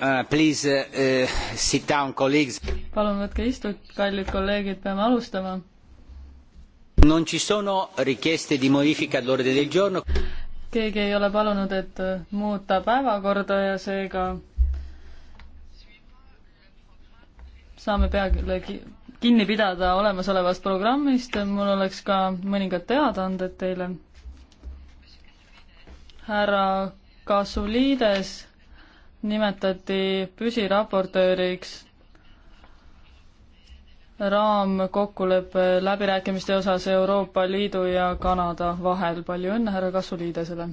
Uh, please uh, uh, sit down, colleagues. palun võtke istut, kallid kolleegid, peame alustama. Non ci sono richieste di modifica all'ordine del giorno. keegi ei ole palunud, et uh, muuta päevakorda ja seega saame peale kinni pidada olemasolevast programmist. mul oleks ka mõningad teadaanded teile. härra Kasuliides nimetati püsiraportööriks raamkokkuleppe läbirääkimiste osas Euroopa Liidu ja Kanada vahel. palju õnne härra Kasuliidesele!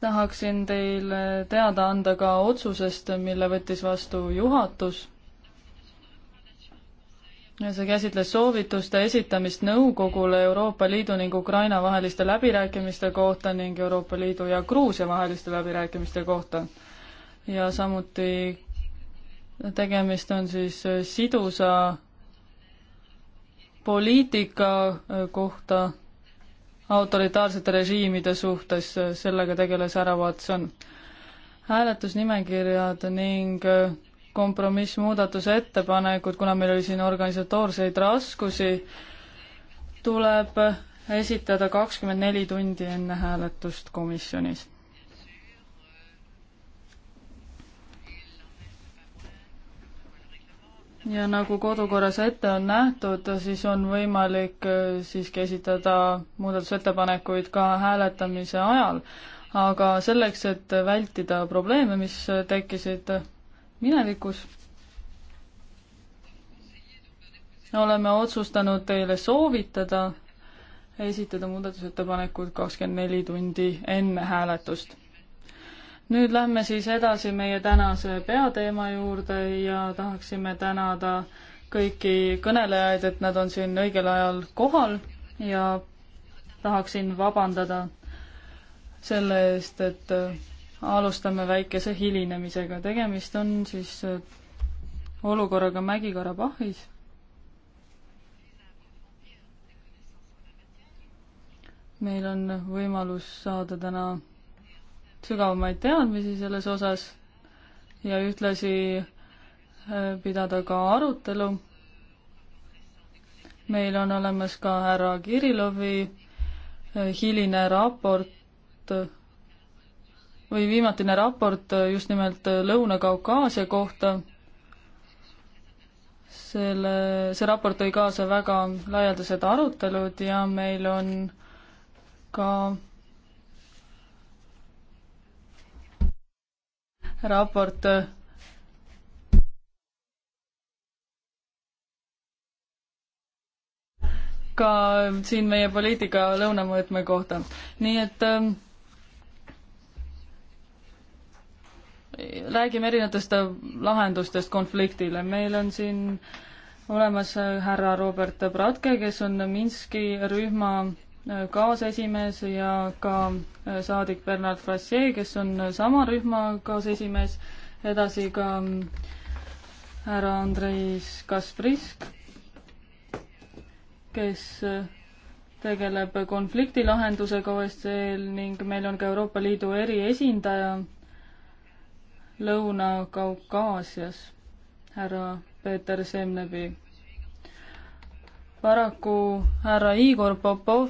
tahaksin teile teada anda ka otsusest, mille võttis vastu juhatus see käsitles soovituste esitamist nõukogule Euroopa Liidu ning Ukraina vaheliste läbirääkimiste kohta ning Euroopa Liidu ja Gruusia vaheliste läbirääkimiste kohta. ja samuti tegemist on siis sidusa poliitika kohta autoritaarsete režiimide suhtes, sellega tegeles härra Watson. hääletusnimekirjad ning kompromissmuudatuse ettepanekud, kuna meil oli siin organisatoorseid raskusi, tuleb esitada kakskümmend neli tundi enne hääletust komisjonis. ja nagu kodukorras ette on nähtud, siis on võimalik äh, siiski esitada muudatusettepanekuid ka hääletamise ajal, aga selleks, et vältida probleeme, mis äh, tekkisid minevikus oleme otsustanud teile soovitada esitada muudatusettepanekud kakskümmend neli tundi enne hääletust. nüüd lähme siis edasi meie tänase peateema juurde ja tahaksime tänada kõiki kõnelejaid, et nad on siin õigel ajal kohal ja tahaksin vabandada selle eest, et alustame väikese hilinemisega, tegemist on siis äh, olukorraga Mägi-Karabahhis. meil on võimalus saada täna sügavamaid teadmisi selles osas ja ühtlasi äh, pidada ka arutelu. meil on olemas ka härra Kirillovi äh, hiline raport või viimatine raport just nimelt Lõuna-Kaukaasia kohta. selle, see raport tõi kaasa väga laialdased arutelud ja meil on ka raport ka siin meie poliitika lõunamõõtme kohta. nii et ähm, räägime erinevatest lahendustest konfliktile, meil on siin olemas äh, härra Robert Bratke, kes on Minski rühma äh, kaasesimees ja ka äh, saadik Bernard Frassier, kes on sama rühma kaasesimees, edasi ka mm, härra Andreis Kasprisk, kes tegeleb konflikti lahendusega OSCE-l ning meil on ka Euroopa Liidu eriesindaja Lõuna-Kaukaasias, härra Peeter Semnebi. paraku härra Igor Popov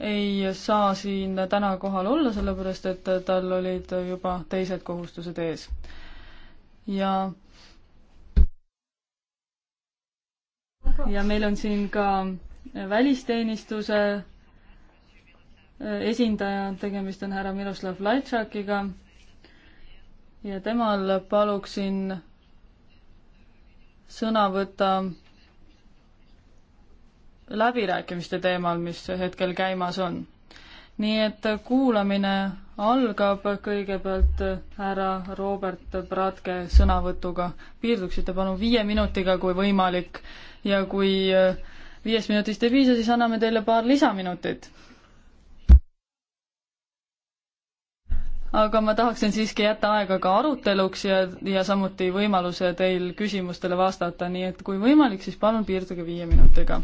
ei saa siin täna kohal olla, sellepärast et tal olid juba teised kohustused ees. ja ja meil on siin ka välisteenistuse esindaja, tegemist on härra Miroslav Laitšakiga ja temal paluksin sõna võtta läbirääkimiste teemal, mis hetkel käimas on. nii et kuulamine algab kõigepealt härra Robert Bratke sõnavõtuga. piirduksite palun viie minutiga, kui võimalik ja kui viiest minutist ei piisa, siis anname teile paar lisaminutit aga ma tahaksin siiski jätta aega ka aruteluks ja, ja samuti võimaluse teil küsimustele vastata, nii et kui võimalik, siis palun piirduge viie minutiga.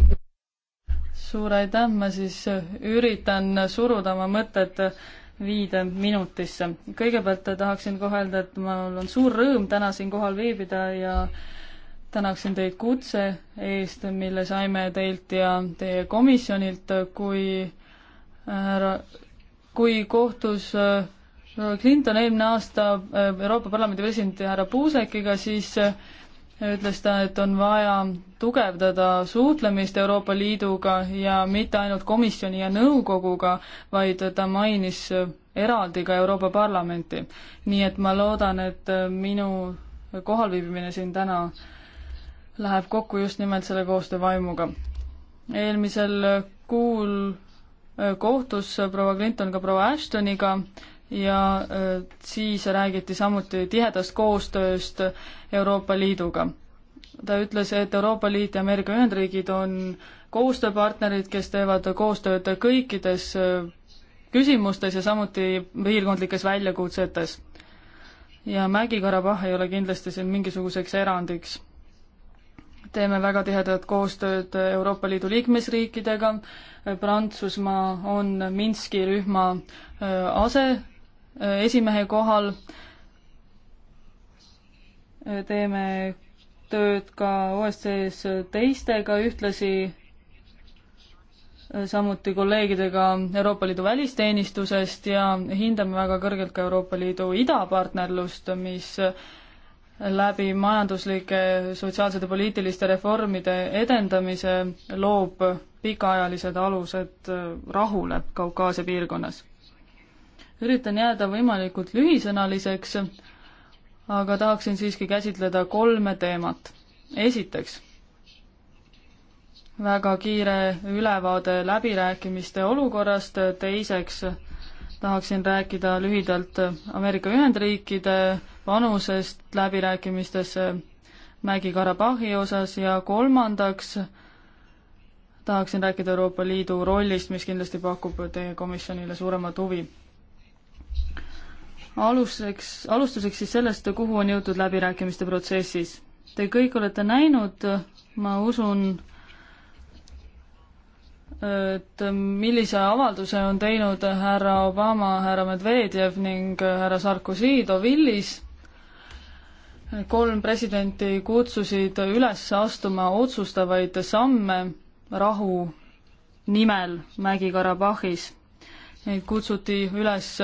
suur aitäh, ma siis üritan suruda oma mõtted viide minutisse. kõigepealt tahaksin kohe öelda, et mul on suur rõõm täna siin kohal viibida ja tänaksin teid kutse eest, mille saime teilt ja teie komisjonilt, kui härra, kui kohtus äh, Clinton eelmine aasta äh, Euroopa Parlamendi presidendi härra Puusekiga, siis äh, ütles ta, et on vaja tugevdada suhtlemist Euroopa Liiduga ja mitte ainult komisjoni ja nõukoguga, vaid ta mainis äh, eraldi ka Euroopa Parlamenti. nii et ma loodan, et minu kohalviibimine siin täna läheb kokku just nimelt selle koostöö vaimuga. eelmisel kuul kohtus proua Clinton ka proua Ashtoniga ja äh, siis räägiti samuti tihedast koostööst Euroopa Liiduga. ta ütles, et Euroopa Liit ja Ameerika Ühendriigid on koostööpartnerid, kes teevad koostööd kõikides äh, küsimustes ja samuti piirkondlikes väljakutsetes. ja Mägi-Karabah ei ole kindlasti siin mingisuguseks erandiks. teeme väga tihedat koostööd Euroopa Liidu liikmesriikidega, Prantsusmaa on Minski rühma äh, ase esimehe kohal. teeme tööd ka OSCE-s teistega, ühtlasi äh, samuti kolleegidega Euroopa Liidu välisteenistusest ja hindame väga kõrgelt ka Euroopa Liidu idapartnerlust, mis äh, läbi majanduslike, sotsiaalsete, poliitiliste reformide edendamise loob pikaajalised alused äh, rahule Kaukaasia piirkonnas üritan jääda võimalikult lühisõnaliseks, aga tahaksin siiski käsitleda kolme teemat. esiteks, väga kiire ülevaade läbirääkimiste olukorrast, teiseks tahaksin rääkida lühidalt Ameerika Ühendriikide panusest läbirääkimistesse Mägi-Karabahhi osas ja kolmandaks tahaksin rääkida Euroopa Liidu rollist, mis kindlasti pakub teie komisjonile suuremat huvi aluseks, alustuseks siis sellest, kuhu on jõutud läbirääkimiste protsessis. Te kõik olete näinud, ma usun, et millise avalduse on teinud härra Obama, härra Medvedjev ning härra Sarkozy Deauvillis. kolm presidenti kutsusid üles astuma otsustavaid samme rahu nimel Mägi-Karabahhis. Neid kutsuti üles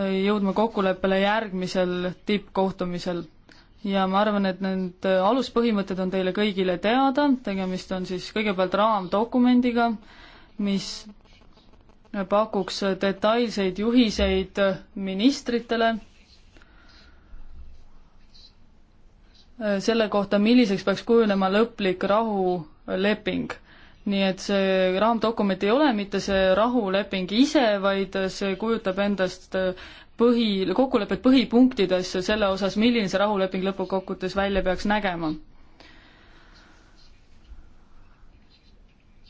jõudma kokkuleppele järgmisel tippkohtumisel. ja ma arvan, et need aluspõhimõtted on teile kõigile teada, tegemist on siis kõigepealt raamdokumendiga, mis pakuks detailseid juhiseid ministritele selle kohta, milliseks peaks kujunema lõplik rahuleping nii et see raamdokument ei ole mitte see rahuleping ise, vaid see kujutab endast äh, põhi, kokkulepet põhipunktides selle osas, milline see rahuleping lõppkokkuvõttes välja peaks nägema.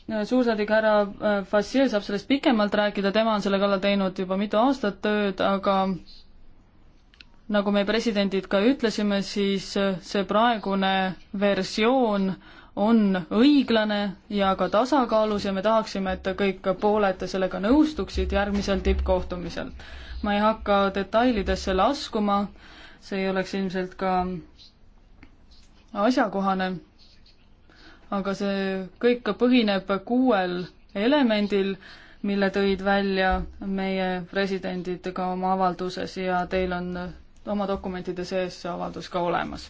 Äh, suursaadik härra äh, Fassier saab sellest pikemalt rääkida, tema on selle kallal teinud juba mitu aastat tööd, aga nagu me presidendid ka ütlesime, siis see praegune versioon äh, on õiglane ja ka tasakaalus ja me tahaksime, et kõik pooled sellega nõustuksid järgmisel tippkohtumisel. ma ei hakka detailidesse laskuma, see ei oleks ilmselt ka asjakohane, aga see kõik põhineb kuuel elemendil, mille tõid välja meie presidendid ka oma avalduses ja teil on oma dokumentide sees see avaldus ka olemas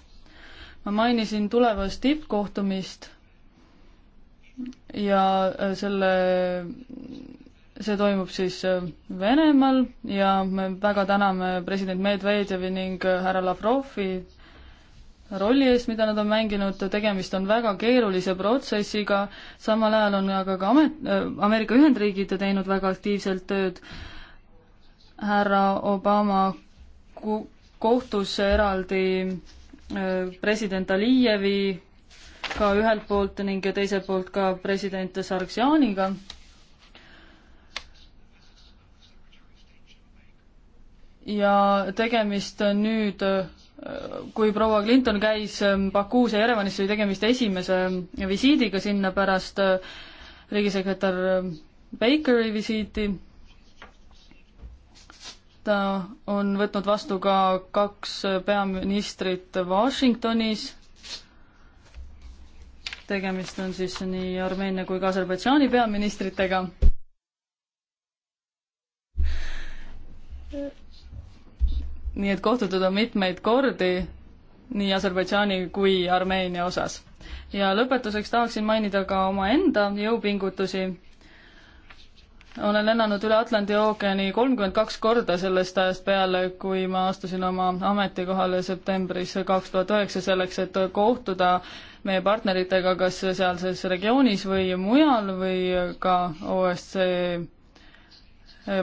ma mainisin tulevast tippkohtumist ja äh, selle, see toimub siis äh, Venemaal ja me väga täname president Medvedjevi ning äh, härra Lavrovi rolli eest, mida nad on mänginud, tegemist on väga keerulise protsessiga, samal ajal on aga ka amet, Ameerika Ühendriigid teinud väga aktiivselt tööd, härra Obama kohtus eraldi Äh, president Alijevi ka ühelt poolt ning teiselt poolt ka president Sargsjaaniga. ja tegemist nüüd, äh, kui proua Clinton käis äh, Bakuus ja Jerevanis, oli tegemist esimese visiidiga sinna pärast riigisekretär Bakeri visiiti ta äh, on võtnud vastu ka kaks peaministrit Washingtonis. tegemist on siis nii Armeenia kui ka Aserbaidžaani peaministritega. nii et kohtutud on mitmeid kordi nii Aserbaidžaani kui Armeenia osas. ja lõpetuseks tahaksin mainida ka omaenda jõupingutusi olen lennanud üle Atlandi ookeani kolmkümmend kaks korda sellest ajast peale, kui ma astusin oma ametikohale septembris kaks tuhat üheksa, selleks et kohtuda meie partneritega kas sealses regioonis või mujal või ka OSCE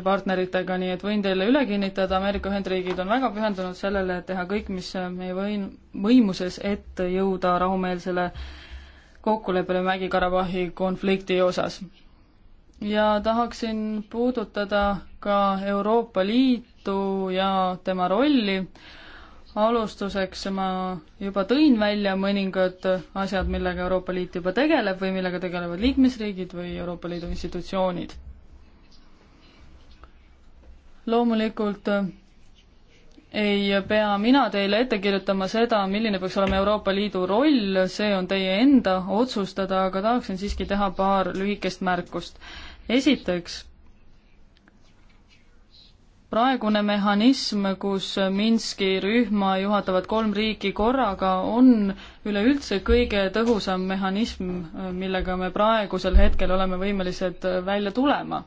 partneritega, nii et võin teile üle kinnitada, Ameerika Ühendriigid on väga pühendunud sellele, et teha kõik, mis meie võin-, võimuses, et jõuda rahumeelsele kokkuleppele Mägi-Karabahhi konflikti osas ja tahaksin puudutada ka Euroopa Liitu ja tema rolli. alustuseks ma juba tõin välja mõningad asjad, millega Euroopa Liit juba tegeleb või millega tegelevad liikmesriigid või Euroopa Liidu institutsioonid. loomulikult ei pea mina teile ette kirjutama seda, milline peaks olema Euroopa Liidu roll, see on teie enda otsustada, aga tahaksin siiski teha paar lühikest märkust esiteks, praegune mehhanism, kus Minski rühma juhatavad kolm riiki korraga, on üleüldse kõige tõhusam mehhanism, millega me praegusel hetkel oleme võimelised välja tulema.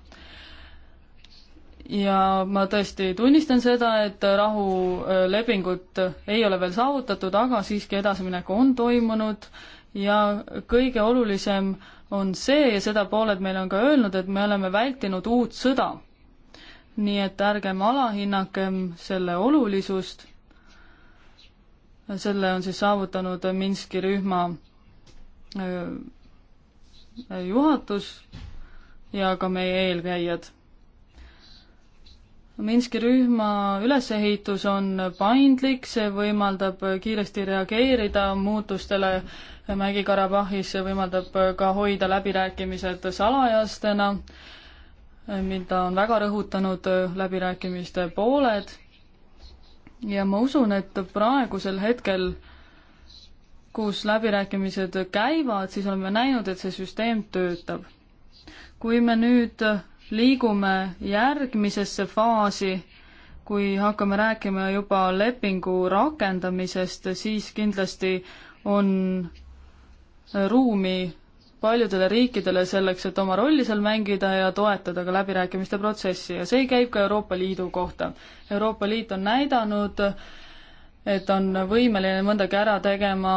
ja ma tõesti tunnistan seda, et rahulepingut ei ole veel saavutatud, aga siiski edasiminek on toimunud ja kõige olulisem on see ja seda pooled meile on ka öelnud, et me oleme vältinud uut sõda. nii et ärgem alahinnakem selle olulisust. selle on siis saavutanud Minski rühma juhatus ja ka meie eelkäijad Minski rühma ülesehitus on paindlik, see võimaldab kiiresti reageerida muutustele Mägi-Karabahhis, see võimaldab ka hoida läbirääkimised salajastena, mida on väga rõhutanud läbirääkimiste pooled. ja ma usun, et praegusel hetkel, kus läbirääkimised käivad, siis oleme näinud, et see süsteem töötab. kui me nüüd liigume järgmisesse faasi, kui hakkame rääkima juba lepingu rakendamisest, siis kindlasti on ruumi paljudele riikidele selleks, et oma rolli seal mängida ja toetada ka läbirääkimiste protsessi ja see käib ka Euroopa Liidu kohta. Euroopa Liit on näidanud, et on võimeline mõndagi ära tegema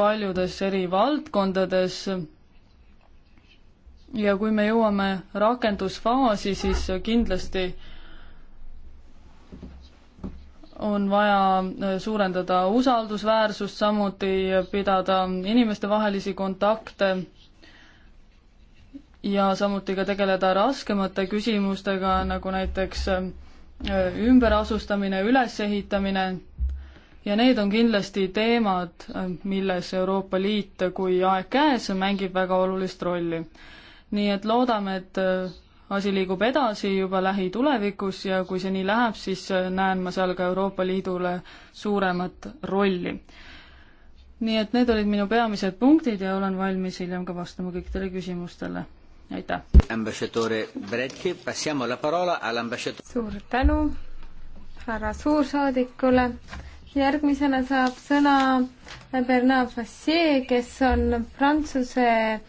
paljudes eri valdkondades ja kui me jõuame rakendusfaasi, siis kindlasti on vaja äh, suurendada usaldusväärsust, samuti pidada inimestevahelisi kontakte ja samuti ka tegeleda raskemate küsimustega, nagu näiteks äh, ümberasustamine, ülesehitamine ja need on kindlasti teemad, äh, milles Euroopa Liit, kui aeg käes, mängib väga olulist rolli nii et loodame, et äh, asi liigub edasi juba lähitulevikus ja kui see nii läheb, siis äh, näen ma seal ka Euroopa Liidule suuremat rolli. nii et need olid minu peamised punktid ja olen valmis hiljem ka vastama kõikidele küsimustele. aitäh! suur tänu härra suursaadikule, järgmisena saab sõna Bernard Fassier, kes on Prantsuse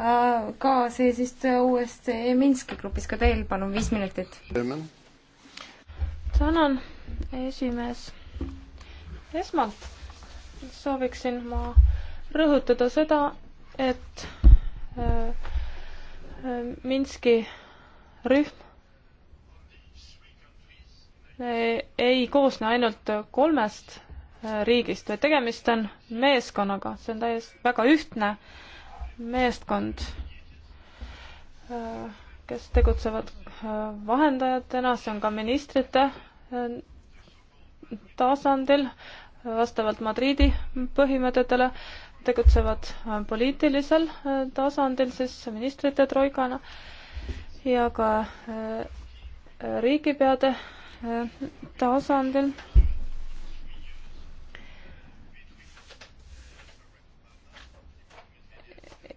Äh, kaaseesistuja OSCE Minski grupis, ka teil palun viis minutit. tänan, esimees. esmalt sooviksin ma rõhutada seda, et äh, äh, Minski rühm äh, ei koosne ainult kolmest äh, riigist, vaid tegemist on meeskonnaga, see on täiesti väga ühtne äh, meeskond, kes tegutsevad äh, vahendajatena, see on ka ministrite äh, tasandil vastavalt Madriidi põhimõtetele, tegutsevad äh, poliitilisel tasandil siis ministrite troikana ja ka riigipeade tasandil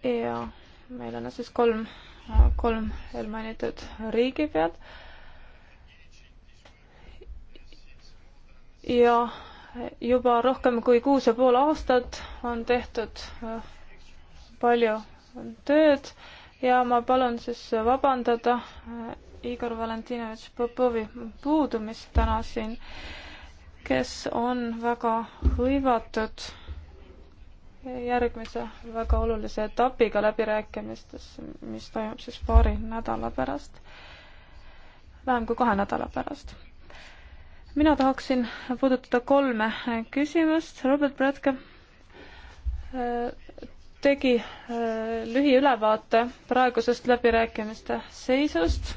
ja meil on siis kolm, kolm eelmainitud riigipead. ja juba rohkem kui kuus ja pool aastat on tehtud äh, palju tööd ja ma palun siis vabandada äh, Igor Valentinovitš Popovi puudumist täna siin, kes on väga hõivatud järgmise väga olulise etapiga läbirääkimistes, mis toimub siis paari nädala pärast, vähem kui kahe nädala pärast. mina tahaksin puudutada kolme küsimust, Robert Bradke äh, tegi äh, lühiülevaate praegusest läbirääkimiste seisust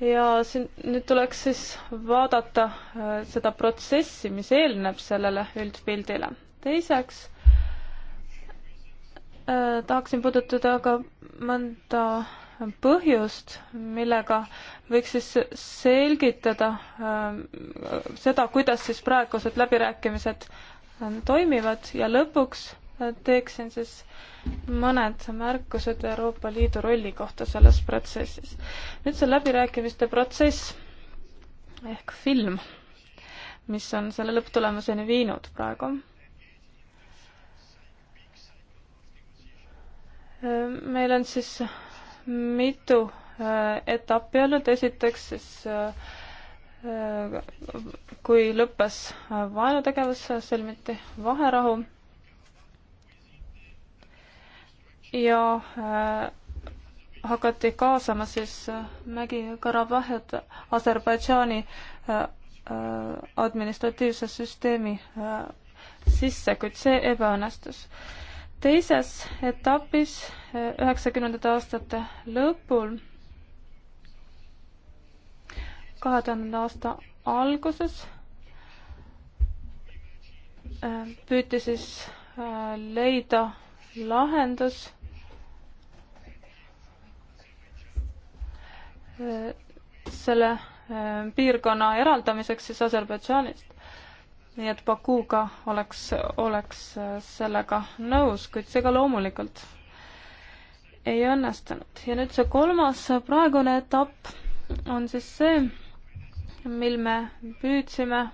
ja siin nüüd tuleks siis vaadata äh, seda protsessi, mis eelneb sellele üldpildile. teiseks äh, tahaksin puudutada ka mõnda põhjust, millega võiks siis selgitada äh, seda, kuidas siis praegused läbirääkimised äh, toimivad ja lõpuks teeksin siis mõned märkused Euroopa Liidu rolli kohta selles protsessis. nüüd see läbirääkimiste protsess ehk film, mis on selle lõpptulemuseni viinud praegu. meil on siis mitu äh, etappi olnud, esiteks siis äh, kui lõppes äh, vaenutegevus, sõlmiti vaherahu ja äh, hakati kaasama siis äh, Mägi-Karabahhiat Aserbaidžaani äh, äh, administratiivse süsteemi äh, sisse, kuid see ebaõnnestus. teises etapis äh, üheksakümnendate aastate lõpul, kahe tuhandenda aasta alguses püüti siis leida lahendus selle eh, piirkonna eraldamiseks siis Aserbaidžaanist. nii et Bakuga oleks, oleks eh, sellega nõus, kuid see ka loomulikult ei õnnestunud. ja nüüd see kolmas praegune etapp on siis see, mil me püüdsime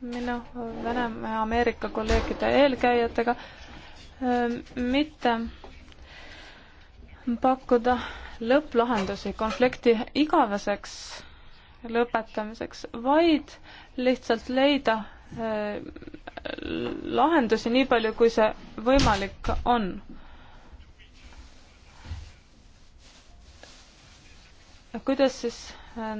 minu Venemaa ja Ameerika kolleegide eelkäijatega eh, mitte pakkuda lõpplahendusi konflikti igaveseks lõpetamiseks, vaid lihtsalt leida äh, lahendusi nii palju, kui see võimalik on. kuidas siis äh,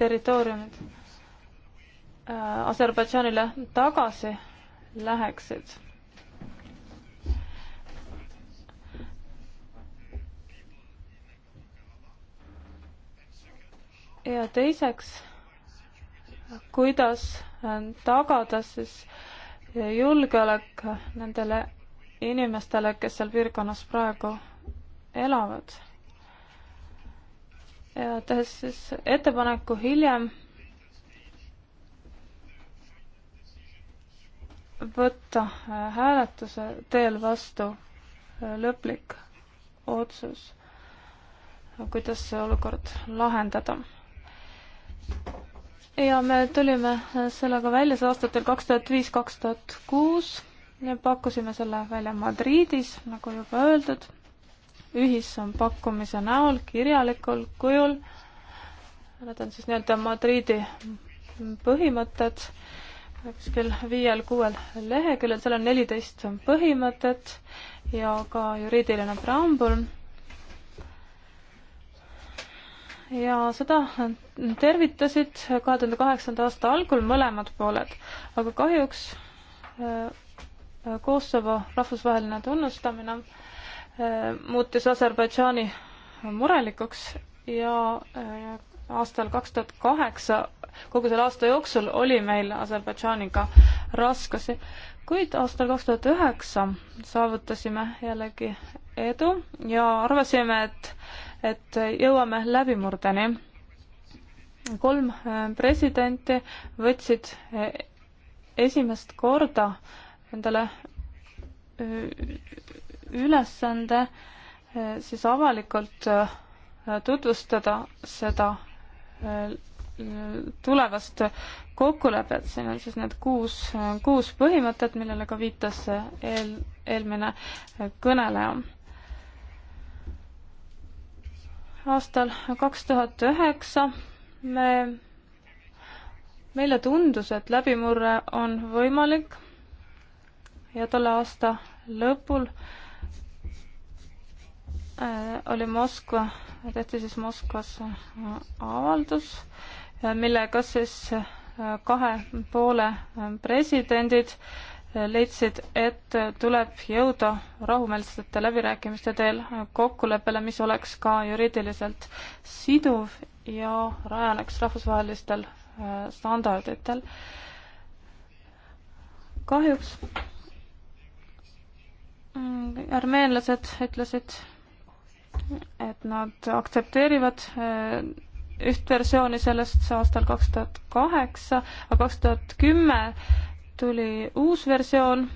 territooriumid äh, Aserbaidžaanile tagasi läheksid? ja teiseks, kuidas äh, tagada siis äh, julgeolek nendele inimestele, kes seal piirkonnas praegu elavad. ja tehes siis ettepaneku hiljem võtta äh, hääletuse teel vastu lõplik otsus, kuidas see olukord lahendada ja me tulime sellega välja see aastatel kaks tuhat viis, kaks tuhat kuus ja pakkusime selle välja Madridis, nagu juba öeldud, ühispakkumise näol, kirjalikul kujul. Need on siis nii-öelda Madridi põhimõtted kuskil viiel-kuuel leheküljel, seal on neliteist põhimõtet ja ka juriidiline preambul ja seda tervitasid kahe tuhande kaheksanda aasta algul mõlemad pooled, aga kahjuks äh, Kosovo rahvusvaheline tunnustamine äh, muutis Aserbaidžaani murelikuks ja äh, aastal kaks tuhat kaheksa, kogu selle aasta jooksul oli meil Aserbaidžaaniga raskusi, kuid aastal kaks tuhat üheksa saavutasime jällegi edu ja arvasime, et et jõuame läbimurdeni. kolm äh, presidenti võtsid äh, esimest korda endale äh, ülesande siis avalikult tutvustada seda tulevast kokkulepet, siin on siis need kuus, kuus põhimõtet, millele ka viitas eel, eelmine kõneleja aastal kaks tuhat üheksa me, meile tundus, et läbimurre on võimalik ja tolle aasta lõpul äh, oli Moskva, tehti siis Moskvas äh, avaldus, äh, millega siis kahe poole presidendid äh, leidsid, et tuleb jõuda rahumeelsete läbirääkimiste teel kokkuleppele, mis oleks ka juriidiliselt siduv ja rajaneks rahvusvahelistel äh, standarditel. kahjuks mm, armeenlased ütlesid, et nad aktsepteerivad äh, üht versiooni sellest aastal kaks tuhat kaheksa, aga kaks tuhat kümme tuli uus versioon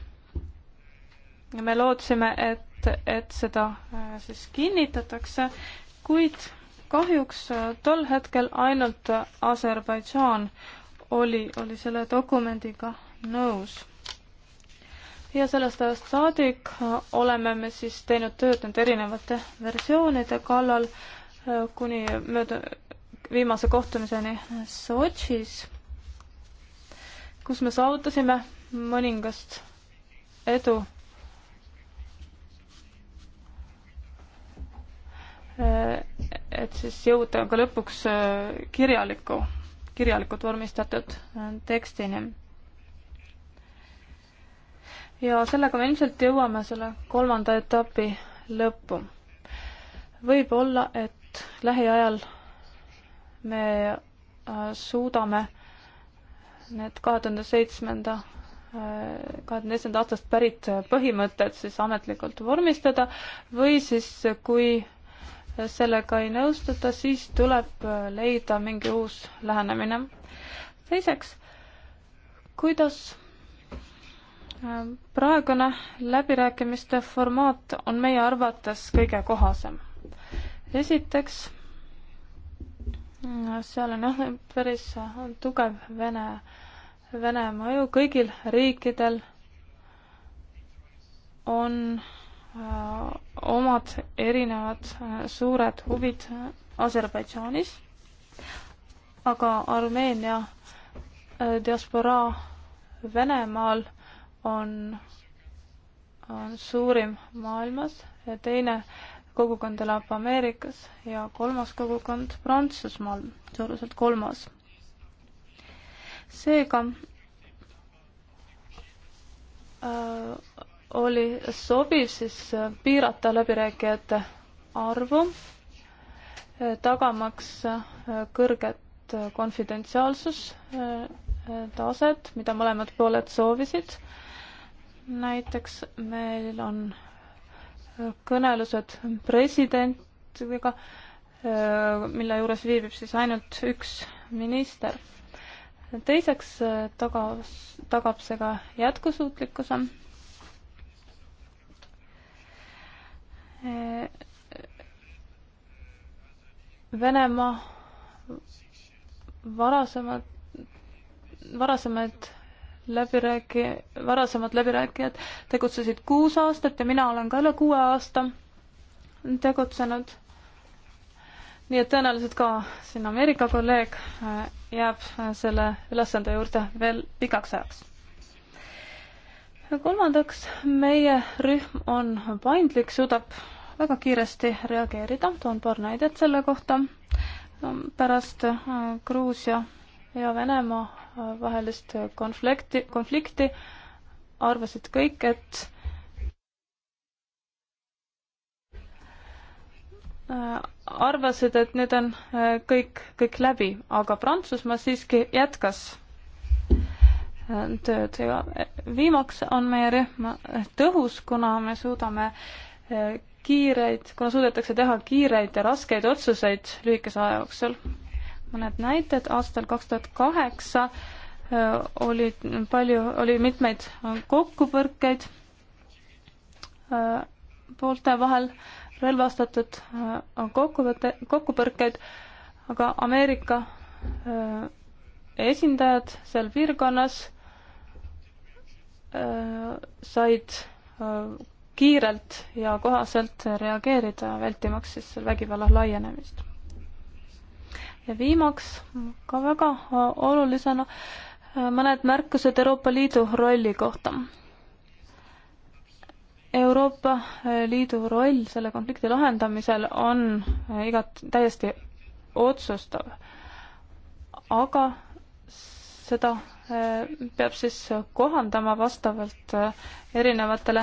ja me lootsime, et, et seda äh, siis kinnitatakse, kuid kahjuks äh, tol hetkel ainult äh, Aserbaidžaan oli, oli selle dokumendiga nõus. ja sellest ajast saadik oleme me siis teinud tööd nende erinevate versioonide kallal kuni mööda viimase kohtumiseni Sotšis kus me saavutasime mõningast edu. et siis jõuda ka lõpuks äh, kirjaliku, kirjalikult vormistatud äh, tekstini. ja sellega me ilmselt jõuame selle kolmanda etapi lõppu. võib-olla, et lähiajal me äh, suudame äh, need kahe tuhande seitsmenda, kahe tuhande seitsmenda aastast pärit põhimõtted siis ametlikult vormistada või siis, kui sellega ei nõustuta, siis tuleb leida mingi uus lähenemine. teiseks, kuidas äh, praegune läbirääkimiste formaat on meie arvates kõige kohasem? esiteks Mm, seal on jah, päris tugev Vene, Vene mõju, kõigil riikidel on äh, omad erinevad äh, suured huvid äh, Aserbaidžaanis, aga Armeenia äh, diasporaa Venemaal on, on suurim maailmas ja teine äh, kogukond elab Ameerikas ja kolmas kogukond Prantsusmaal, suuruselt kolmas. seega äh, oli sobiv siis piirata läbirääkijate arvu, äh, tagamaks äh, kõrget äh, konfidentsiaalsustaset, mida mõlemad pooled soovisid. näiteks meil on kõnelused presidendiga, äh, mille juures viibib siis ainult üks minister. teiseks äh, tagas, tagab see ka jätkusuutlikkuse. Äh, Venemaa varasemad, varasemaid läbirääki-, varasemad läbirääkijad tegutsesid kuus aastat ja mina olen ka üle kuue aasta tegutsenud. nii et tõenäoliselt ka siin Ameerika kolleeg äh, jääb äh, selle ülesande juurde veel pikaks ajaks. kolmandaks, meie rühm on paindlik, suudab väga kiiresti reageerida, toon paar näidet selle kohta. pärast äh, Gruusia ja Venemaa vahelist konflikti, konflikti, arvasid kõik, et äh, arvasid, et nüüd on äh, kõik, kõik läbi, aga Prantsusmaa siiski jätkas äh, tööd ja viimaks on meie rühm tõhus, kuna me suudame kiireid, kuna suudetakse teha kiireid ja raskeid otsuseid lühikese aja jooksul mõned näited, aastal kaks tuhat kaheksa äh, oli palju, oli mitmeid kokkupõrkeid äh, poolte vahel, relvastatud äh, kokkuvõte, kokkupõrkeid, aga Ameerika esindajad seal piirkonnas said kiirelt ja kohaselt reageerida, vältimaks siis vägivalla laienemist ja viimaks ka väga olulisena äh, mõned märkused Euroopa Liidu rolli kohta. Euroopa äh, Liidu roll selle konflikti lahendamisel on äh, igat-, täiesti otsustav. aga seda peab siis kohandama vastavalt erinevatele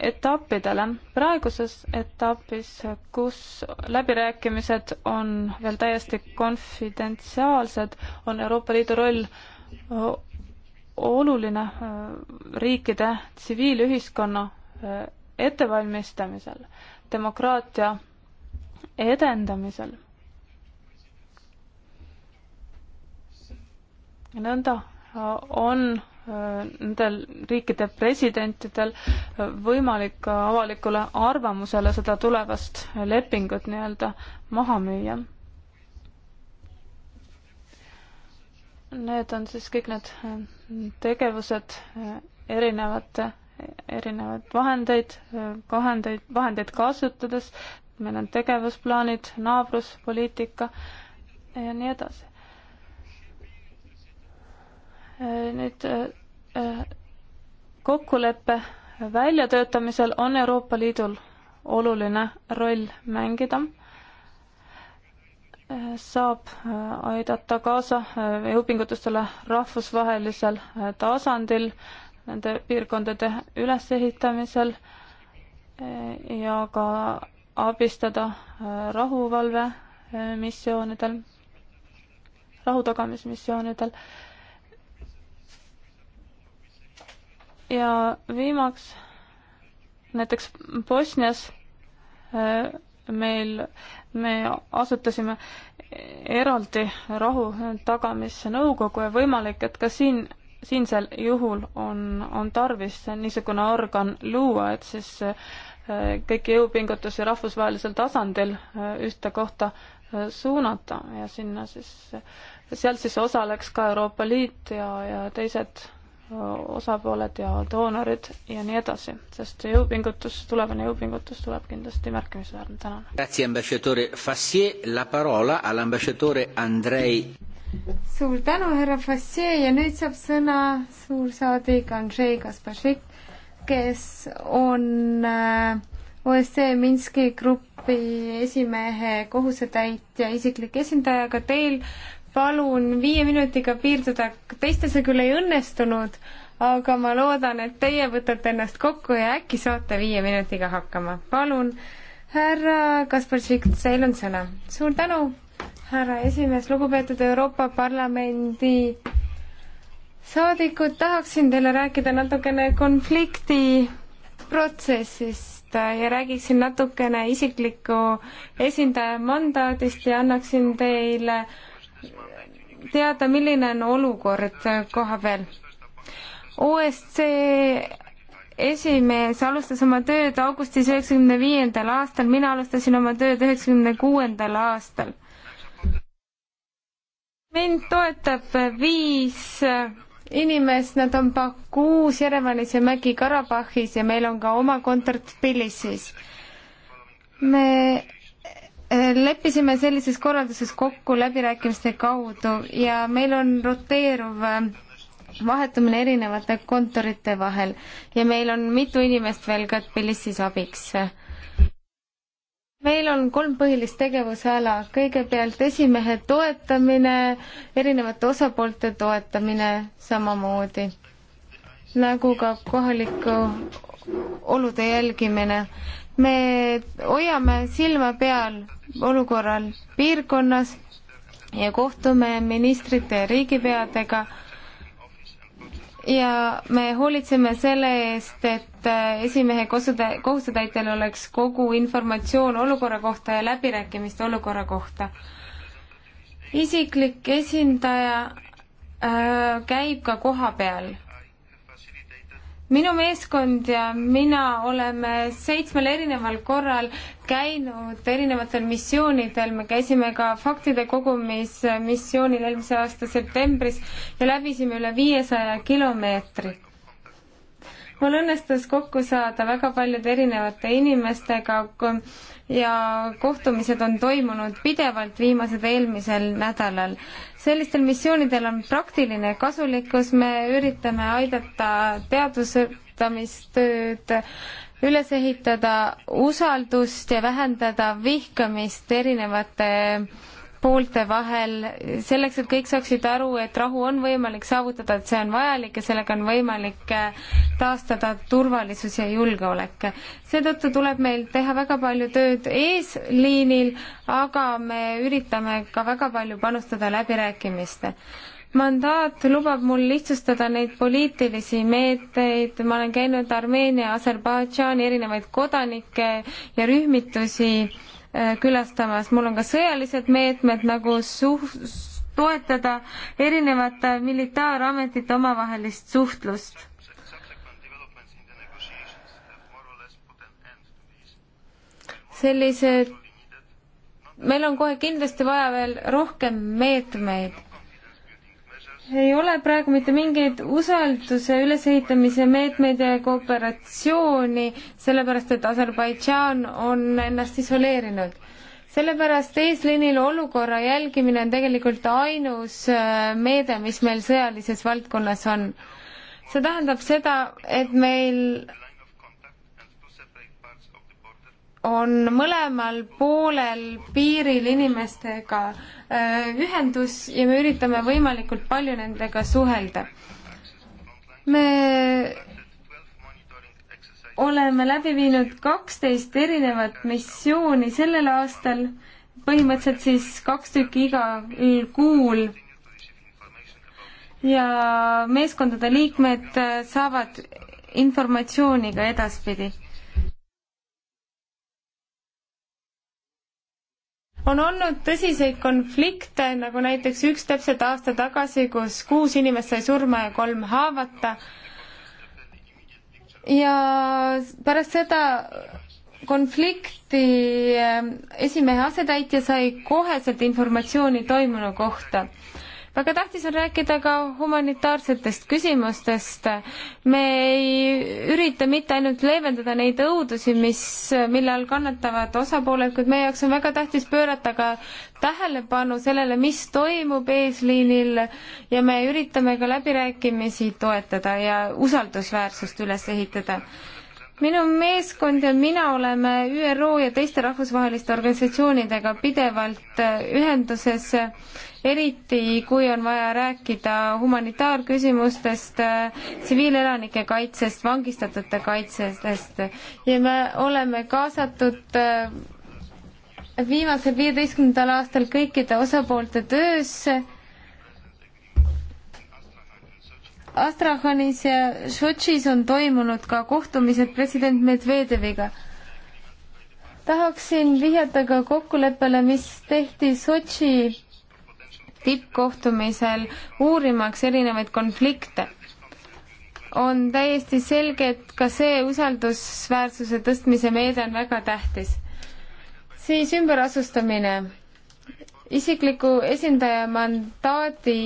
etappidele. praeguses etapis, kus läbirääkimised on veel täiesti konfidentsiaalsed, on Euroopa Liidu roll oluline äh, riikide tsiviilühiskonna äh, ettevalmistamisel, demokraatia edendamisel. nõnda äh, on nendel riikide presidentidel võimalik avalikule arvamusele seda tulevast lepingut nii-öelda maha müüa. Need on siis kõik need tegevused, erinevad, erinevaid vahendeid, vahendeid, vahendeid kasutades, meil on tegevusplaanid, naabruspoliitika ja nii edasi nüüd Äh, kokkuleppe väljatöötamisel on Euroopa Liidul oluline roll mängida. Äh, saab äh, aidata kaasa jõupingutustele rahvusvahelisel tasandil, nende piirkondade ülesehitamisel ja ka abistada rahuvalvemissioonidel, rahutagamismissioonidel äh, ja viimaks näiteks Bosnias äh, meil, me asutasime eraldi rahu tagamise nõukogu ja võimalik, et ka siin, siinsel juhul on, on tarvis niisugune organ luua, et siis äh, kõiki jõupingutusi rahvusvahelisel tasandil äh, ühte kohta suunata ja sinna siis, seal siis osaleks ka Euroopa Liit ja, ja teised osapooled ja doonorid ja nii edasi, sest see jõupingutus, tulevane jõupingutus tuleb kindlasti märkimisväärne, tänan. Grazie, ambassador Fassier, la parola al ambassador Andrei. suur tänu, härra Fassier ja nüüd saab sõna suursaadik Andrei Kasparšik, kes on äh, OSCE Minski grupi esimehe kohusetäitja isiklik esindaja, aga teil palun viie minutiga piirduda, teistel see küll ei õnnestunud, aga ma loodan, et teie võtate ennast kokku ja äkki saate viie minutiga hakkama. palun, härra Kaspar Šik, teil on sõna. suur tänu, härra esimees, lugupeetud Euroopa Parlamendi saadikud, tahaksin teile rääkida natukene konflikti protsessist ja räägiksin natukene isikliku esindaja mandaadist ja annaksin teile äh, teada, milline on olukord koha peal. OSCE esimees alustas oma tööd augustis üheksakümne viiendal aastal, mina alustasin oma tööd üheksakümne kuuendal aastal. mind toetab viis inimest, nad on Bakuus, Jerevanis ja Mägi-Karabahhis ja meil on ka oma kontor Tbilisis. me leppisime sellises korralduses kokku läbirääkimiste kaudu ja meil on roteeruv äh, vahetumine erinevate kontorite vahel ja meil on mitu inimest veel ka Tbilisis abiks. meil on kolm põhilist tegevusala, kõigepealt esimehe toetamine, erinevate osapoolte toetamine samamoodi, nagu ka kohaliku olude jälgimine me hoiame silma peal olukorral piirkonnas ja kohtume ministrite ja riigipeadega ja me hoolitseme selle eest, et äh, esimehe kohusetä-, kohusetäitjal oleks kogu informatsioon olukorra kohta ja läbirääkimiste olukorra kohta. isiklik esindaja äh, käib ka kohapeal minu meeskond ja mina oleme seitsmel erineval korral käinud erinevatel missioonidel, me käisime ka faktide kogumismissioonil eelmise aasta septembris ja läbisime üle viiesaja kilomeetri. mul õnnestus kokku saada väga paljude erinevate inimestega, ja kohtumised on toimunud pidevalt viimased eelmisel nädalal. sellistel missioonidel on praktiline kasulikkus, me üritame aidata teadvustamistööd üles ehitada usaldust ja vähendada vihkamist erinevate äh, poolte vahel, selleks, et kõik saaksid aru, et rahu on võimalik saavutada, et see on vajalik ja sellega on võimalik eh, taastada turvalisus ja julgeolek. seetõttu tuleb meil teha väga palju tööd eesliinil, aga me üritame ka väga palju panustada läbirääkimiste mandaat lubab mul lihtsustada neid poliitilisi meetmeid, ma olen käinud Armeenia, Aserbaidžaani erinevaid kodanikke ja rühmitusi Äh, külastamas. mul on ka sõjalised meetmed nagu suht-, toetada erinevate militaarametite omavahelist suhtlust sellised, meil on kohe kindlasti vaja veel rohkem meetmeid ei ole praegu mitte mingeid usalduse ülesehitamise meetmeid ja kooperatsiooni, sellepärast et Aserbaidžaan on ennast isoleerinud. sellepärast eesliinil olukorra jälgimine on tegelikult ainus äh, meede, mis meil sõjalises valdkonnas on. see tähendab seda, et meil on mõlemal poolel piiril inimestega äh, ühendus ja me üritame võimalikult palju nendega suhelda. me oleme läbi viinud kaksteist erinevat missiooni sellel aastal, põhimõtteliselt siis kaks tükki igal kuul. ja meeskondade liikmed saavad informatsiooni ka edaspidi on olnud tõsiseid konflikte, nagu näiteks üks täpselt aasta tagasi, kus kuus inimest sai surma ja kolm haavata. ja pärast seda konflikti eh, esimehe asetäitja sai koheselt informatsiooni toimunu kohta väga tähtis on rääkida ka humanitaarsetest küsimustest. me ei ürita mitte ainult leevendada neid õudusi, mis, mille all kannatavad osapooled, kuid meie jaoks on väga tähtis pöörata ka tähelepanu sellele, mis toimub eesliinil ja me üritame ka läbirääkimisi toetada ja usaldusväärsust üles ehitada minu meeskond ja mina oleme ÜRO ja teiste rahvusvaheliste organisatsioonidega pidevalt ühenduses eriti kui on vaja rääkida humanitaarküsimustest, tsiviilelanike kaitsest, vangistatute kaitsest ja me oleme kaasatud äh, viimasel viieteistkümnendal aastal kõikide osapoolte töösse Astrahanis ja Sotšis on toimunud ka kohtumised president Medvedeviga. tahaksin vihjata ka kokkuleppele, mis tehti Sotši tippkohtumisel uurimaks erinevaid konflikte. on täiesti selge, et ka see usaldusväärsuse tõstmise meede on väga tähtis. siis ümberasustamine. isikliku esindaja mandaadi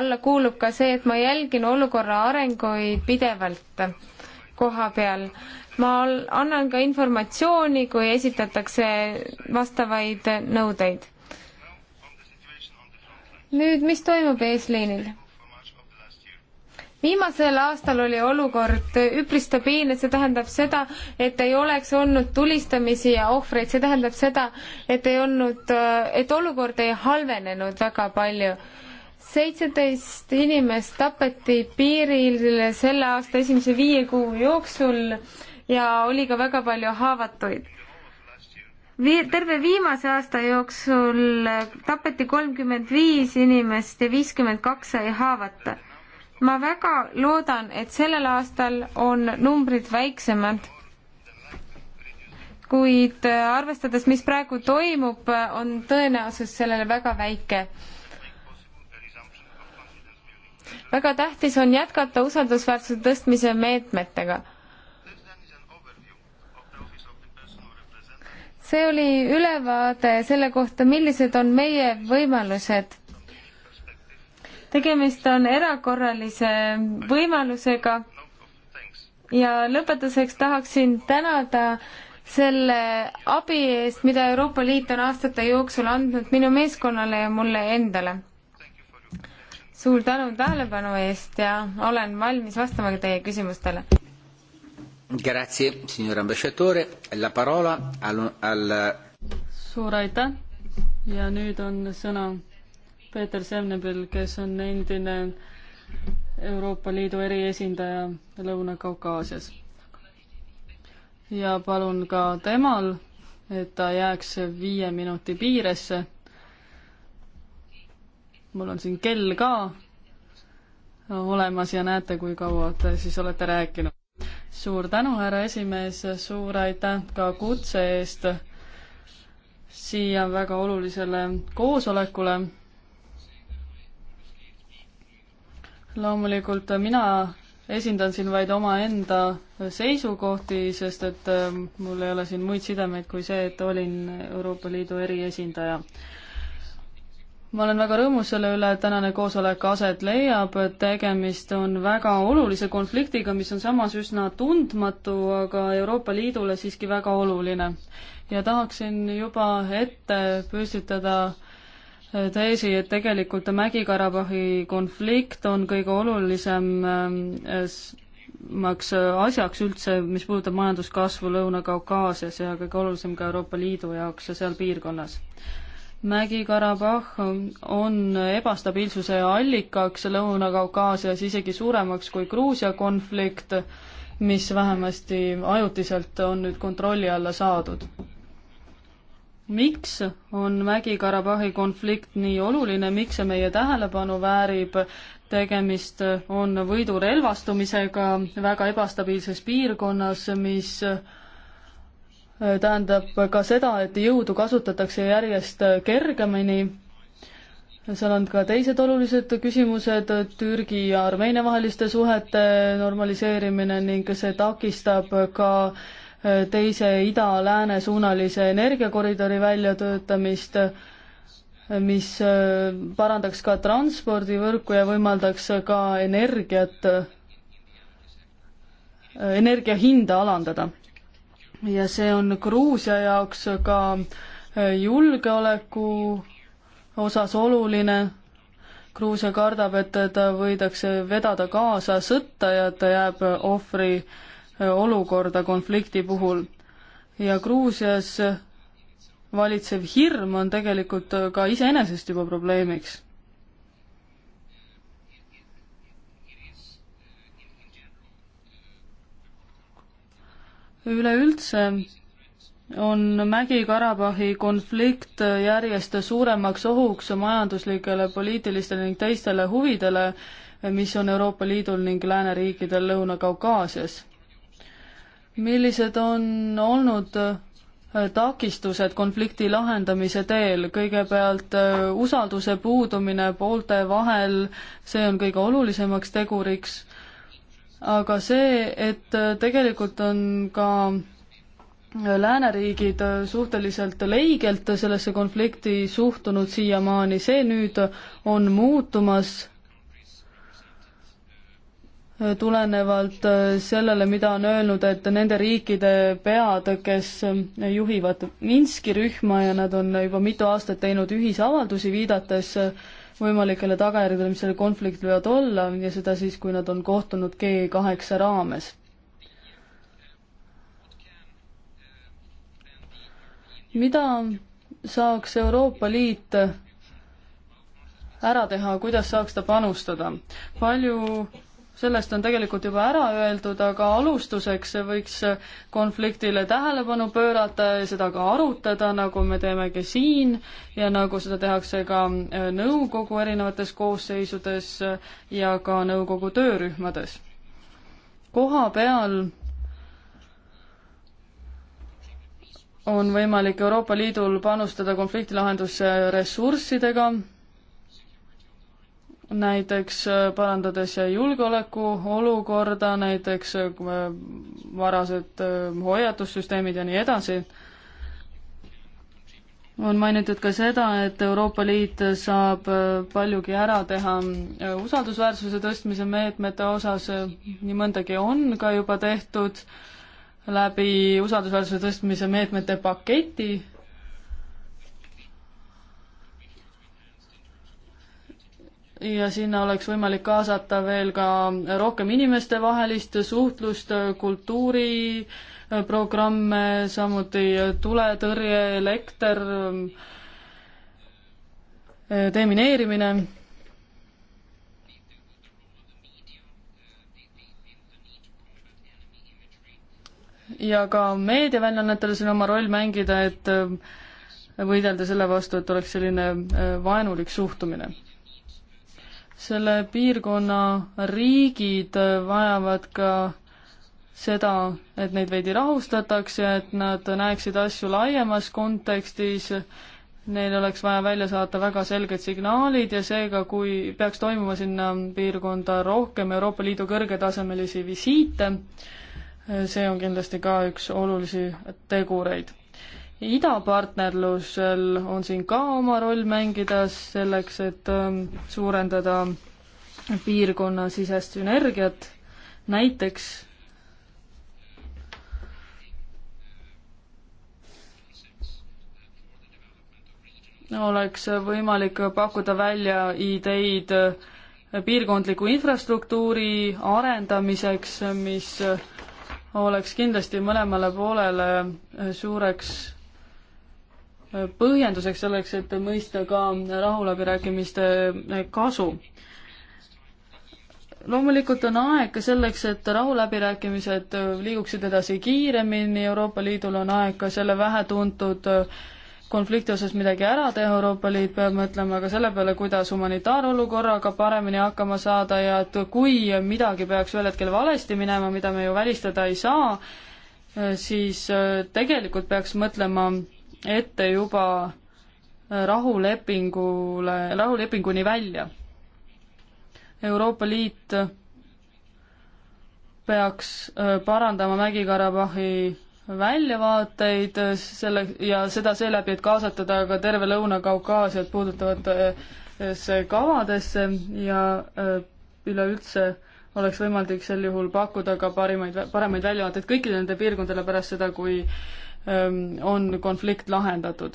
alla kuulub ka see, et ma jälgin olukorra arenguid pidevalt koha peal. ma annan ka informatsiooni, kui esitatakse vastavaid nõudeid nüüd, mis toimub eesliinil? viimasel aastal oli olukord üpris stabiilne, see tähendab seda, et ei oleks olnud tulistamisi ja ohvreid, see tähendab seda, et ei olnud, et olukord ei halvenenud väga palju. seitseteist inimest tapeti piiril selle aasta esimese viie kuu jooksul ja oli ka väga palju haavatuid vii-, terve viimase aasta jooksul tapeti kolmkümmend viis inimest ja viiskümmend kaks sai haavata. ma väga loodan, et sellel aastal on numbrid väiksemad. kuid äh, arvestades, mis praegu toimub, äh, on tõenäosus sellele väga väike. väga tähtis on jätkata usaldusväärsuse tõstmise meetmetega see oli ülevaade selle kohta, millised on meie võimalused. tegemist on erakorralise võimalusega ja lõpetuseks tahaksin tänada selle abi eest, mida Euroopa Liit on aastate jooksul andnud minu meeskonnale ja mulle endale. suur tänu tähelepanu eest ja olen valmis vastama teie küsimustele. Grazie, signor ambasciatore. La parola al, al... suur aitäh ja nüüd on sõna Peeter Semnebil, kes on endine Euroopa Liidu eriesindaja Lõuna-Kaukaasias. ja palun ka temal, et ta jääks viie minuti piiresse. mul on siin kell ka olemas ja näete, kui kaua te siis olete rääkinud suur tänu, härra esimees, suur aitäh ka kutse eest siia väga olulisele koosolekule. loomulikult mina esindan siin vaid omaenda seisukohti, sest et ähm, mul ei ole siin muid sidemeid kui see, et olin Euroopa Liidu eriesindaja ma olen väga rõõmus selle üle, et tänane koosolek aset leiab, et tegemist on väga olulise konfliktiga, mis on samas üsna tundmatu, aga Euroopa Liidule siiski väga oluline. ja tahaksin juba ette püstitada teesi, et tegelikult Mägi-Karabahhi konflikt on kõige olulisemaks ähm, asjaks üldse, mis puudutab majanduskasvu Lõuna-Kaukaasias ja kõige olulisem ka Euroopa Liidu jaoks ja seal piirkonnas Mägi-Karabahh on ebastabiilsuse allikaks Lõuna-Kaukaasias isegi suuremaks kui Gruusia konflikt, mis vähemasti ajutiselt on nüüd kontrolli alla saadud. miks on Mägi-Karabahhi konflikt nii oluline, miks see meie tähelepanu väärib, tegemist on võidurelvastumisega väga ebastabiilses piirkonnas, mis tähendab ka seda, et jõudu kasutatakse järjest kergemini. seal on ka teised olulised küsimused, Türgi ja Armeenia vaheliste suhete normaliseerimine ning see takistab ka äh, teise ida-lääne suunalise energiakoridori väljatöötamist, mis äh, parandaks ka transpordivõrku ja võimaldaks ka energiat, äh, energia hinda alandada ja see on Gruusia jaoks ka äh, julgeoleku osas oluline. Gruusia kardab, et ta võidakse vedada kaasa sõtta ja ta jääb ohvri äh, olukorda konflikti puhul. ja Gruusias valitsev hirm on tegelikult ka iseenesest juba probleemiks üleüldse on Mägi-Karabahhi konflikt järjest suuremaks ohuks majanduslikele, poliitilistele ning teistele huvidele, mis on Euroopa Liidul ning lääneriikidel Lõuna-Kaukaasias. millised on olnud takistused konflikti lahendamise teel, kõigepealt usalduse puudumine poolte vahel, see on kõige olulisemaks teguriks aga see, et äh, tegelikult on ka äh, lääneriigid äh, suhteliselt leigelt sellesse konflikti suhtunud siiamaani, see nüüd on muutumas tulenevalt sellele, mida on öelnud, et nende riikide pead, kes juhivad Minski rühma ja nad on juba mitu aastat teinud ühisavaldusi, viidates võimalikele tagajärgedele, mis sellel konfliktil võivad olla ja seda siis, kui nad on kohtunud G kaheksa raames. mida saaks Euroopa Liit ära teha, kuidas saaks ta panustada? palju sellest on tegelikult juba ära öeldud, aga alustuseks võiks konfliktile tähelepanu pöörata ja seda ka arutada, nagu me teemegi siin ja nagu seda tehakse ka äh, nõukogu erinevates koosseisudes ja ka nõukogu töörühmades. koha peal on võimalik Euroopa Liidul panustada konfliktilahendusse ressurssidega näiteks äh, parandades julgeolekuolukorda, näiteks äh, äh, varased hoiatussüsteemid ja nii edasi. on mainitud ka seda, et Euroopa Liit saab paljugi ära teha usaldusväärsuse tõstmise meetmete osas, nii mõndagi on ka juba tehtud läbi usaldusväärsuse tõstmise meetmete paketi, ja sinna oleks võimalik kaasata veel ka rohkem inimestevahelist suhtlust, kultuuriprogramme, äh, samuti tuletõrje, elekter, äh, demineerimine ja ka meediaväljaannetel siin oma roll mängida, et äh, võidelda selle vastu, et oleks selline vaenulik suhtumine selle piirkonna riigid vajavad ka seda, et neid veidi rahustatakse, et nad näeksid asju laiemas kontekstis, neil oleks vaja välja saata väga selged signaalid ja seega, kui peaks toimuma sinna piirkonda rohkem Euroopa Liidu kõrgetasemelisi visiite, see on kindlasti ka üks olulisi tegureid idapartnerlusel on siin ka oma roll mängida selleks, et ähm, suurendada piirkonna sisest sünergiat, näiteks oleks võimalik pakkuda välja ideid piirkondliku infrastruktuuri arendamiseks, mis oleks kindlasti mõlemale poolele suureks põhjenduseks selleks, et mõista ka rahuläbirääkimiste kasu. loomulikult on aeg selleks, et rahuläbirääkimised liiguksid edasi kiiremini, Euroopa Liidul on aeg ka selle vähetuntud konflikti osas midagi ära teha, Euroopa Liit peab mõtlema ka selle peale, kuidas humanitaarolukorraga paremini hakkama saada ja et kui midagi peaks ühel hetkel valesti minema, mida me ju välistada ei saa, siis tegelikult peaks mõtlema ette juba äh, rahulepingule, rahulepinguni välja. Euroopa Liit peaks äh, parandama Mägi-Karabahhi väljavaateid äh, selle ja seda seeläbi, et kaasatada ka terve Lõuna-Kaukaasiat puudutavatesse kavadesse ja üleüldse oleks võimalik sel juhul pakkuda ka parimaid, paremaid väljavaateid kõikidele nende piirkondadele pärast seda, kui on konflikt lahendatud.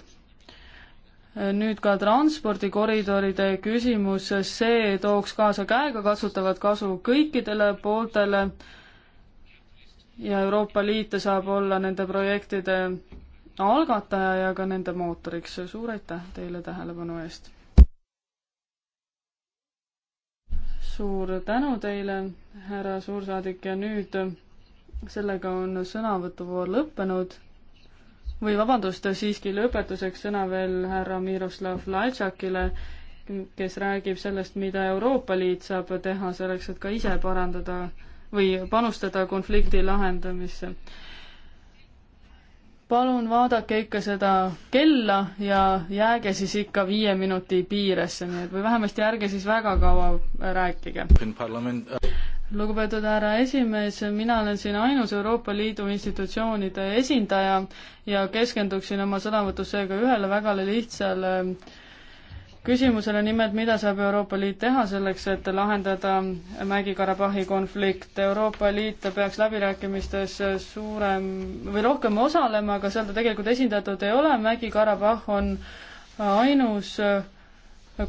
nüüd ka transpordikoridoride küsimus, see tooks kaasa käegakatsutavat kasu kõikidele pooltele ja Euroopa Liit saab olla nende projektide algataja ja ka nende mootoriks. suur aitäh teile tähelepanu eest! suur tänu teile, härra suursaadik ja nüüd sellega on sõnavõtuvoor lõppenud või vabandust, siiski lõpetuseks sõna veel härra Miroslav Laitšakile, kes räägib sellest, mida Euroopa Liit saab teha selleks, et ka ise parandada või panustada konflikti lahendamisse. palun vaadake ikka seda kella ja jääge siis ikka viie minuti piiresse, nii et või vähemasti ärge siis väga kaua rääkige lugupeetud härra esimees, mina olen siin ainus Euroopa Liidu institutsioonide esindaja ja keskenduksin oma sõnavõtus seega ühele väga lihtsale eh, küsimusele, nimelt mida saab Euroopa Liit teha selleks, et lahendada Mägi-Karabahhi konflikt. Euroopa Liit peaks läbirääkimistes suurem või rohkem osalema, aga seal ta tegelikult esindatud ei ole, Mägi-Karabahh on ainus eh,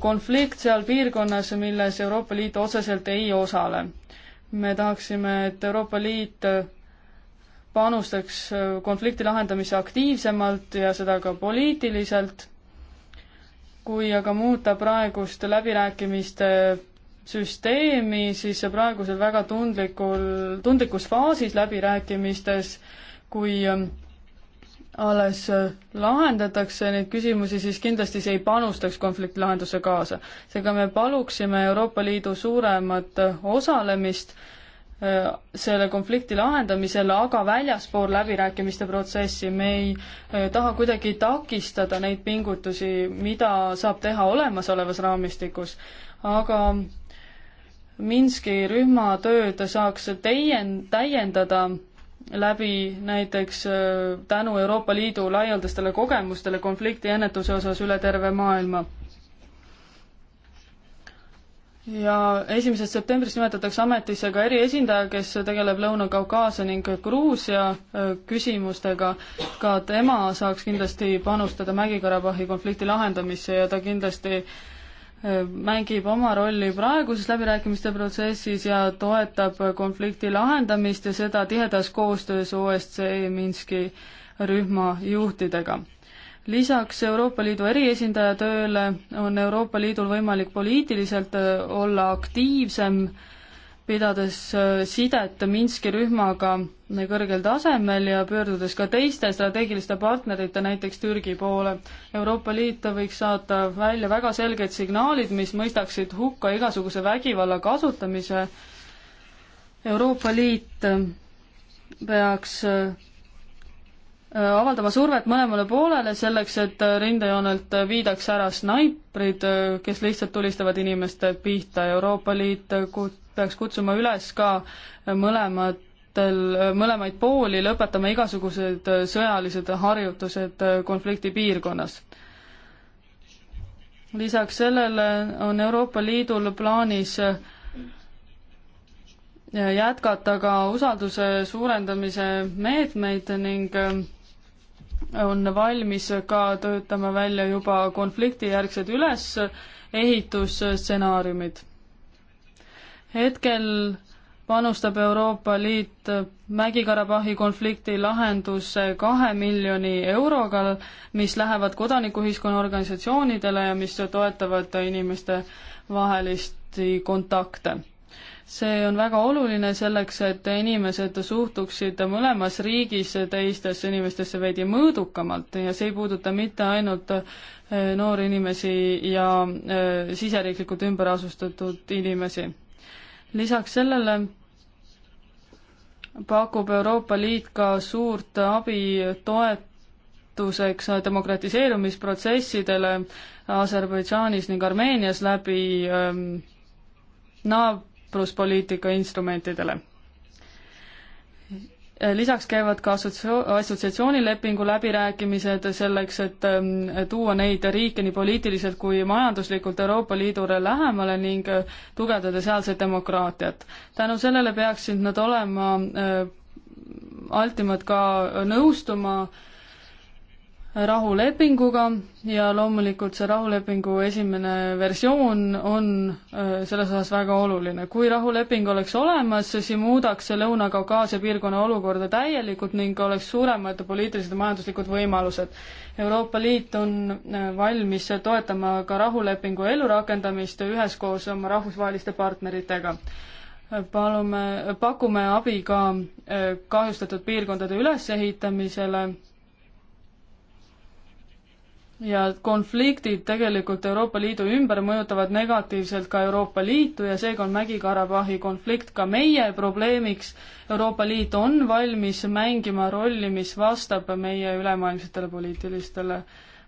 konflikt seal piirkonnas, milles Euroopa Liit otseselt ei osale me tahaksime, et Euroopa Liit panustaks konflikti lahendamisse aktiivsemalt ja seda ka poliitiliselt, kui aga muuta praegust läbirääkimiste süsteemi, siis praegusel väga tundlikul, tundlikus faasis läbirääkimistes, kui ähm, alles äh, lahendatakse neid küsimusi, siis kindlasti see ei panustaks konflikti lahenduse kaasa. seega me paluksime Euroopa Liidu suuremat äh, osalemist äh, selle konflikti lahendamisel, aga väljaspool läbirääkimiste protsessi. me ei taha kuidagi takistada neid pingutusi, mida saab teha olemasolevas raamistikus, aga Minski rühma tööd saaks teien-, täiendada läbi näiteks äh, tänu Euroopa Liidu laialdastele kogemustele konflikti ennetuse osas üle terve maailma. ja esimesest septembrist nimetatakse ametisse ka eriesindaja, kes tegeleb Lõuna-Kaukaasia ning Gruusia äh, küsimustega. ka tema saaks kindlasti panustada Mägi-Karabahhi konflikti lahendamisse ja ta kindlasti äh, mängib oma rolli praeguses läbirääkimiste protsessis ja toetab konflikti lahendamist ja seda tihedas koostöös OSCE Minski rühma juhtidega lisaks Euroopa Liidu eriesindaja tööle on Euroopa Liidul võimalik poliitiliselt olla aktiivsem pidades äh, sidet Minski rühmaga kõrgel tasemel ja pöördudes ka teiste strateegiliste partnerite, näiteks Türgi poole. Euroopa Liit võiks saata välja väga selged signaalid, mis mõistaksid hukka igasuguse vägivalla kasutamise. Euroopa Liit äh, peaks äh, avaldama survet mõlemale poolele selleks, et rindejoonelt viidaks ära snaiprid, kes lihtsalt tulistavad inimeste pihta. Euroopa Liit kut-, peaks kutsuma üles ka mõlematel, mõlemaid pooli lõpetama igasugused sõjalised harjutused konfliktipiirkonnas. lisaks sellele on Euroopa Liidul plaanis jätkata ka usalduse suurendamise meetmeid ning on valmis ka töötama välja juba konfliktijärgsed ülesehitusstsenaariumid hetkel panustab Euroopa Liit Mägi-Karabahhi konflikti lahendusse kahe miljoni euroga, mis lähevad kodanikuühiskonna organisatsioonidele ja mis toetavad inimeste vahelisi kontakte. see on väga oluline selleks, et inimesed suhtuksid mõlemas riigis teistesse inimestesse veidi mõõdukamalt ja see ei puuduta mitte ainult eh, noori inimesi ja eh, siseriiklikult ümber asustatud inimesi lisaks sellele pakub Euroopa Liit ka suurt abi toetuseks demokratiseerumisprotsessidele Aserbaidžaanis ning Armeenias läbi ähm, naabruspoliitika instrumentidele Eh, lisaks käivad ka assotsio-, assotsiatsioonilepingu läbirääkimised selleks, et ehm, tuua neid riike nii poliitiliselt kui majanduslikult Euroopa Liidule lähemale ning eh, tugevdada sealset demokraatiat. tänu sellele peaksid nad olema eh, altimad ka nõustuma äh, rahulepinguga ja loomulikult see rahulepingu esimene versioon on äh, selles osas väga oluline. kui rahuleping oleks olemas, siis muudaks see Lõuna-Kaukaasia piirkonna olukorda täielikult ning oleks suuremad poliitilised ja majanduslikud võimalused. Euroopa Liit on äh, valmis toetama ka rahulepingu ellurakendamist üheskoos oma rahvusvaheliste partneritega palume, pakume abi ka äh, kahjustatud piirkondade ülesehitamisele ja konfliktid tegelikult Euroopa Liidu ümber mõjutavad negatiivselt ka Euroopa Liitu ja seega on Mägi-Karabahhi konflikt ka meie probleemiks. Euroopa Liit on valmis mängima rolli, mis vastab meie ülemaailmsetele poliitilistele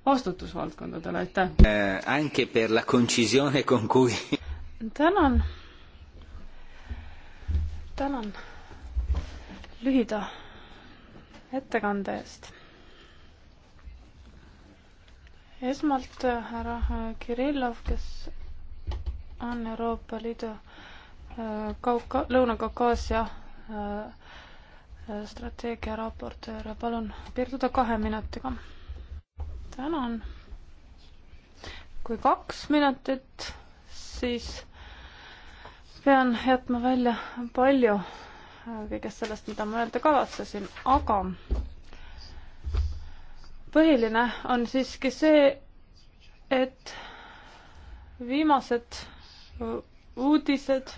vastutusvaldkondadele, aitäh äh,! Anche per la concisione con cui tänan, tänan lühida ettekande eest esmalt äh, härra äh, Kirillov, kes on Euroopa Liidu äh, Kauka-, Lõuna-Kaukaasia strateegia raportöör ja palun piirduda kahe minutiga. tänan. kui kaks minutit, siis pean jätma välja palju kõigest sellest, mida ma öelda kavatsesin, aga põhiline on siiski see, et viimased uudised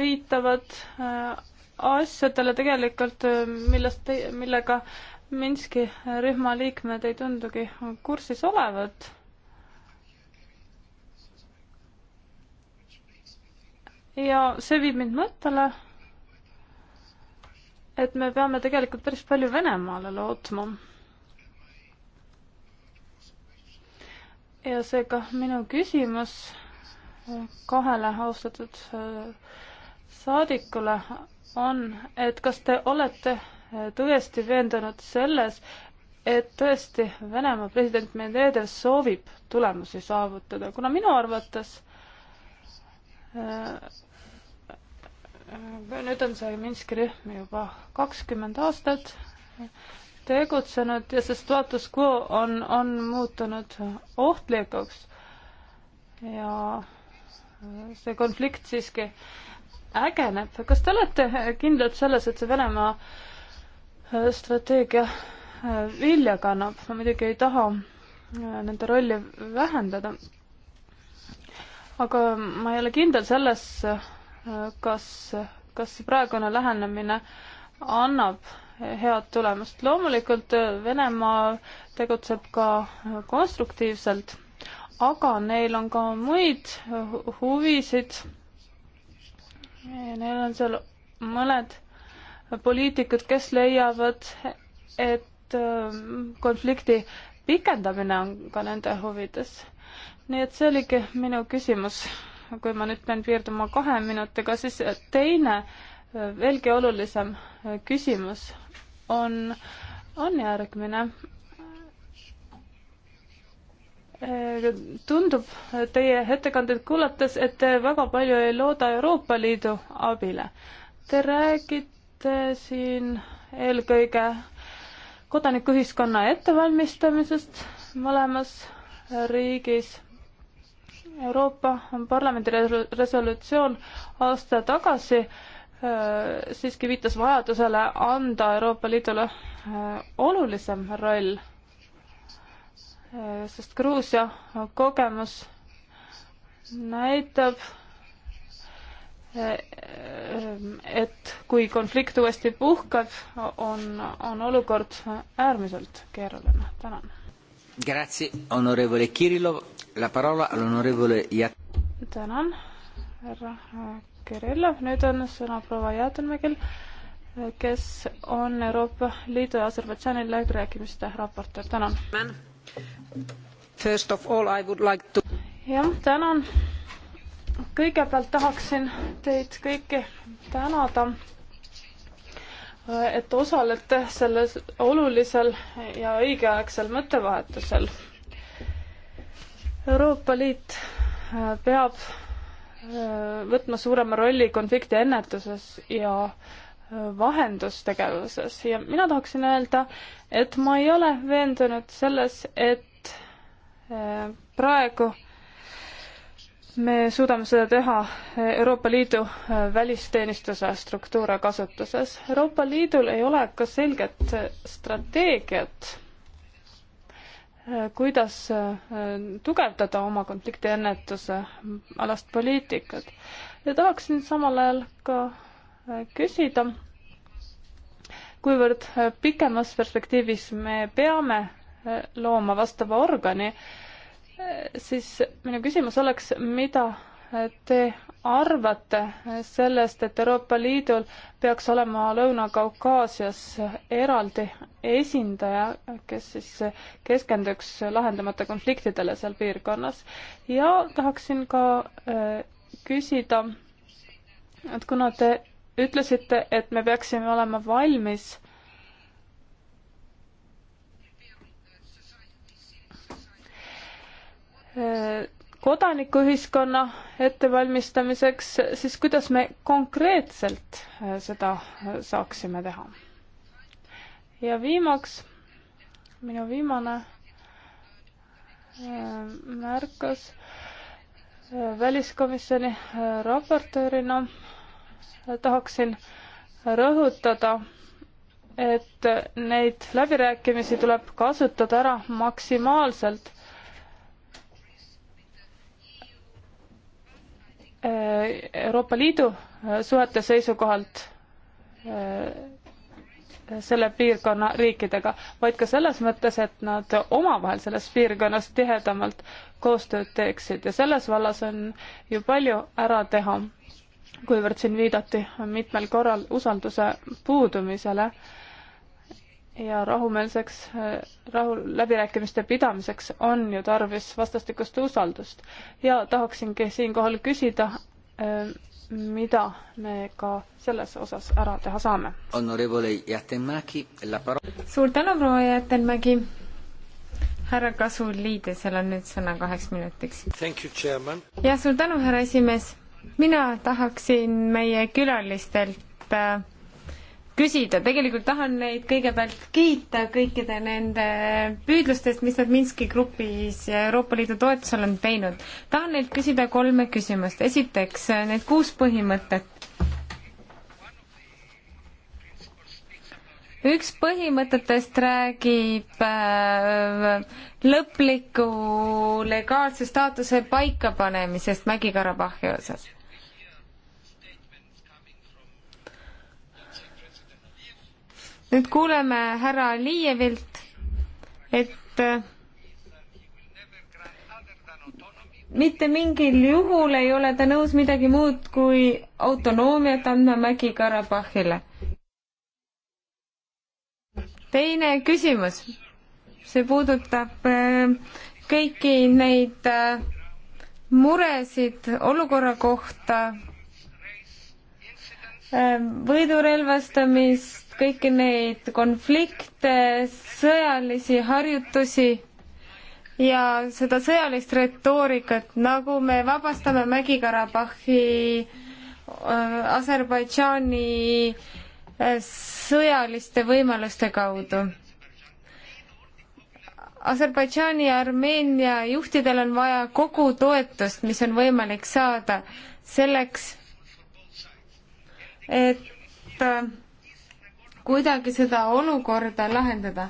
viitavad äh, asjadele tegelikult, äh, millest, millega Minski rühma liikmed ei tundugi kursis olevat. ja see viib mind mõttele et me peame tegelikult päris palju Venemaale lootma. ja seega minu küsimus kahele austatud äh, saadikule on, et kas te olete äh, tõesti veendunud selles, et tõesti Venemaa president Medvedev soovib tulemusi saavutada, kuna minu arvates äh, Äh, nüüd on see Minski rühm juba kakskümmend aastat tegutsenud ja see status quo on, on muutunud ohtlikuks. ja see konflikt siiski ägeneb. kas te olete kindlad selles, et see Venemaa äh, strateegia äh, vilja kannab? ma muidugi ei taha nende rolli vähendada. aga ma ei ole kindel selles, kas, kas praegune lähenemine annab head tulemust. loomulikult Venemaa tegutseb ka konstruktiivselt, aga neil on ka muid huvisid. Neil on seal mõned poliitikud, kes leiavad, et ähm, konflikti pikendamine on ka nende huvides. nii et see oligi minu küsimus kui ma nüüd pean piirduma kahe minutiga, siis teine äh, veelgi olulisem äh, küsimus on, on järgmine. Äh, tundub teie ettekandeid kuulates, et te väga palju ei looda Euroopa Liidu abile. Te räägite siin eelkõige kodanikuühiskonna ettevalmistamisest mõlemas riigis Euroopa Parlamendi resolutsioon aasta tagasi äh, siiski viitas vajadusele anda Euroopa Liidule äh, olulisem roll, äh, sest Gruusia kogemus näitab, et kui konflikt uuesti puhkab, on, on olukord äärmiselt keeruline. tänan Grazie, onorevole Kirillov. La parola all'onorevole Jat-. tänan, härra äh, Kirillov. nüüd on sõna proua Jäätenmägil, äh, kes on Euroopa Liidu ja Aserbaidžaani läbirääkimiste raportöör. tänan. First of all I would like to jah, tänan. kõigepealt tahaksin teid kõiki tänada et osalete selles olulisel ja õigeaegsel mõttevahetusel. Euroopa Liit äh, peab äh, võtma suurema rolli konflikti ennetuses ja äh, vahendustegevuses ja mina tahaksin öelda, et ma ei ole veendunud selles, et praegu äh, me suudame seda teha Euroopa Liidu äh, välisteenistuse struktuure kasutuses. Euroopa Liidul ei ole ka selget äh, strateegiat, äh, kuidas tugevdada oma konfliktiennetuse alast poliitikat. ja tahaksin samal ajal ka küsida, kuivõrd pikemas perspektiivis me peame looma vastava organi, siis minu küsimus oleks, mida te arvate sellest, et Euroopa Liidul peaks olema Lõuna-Kaukaasias eraldi esindaja, kes siis keskenduks lahendamata konfliktidele seal piirkonnas ja tahaksin ka äh, küsida, et kuna te ütlesite, et me peaksime olema valmis kodanikuühiskonna ettevalmistamiseks, siis kuidas me konkreetselt äh, seda äh, saaksime teha? ja viimaks, minu viimane äh, märkus väliskomisjoni raportöörina tahaksin rõhutada, et neid läbirääkimisi tuleb kasutada ära maksimaalselt Euroopa Liidu äh, suhete seisukohalt äh, selle piirkonna riikidega, vaid ka selles mõttes, et nad omavahel selles piirkonnas tihedamalt koostööd teeksid ja selles vallas on ju palju ära teha, kuivõrd siin viidati mitmel korral usalduse puudumisele äh, ja rahumeelseks, rahu, läbirääkimiste pidamiseks on ju tarvis vastastikust usaldust. ja tahaksingi siinkohal küsida, äh, mida me ka selles osas ära teha saame. suur tänu, proua Jätenmägi. härra Kasuliidesel on nüüd sõna kaheks minutiks. ja suur tänu, härra esimees. mina tahaksin meie külalistelt äh, küsida. tegelikult tahan neid kõigepealt kiita kõikide nende püüdlustest, mis nad Minski grupis ja Euroopa Liidu toetusel on teinud. tahan neilt küsida kolme küsimust. esiteks, need kuus põhimõtet. üks põhimõtetest räägib äh, lõpliku legaalse staatuse paikapanemisest Mägi-Karabahhi osas nüüd kuuleme härra Liievilt, et äh, mitte mingil juhul ei ole ta nõus midagi muud kui autonoomiat andma Mägi-Karabahhile. teine küsimus, see puudutab äh, kõiki neid äh, muresid olukorra kohta, võidurelvastamist, kõiki neid konflikte, sõjalisi harjutusi ja seda sõjalist retoorikat, nagu me vabastame Mägi-Karabahhi, äh, Aserbaidžaani äh, sõjaliste võimaluste kaudu. Aserbaidžaani ja Armeenia juhtidel on vaja kogu toetust, mis on võimalik saada selleks, et äh, kuidagi seda olukorda lahendada.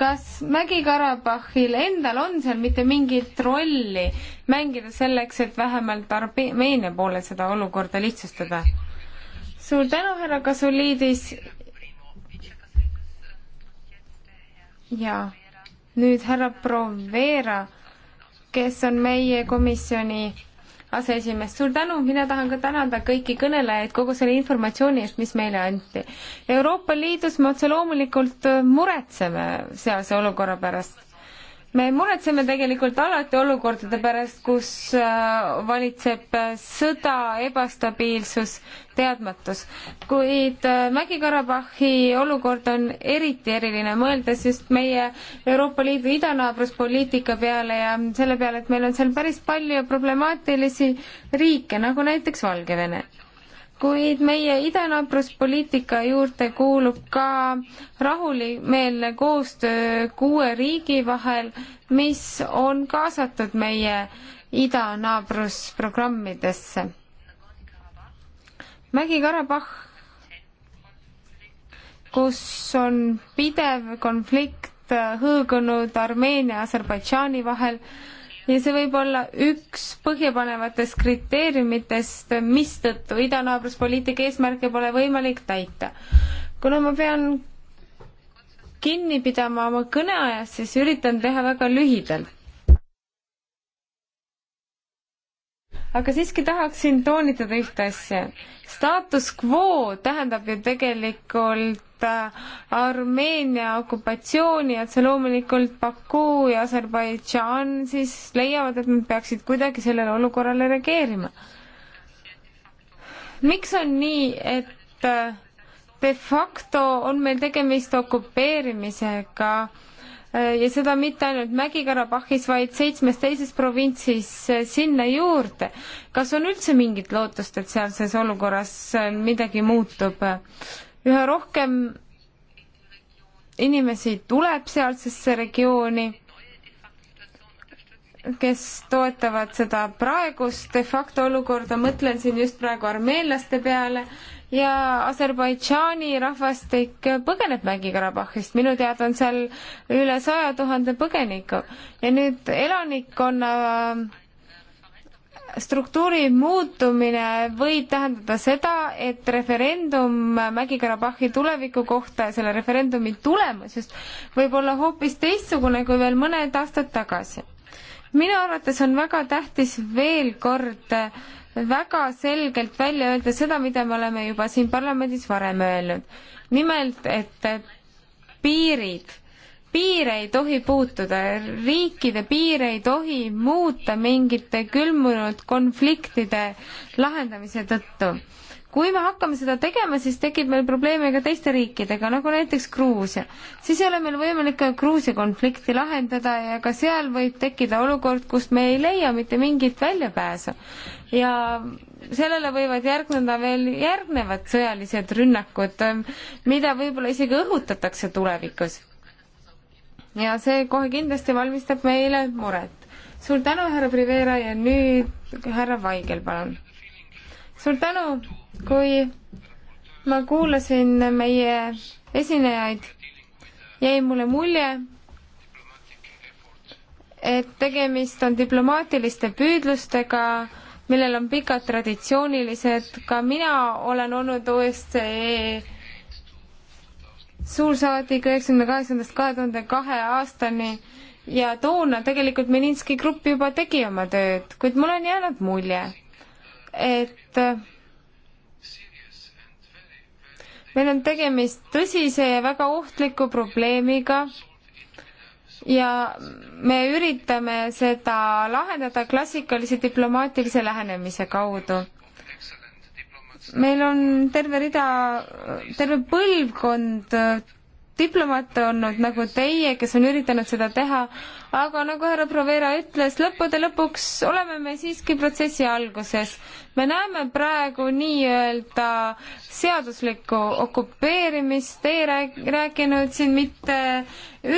kas Mägi-Karabahhil endal on seal mitte mingit rolli mängida selleks, et vähemalt Armeenia poole seda olukorda lihtsustada? suur tänu, härra Kasuliidis. ja nüüd härra Provera, kes on meie komisjoni aseesimees, suur tänu, mina tahan ka tänada kõiki kõnelejaid kogu selle informatsiooni eest, mis meile anti. Euroopa Liidus me otse loomulikult muretseme sealse olukorra pärast me muretseme tegelikult alati olukordade pärast, kus äh, valitseb äh, sõda, ebastabiilsus, teadmatus. kuid äh, Mägi-Karabahhi olukord on eriti eriline, mõeldes just meie Euroopa Liidu idanaabruspoliitika peale ja selle peale, et meil on seal päris palju problemaatilisi riike, nagu näiteks Valgevene kuid meie idanaabruspoliitika juurde kuulub ka rahumeelne koostöö kuue riigi vahel, mis on kaasatud meie idanaabrusprogrammidesse. Mägi-Karabahh, kus on pidev konflikt hõõgunud Armeenia ja Aserbaidžaani vahel, ja see võib olla üks põhjapanevatest kriteeriumitest, mistõttu idanaabruspoliitika eesmärke pole võimalik täita. kuna ma pean kinni pidama oma kõneajast, siis üritan teha väga lühidalt aga siiski tahaksin toonitada ühte asja. Status quo tähendab ju tegelikult äh, Armeenia okupatsiooni, et see loomulikult Baku ja Aserbaidžaan siis leiavad, et nad peaksid kuidagi sellele olukorrale reageerima. miks on nii, et äh, de facto on meil tegemist okupeerimisega äh, ja seda mitte ainult Mägi-Karabahhis, vaid seitsmes teises provintsis eh, sinna juurde. kas on üldse mingit lootust, et sealses olukorras eh, midagi muutub? üha rohkem inimesi tuleb sealsesse regiooni, kes toetavad seda praegust de facto olukorda, mõtlen siin just praegu armeenlaste peale ja Aserbaidžaani rahvastik põgeneb Mägi-Karabahhist, minu teada on seal üle saja tuhande põgeniku ja nüüd elanikkonna äh, struktuuri muutumine võib tähendada seda, et referendum Mägi-Karabahhi tuleviku kohta ja selle referendumi tulemusest võib olla hoopis teistsugune kui veel mõned aastad tagasi. minu arvates on väga tähtis veel kord äh, väga selgelt välja öelda seda, mida me oleme juba siin parlamendis varem öelnud. nimelt, et piirid, piire ei tohi puutuda, riikide piire ei tohi muuta mingite külmunud konfliktide lahendamise tõttu kui me hakkame seda tegema, siis tekib meil probleeme ka teiste riikidega, nagu näiteks Gruusia. siis ei ole meil võimalik ka Gruusia konflikti lahendada ja ka seal võib tekkida olukord, kust me ei leia mitte mingit väljapääsu. ja sellele võivad järgneda veel järgnevad sõjalised rünnakud, mida võib-olla isegi õhutatakse tulevikus. ja see kohe kindlasti valmistab meile muret. suur tänu, härra Privera ja nüüd härra Vaigel, palun. suur tänu kui ma kuulasin meie esinejaid, jäi mulle mulje, et tegemist on diplomaatiliste püüdlustega, millel on pikad traditsioonilised, ka mina olen olnud OSCE suursaadik üheksakümne kaheksandast kahe tuhande kahe aastani ja toona tegelikult Meninski grupp juba tegi oma tööd, kuid mul on jäänud mulje, et meil on tegemist tõsise ja väga ohtliku probleemiga ja me üritame seda lahendada klassikalise diplomaatilise lähenemise kaudu. meil on terve rida, terve põlvkond diplomaate olnud nagu teie, kes on üritanud seda teha, aga nagu härra Provera ütles, lõppude lõpuks oleme me siiski protsessi alguses. me näeme praegu nii-öelda seaduslikku okupeerimist, te ei rääk-, rääkinud siin mitte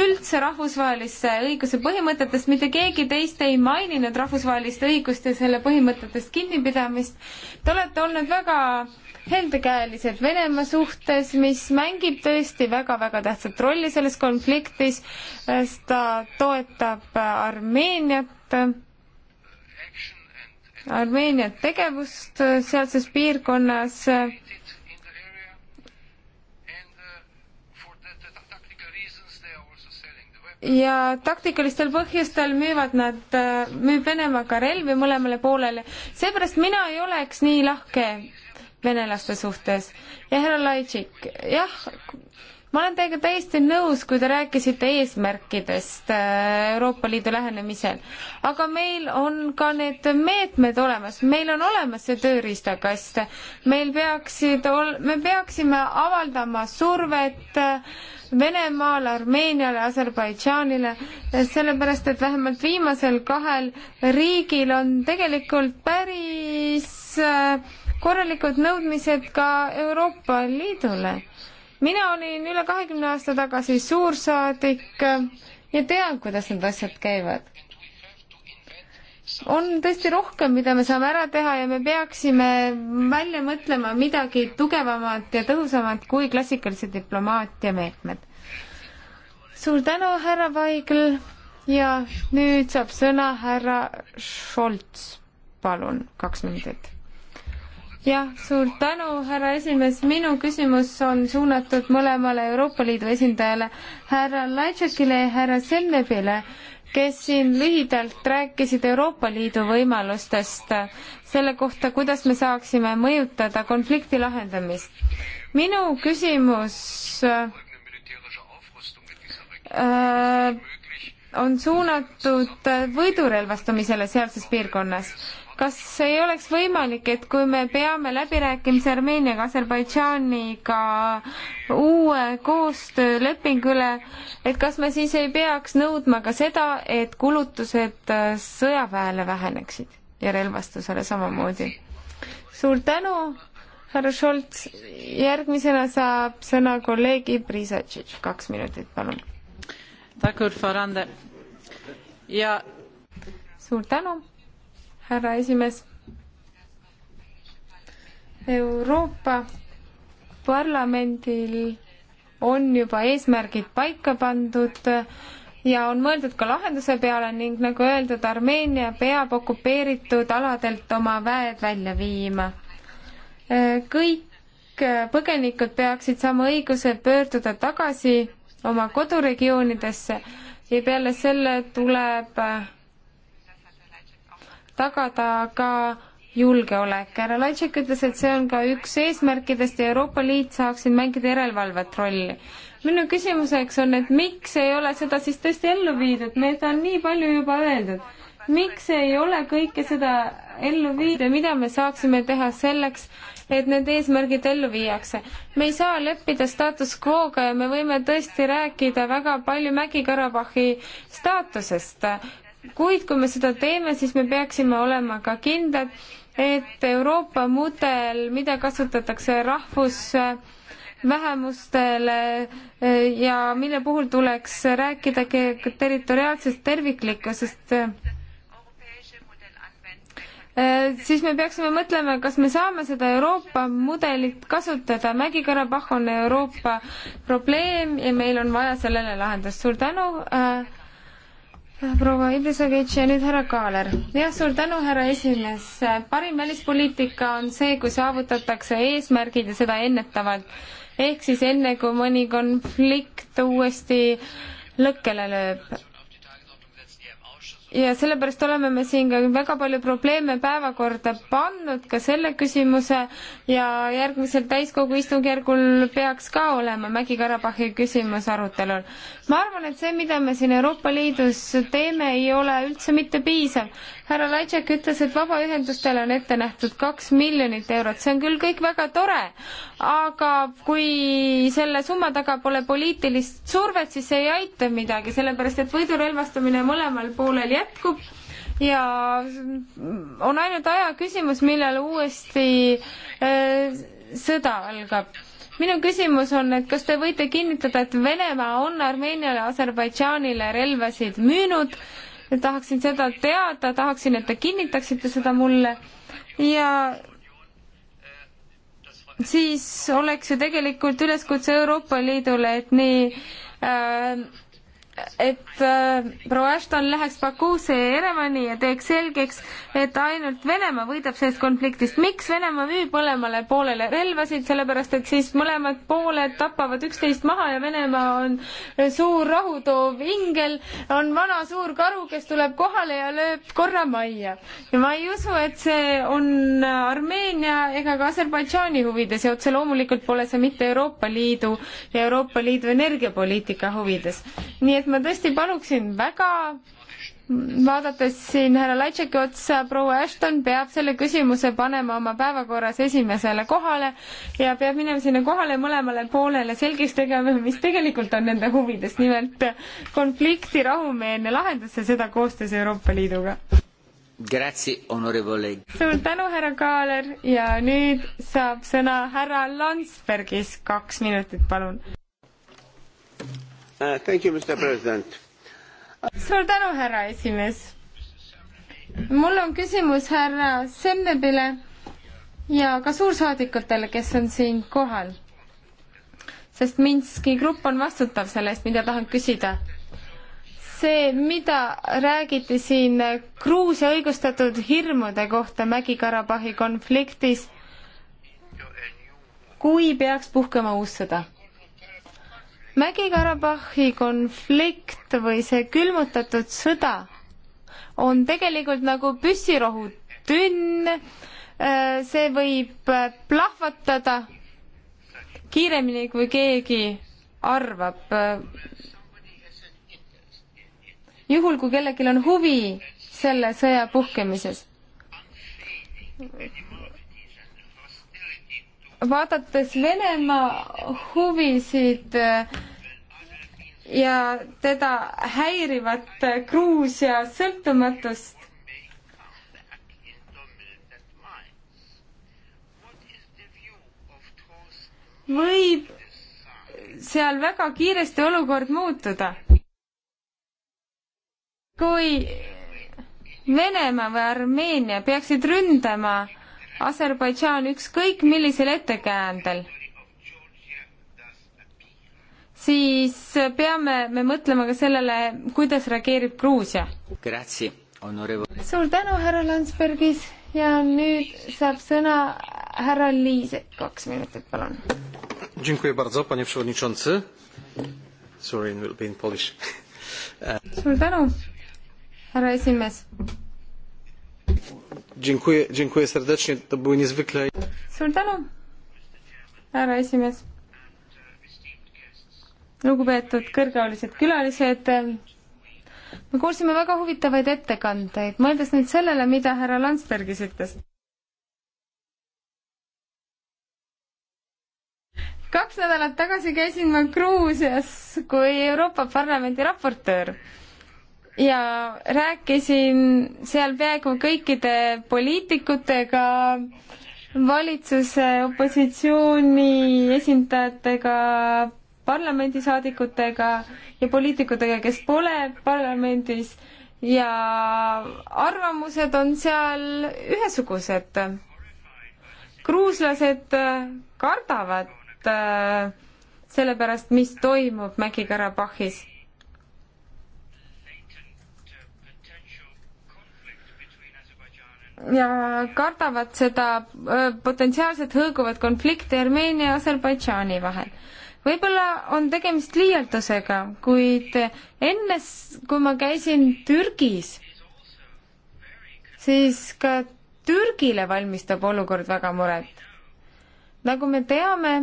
üldse rahvusvahelise õiguse põhimõtetest, mitte keegi teist ei maininud rahvusvahelist õigust ja selle põhimõtetest kinnipidamist. Te olete olnud väga heldekäeliselt Venemaa suhtes, mis mängib tõesti väga-väga tähtsat rolli selles konfliktis. ta toetab Armeeniat, Armeenia tegevust sealses piirkonnas ja taktikalistel põhjustel müüvad nad, müüb Venemaa ka relvi mõlemale poolele. seepärast mina ei oleks nii lahke venelaste suhtes. ja härra Laitšik, jah, ma olen teiega täiesti nõus, kui te rääkisite eesmärkidest äh, Euroopa Liidu lähenemisel, aga meil on ka need meetmed olemas, meil on olemas see tööriistakast, meil peaksid ol-, me peaksime avaldama survet äh, Venemaale, Armeeniale, Aserbaidžaanile, äh, sellepärast et vähemalt viimasel kahel riigil on tegelikult päris äh, korralikud nõudmised ka Euroopa Liidule. mina olin üle kahekümne aasta tagasi suursaadik äh, ja tean, kuidas need asjad käivad. on tõesti rohkem, mida me saame ära teha ja me peaksime välja mõtlema midagi tugevamat ja tõhusamat kui klassikalised diplomaatia meetmed. suur tänu, härra Vaigel ja nüüd saab sõna härra Scholz. palun, kaks minutit jah, suur tänu, härra esimees, minu küsimus on suunatud mõlemale Euroopa Liidu esindajale, härra Laitšakile ja härra Selmebile, kes siin lühidalt rääkisid Euroopa Liidu võimalustest selle kohta, kuidas me saaksime mõjutada konflikti lahendamist. minu küsimus äh, on suunatud võidurelvastumisele sealses piirkonnas kas ei oleks võimalik, et kui me peame läbirääkimisi Armeeniaga, Aserbaidžaaniga uue koostöölepingu üle, et kas me siis ei peaks nõudma ka seda, et kulutused äh, sõjaväele väheneksid ja relvastusele samamoodi? suur tänu, härra Šolts, järgmisena saab sõna kolleeg Ibri Satšitš, kaks minutit, palun. suur tänu härra esimees. Euroopa Parlamendil on juba eesmärgid paika pandud ja on mõeldud ka lahenduse peale ning nagu öeldud, Armeenia peab okupeeritud aladelt oma väed välja viima. kõik põgenikud peaksid saama õiguse pöörduda tagasi oma koduregioonidesse ja peale selle tuleb tagada ka julgeolek. härra Laitšik ütles, et see on ka üks eesmärkidest ja Euroopa Liit saaks siin mängida järelevalvet rolli. minu küsimuseks on, et miks ei ole seda siis tõesti ellu viidud, meid on nii palju juba öeldud. miks ei ole kõike seda ellu viidud ja mida me saaksime teha selleks, et need eesmärgid ellu viiakse. me ei saa leppida status quo'ga ja me võime tõesti rääkida väga palju Mägi-Karabahhi staatusest kuid kui me seda teeme, siis me peaksime olema ka kindlad, et Euroopa mudel, mida kasutatakse rahvusvähemustele ja mille puhul tuleks rääkida territoriaalsest terviklikkusest, siis me peaksime mõtlema, kas me saame seda Euroopa mudelit kasutada. Mägi-Karabahh on Euroopa probleem ja meil on vaja sellele lahendust. suur tänu äh, proua Ibrisovic ja nüüd härra Kaaler. jah, suur tänu, härra esimees. parim välispoliitika on see, kui saavutatakse eesmärgid ja seda ennetavalt. ehk siis enne, kui mõni konflikt uuesti lõkkele lööb ja sellepärast oleme me siin ka väga palju probleeme päevakorda pannud, ka selle küsimuse ja järgmisel täiskogu istungjärgul peaks ka olema Mägi-Karabahhi küsimus arutelul ma arvan, et see, mida me siin Euroopa Liidus teeme, ei ole üldse mitte piisav. härra Laitšek ütles, et vabaühendustele on ette nähtud kaks miljonit eurot, see on küll kõik väga tore, aga kui selle summa taga pole poliitilist survet, siis see ei aita midagi, sellepärast et võidurelvastumine mõlemal poolel jätkub ja on ainult aja küsimus, millal uuesti äh, sõda algab minu küsimus on, et kas te võite kinnitada, et Venemaa on Armeeniale, Aserbaidžaanile relvasid müünud? tahaksin seda teada, tahaksin, et te kinnitaksite seda mulle ja siis oleks ju tegelikult üleskutse Euroopa Liidule, et nii äh, et äh, proua Ashton läheks Bakuusse ja Jerevani ja teeks selgeks, et ainult Venemaa võidab sellest konfliktist. miks Venemaa müüb mõlemale poolele relvasid, sellepärast et siis mõlemad pooled tapavad üksteist maha ja Venemaa on äh, suur rahutoov ingel, on vana suur karu, kes tuleb kohale ja lööb korra majja. ja ma ei usu, et see on äh, Armeenia ega ka Aserbaidžaani huvides ja otse loomulikult pole see mitte Euroopa Liidu ja Euroopa Liidu energiapoliitika huvides. nii et et ma tõesti paluksin väga vaadates siin härra Laitšeki otsa, proua Ashton peab selle küsimuse panema oma päevakorras esimesele kohale ja peab minema sinna kohale mõlemale poolele selgeks tegema, mis tegelikult on nende huvides, nimelt konflikti rahumeelne lahendus ja seda koostöös Euroopa Liiduga. suur tänu, härra Kaaler ja nüüd saab sõna härra Landsbergis, kaks minutit, palun suur tänu, härra esimees. mul on küsimus härra Sennebile ja ka suursaadikutele, kes on siin kohal. sest Minski grupp on vastutav selle eest, mida tahan küsida. see, mida räägiti siin Gruusia õigustatud hirmude kohta Mägi-Karabahhi konfliktis, kui peaks puhkema uus sõda Mägi-Karabahhi konflikt või see külmutatud sõda on tegelikult nagu püssirohutünn, äh, see võib äh, plahvatada kiiremini, kui keegi arvab. Äh, juhul, kui kellelgi on huvi selle sõja puhkemises vaadates Venemaa huvisid äh, ja teda häirivat äh, Gruusia sõltumatust, võib seal väga kiiresti olukord muutuda. kui Venemaa või Armeenia peaksid ründama Aserbaidžaan ükskõik millisel ettekäändel, siis peame me mõtlema ka sellele, kuidas reageerib Gruusia. suur tänu, härra Landsbergis ja nüüd saab sõna härra Liisek, kaks minutit, palun. suur tänu, härra esimees suur tänu, härra esimees. lugupeetud kõrgeolised külalised. Ähm, me kuulsime väga huvitavaid ettekandeid, mõeldes nüüd sellele, mida härra Landsbergis ütles. kaks nädalat tagasi käisin ma Gruusias kui Euroopa Parlamendi raportöör ja rääkisin seal peaaegu kõikide poliitikutega, valitsuse, opositsiooni esindajatega, parlamendisaadikutega ja poliitikutega, kes pole parlamendis ja arvamused on seal ühesugused. gruuslased kardavad äh, selle pärast, mis toimub Mägi-Karabahhis ja kardavad seda potentsiaalset hõõguvat konflikti Armeenia ja Aserbaidžaani vahel. võib-olla on tegemist liialdusega, kuid enne, kui ma käisin Türgis, siis ka Türgile valmistab olukord väga muret. nagu me teame,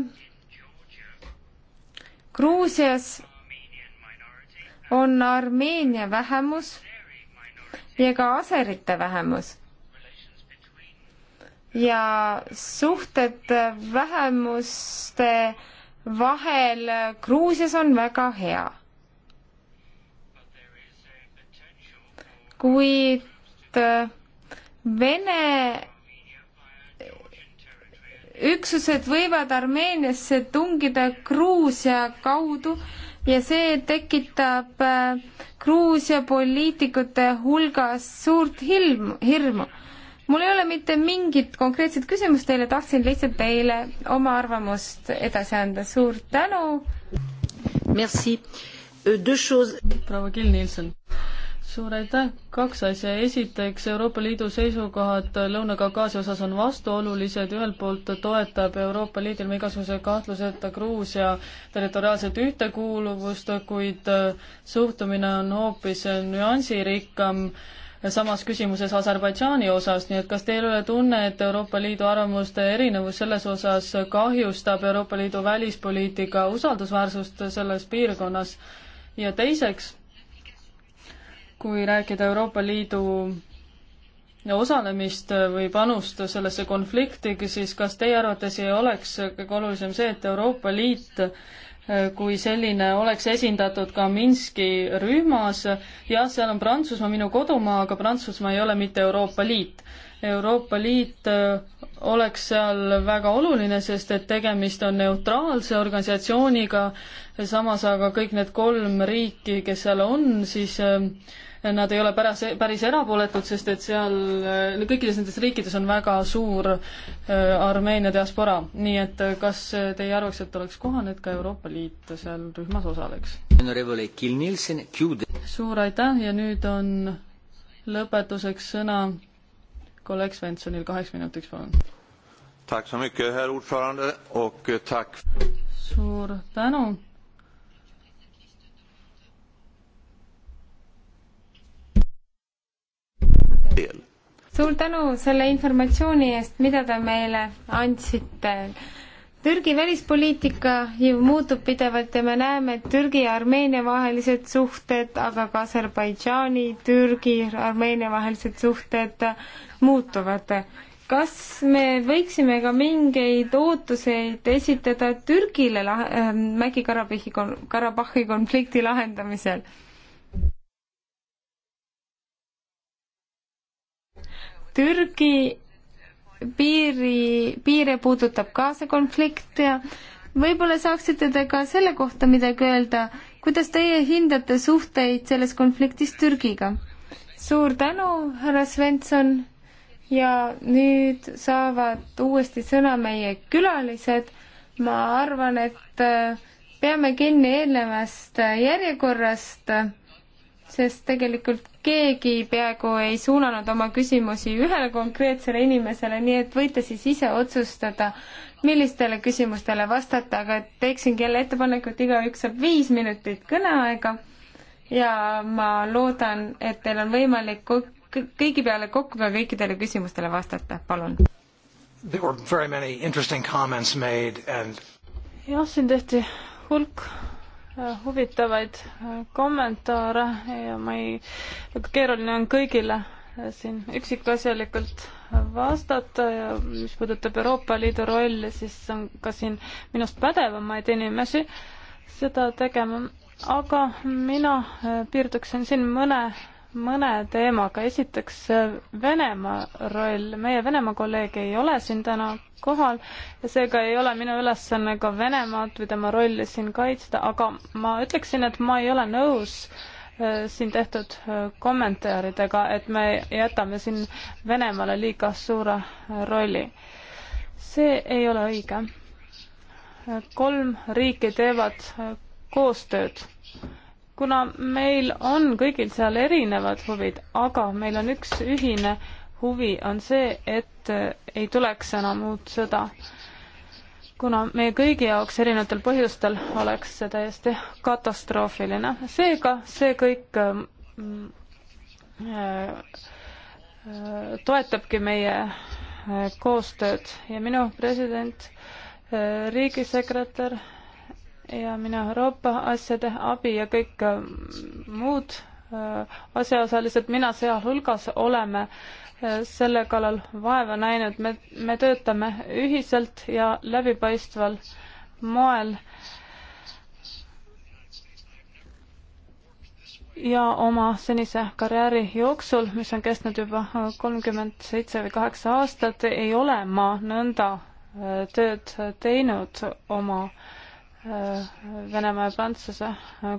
Gruusias on Armeenia vähemus ja ka aserite vähemus ja suhted vähemuste vahel Gruusias on väga hea. kuid Vene üksused võivad Armeeniasse tungida Gruusia kaudu ja see tekitab Gruusia poliitikute hulgas suurt hilm, hirmu mul ei ole mitte mingit konkreetset küsimust teile, tahtsin lihtsalt teile oma arvamust edasi anda, suur tänu. Merci. Euh, proua Kill Nielsen suur aitäh, kaks asja, esiteks Euroopa Liidu seisukohad Lõuna-Kaukaasia osas on vastuolulised, ühelt poolt toetab Euroopa Liit ilma igasuguse kahtluseta Gruusia territoriaalset ühtekuuluvust, kuid suhtumine on hoopis nüansirikkam äh, samas küsimuses Aserbaidžaani osas, nii et kas teil ei ole tunne, et Euroopa Liidu arvamuste erinevus selles osas kahjustab Euroopa Liidu välispoliitika usaldusväärsust selles piirkonnas? ja teiseks, kui rääkida Euroopa Liidu osalemist või panust sellesse konflikti, siis kas teie arvates ei oleks kõige olulisem see, et Euroopa Liit kui selline oleks esindatud ka Minski rühmas. jah, seal on Prantsusmaa minu kodumaa, aga Prantsusmaa ei ole mitte Euroopa Liit. Euroopa Liit äh, oleks seal väga oluline, sest et tegemist on neutraalse organisatsiooniga, samas aga kõik need kolm riiki, kes seal on, siis äh, nad ei ole päras, päris erapooletud, sest et seal kõikides nendes riikides on väga suur äh, Armeenia diaspora. nii et äh, kas teie arvaks, et oleks kohane, et ka Euroopa Liit seal rühmas osaleks? suur aitäh ja nüüd on lõpetuseks sõna kolleeg Svenssonil kaheks minutiks, palun. Eh, suur tänu suur tänu selle informatsiooni eest, mida te meile andsite. Türgi välispoliitika ju muutub pidevalt ja me näeme, et Türgi ja Armeenia vahelised suhted, aga ka Aserbaidžaani, Türgi, Armeenia vahelised suhted muutuvad. kas me võiksime ka mingeid ootuseid esitada Türgile äh, Mägi-Karabahhi, Karabahhi konflikti lahendamisel? Türgi piiri, piire puudutab ka see konflikt ja võib-olla saaksite te ka selle kohta midagi öelda, kuidas teie hindate suhteid selles konfliktis Türgiga? suur tänu, härra Svensson ja nüüd saavad uuesti sõna meie külalised. ma arvan, et äh, peame kinni eelnevast äh, järjekorrast sest tegelikult keegi peaaegu ei suunanud oma küsimusi ühele konkreetsele inimesele, nii et võite siis ise otsustada, millistele küsimustele vastata, aga teeksingi jälle ettepaneku, et igaüks saab viis minutit kõneaega ja ma loodan, et teil on võimalik kõigi peale kokku ka kõikidele küsimustele vastata, palun. jah, siin tehti hulk huvitavaid äh, kommentaare ja ma ei, keeruline on kõigile äh, siin üksikasjalikult vastata ja mis puudutab Euroopa Liidu rolli, siis on ka siin minust pädevamaid inimesi seda tegema, aga mina äh, piirduksin siin mõne mõne teemaga. esiteks Venemaa roll. meie Venemaa kolleeg ei ole siin täna kohal ja seega ei ole minu ülesanne ka Venemaad või tema rolli siin kaitsta, aga ma ütleksin, et ma ei ole nõus äh, siin tehtud äh, kommentaaridega, et me jätame siin Venemaale liiga suure äh, rolli. see ei ole õige. kolm riiki teevad koostööd kuna meil on kõigil seal erinevad huvid, aga meil on üks ühine huvi, on see, et äh, ei tuleks enam uut sõda. kuna meie kõigi jaoks erinevatel põhjustel oleks see täiesti katastroofiline, seega see kõik äh, äh, toetabki meie äh, koostööd ja minu president, äh, riigisekretär ja mina Euroopa asjade abi ja kõik äh, muud äh, asjaosalised, mina sealhulgas, oleme äh, selle kallal vaeva näinud, me, me töötame ühiselt ja läbipaistval moel. ja oma senise karjääri jooksul, mis on kestnud juba kolmkümmend seitse või kaheksa aastat, ei ole ma nõnda tööd teinud oma äh, Venemaa ja Prantsuse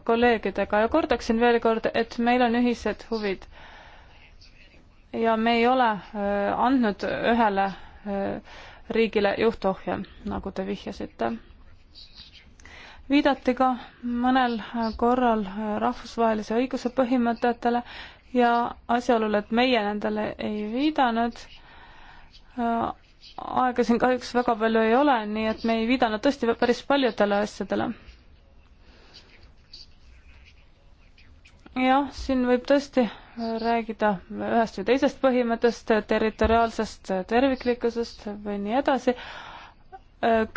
kolleegidega ja kordaksin veel kord, et meil on ühised huvid. ja me ei ole äh, andnud ühele äh, riigile juhtohje, nagu te vihjasite. viidati ka mõnel korral äh, rahvusvahelise õiguse põhimõtetele ja asjaolul, et meie nendele ei viidanud, aega siin kahjuks väga palju ei ole, nii et me ei viidanud tõesti päris paljudele asjadele. jah, siin võib tõesti räägida ühest või teisest põhimõttest, territoriaalsest terviklikkusest või nii edasi.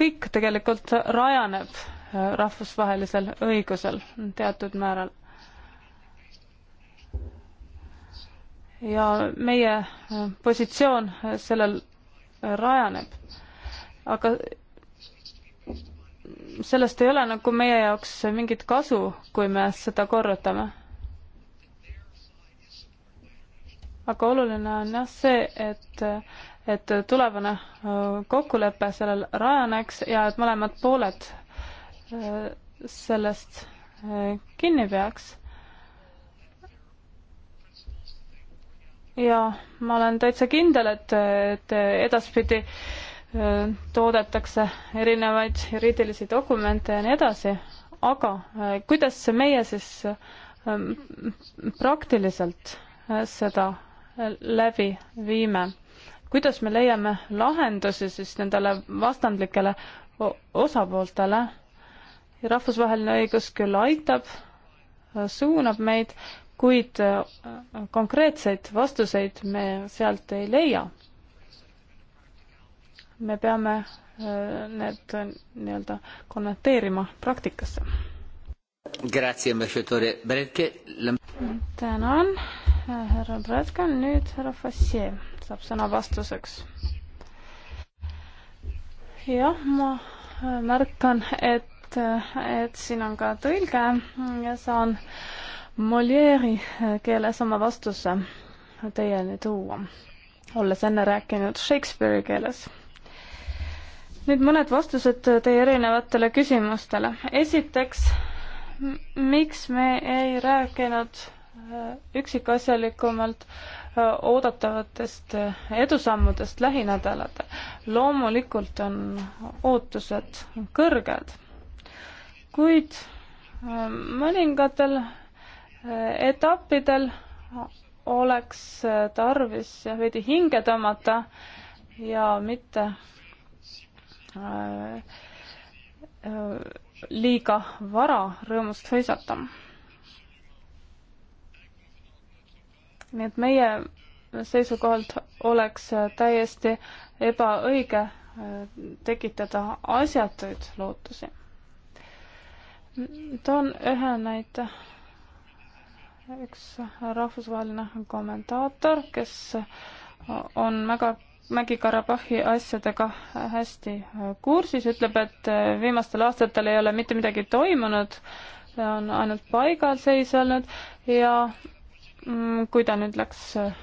kõik tegelikult rajaneb rahvusvahelisel õigusel teatud määral ja meie positsioon sellel rajaneb. aga sellest ei ole nagu meie jaoks mingit kasu, kui me seda korrutame. aga oluline on jah see, et, et tulevane äh, kokkulepe sellel rajaneks ja et mõlemad pooled äh, sellest äh, kinni peaks ja ma olen täitsa kindel, et, et edaspidi toodetakse erinevaid juriidilisi dokumente ja nii edasi, aga kuidas meie siis praktiliselt seda läbi viime, kuidas me leiame lahendusi siis nendele vastandlikele osapooltele ja rahvusvaheline õigus küll aitab, suunab meid, kuid äh, konkreetseid vastuseid me sealt ei leia. me peame äh, need nii-öelda konverteerima praktikasse. tänan, äh, härra Bredke, nüüd härra Fassier saab sõna vastuseks. jah, ma märkan, et, et siin on ka tõlge ja saan äh, Molieri äh, keeles oma vastuse teieni tuua, olles enne rääkinud Shakespeare'i keeles. nüüd mõned vastused teie erinevatele küsimustele. esiteks, miks me ei rääkinud äh, üksikasjalikumalt äh, oodatavatest edusammudest lähinädalatel. loomulikult on ootused kõrged, kuid mõningatel etappidel oleks tarvis jah, veidi hinge tõmmata ja mitte äh, liiga vara rõõmust hõisata. nii et meie seisukohalt oleks täiesti ebaõige äh, tekitada asjatuid lootusi. toon ühe näite üks rahvusvaheline kommentaator, kes on väga Mägi-Karabahhi asjadega hästi kursis, ütleb, et viimastel aastatel ei ole mitte midagi toimunud, on ainult paigalseis olnud ja mm, kui ta nüüd läks äh,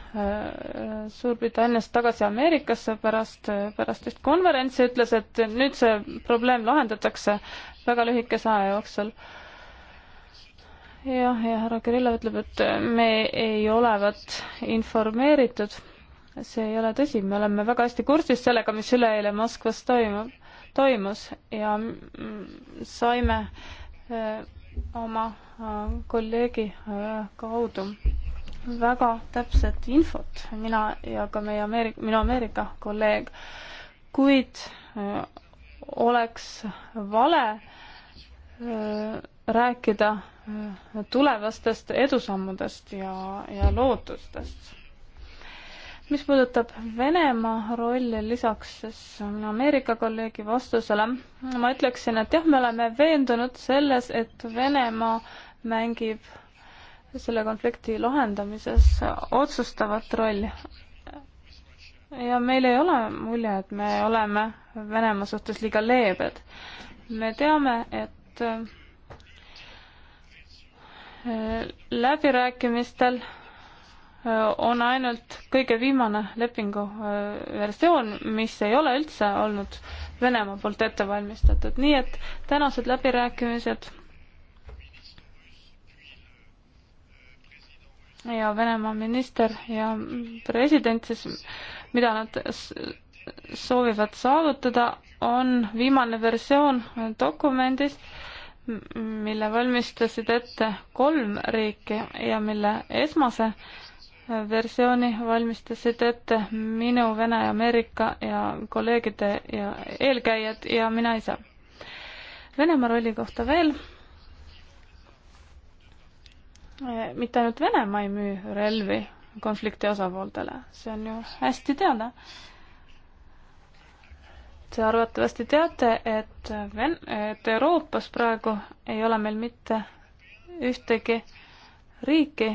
Suurbritanniast tagasi Ameerikasse pärast, pärast üht konverentsi, ütles, et nüüd see probleem lahendatakse väga lühikese aja jooksul jah, ja härra Kirillov ütleb, et me ei olevat informeeritud. see ei ole tõsi, me oleme väga hästi kursis sellega, mis üleeile Moskvas toimub, toimus ja saime öö, äh, oma äh, kolleegi äh, kaudu väga täpset infot, mina ja ka meie Ameerika, minu Ameerika kolleeg, kuid öö, oleks vale öö, rääkida tulevastest edusammudest ja, ja lootustest. mis puudutab Venemaa rolli lisaks siis Ameerika kolleegi vastusele, ma ütleksin, et jah, me oleme veendunud selles, et Venemaa mängib selle konflikti lahendamises otsustavat rolli. ja meil ei ole mulje, et me oleme Venemaa suhtes liiga leebed. me teame, et läbirääkimistel äh, on ainult kõige viimane lepingu äh, versioon, mis ei ole üldse olnud Venemaa poolt ette valmistatud, nii et tänased läbirääkimised ja Venemaa minister ja president siis, mida nad soovivad saavutada, on viimane versioon dokumendist, mille valmistasid ette kolm riiki ja mille esmase versiooni valmistasid ette minu Vene ja Ameerika ja kolleegide ja eelkäijad ja mina ise. Venemaa rolli kohta veel. mitte ainult Venemaa ei müü relvi konflikti osapooltele, see on ju hästi teada Te arvatavasti teate, et Ven-, et Euroopas praegu ei ole meil mitte ühtegi riiki,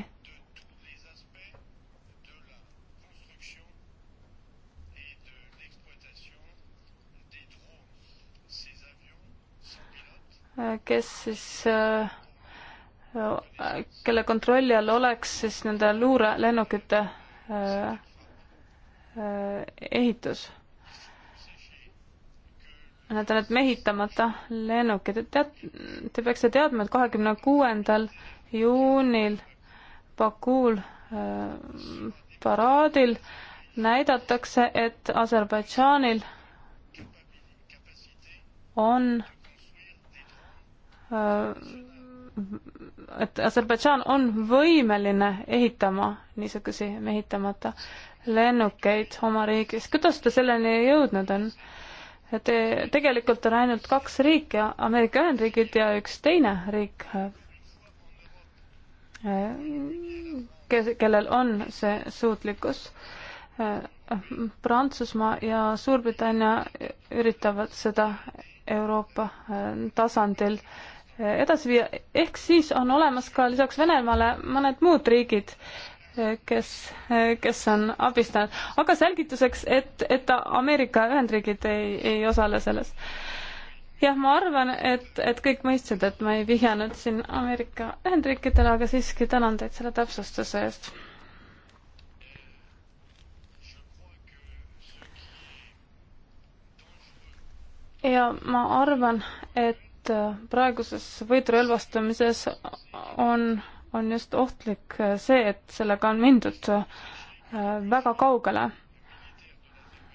kes siis kelle kontrolli all oleks siis nende luurelennukite ehitus Need on need mehitamata lennukid, et tead, te peaksite teadma, et kahekümne kuuendal juunil Bakuul äh, paraadil näidatakse, et Aserbaidžaanil on äh, et Aserbaidžaan on võimeline ehitama niisugusi mehitamata lennukeid oma riigis. kuidas ta selleni jõudnud on? Te, tegelikult on ainult kaks riiki, Ameerika Ühendriigid ja üks teine riik, eh, kes, kellel on see suutlikkus. Eh, Prantsusmaa ja Suurbritannia üritavad seda Euroopa eh, tasandil edasi viia, ehk siis on olemas ka lisaks Venemaale mõned muud riigid, kes, kes on abistanud, aga selgituseks, et, et Ameerika Ühendriigid ei, ei osale selles. jah, ma arvan, et, et kõik mõistsid, et ma ei vihjanud siin Ameerika Ühendriikidele, aga siiski tänan teid selle täpsustuse eest. ja ma arvan, et praeguses võidurelvastumises on on just ohtlik äh, see, et sellega on mindud äh, väga kaugele.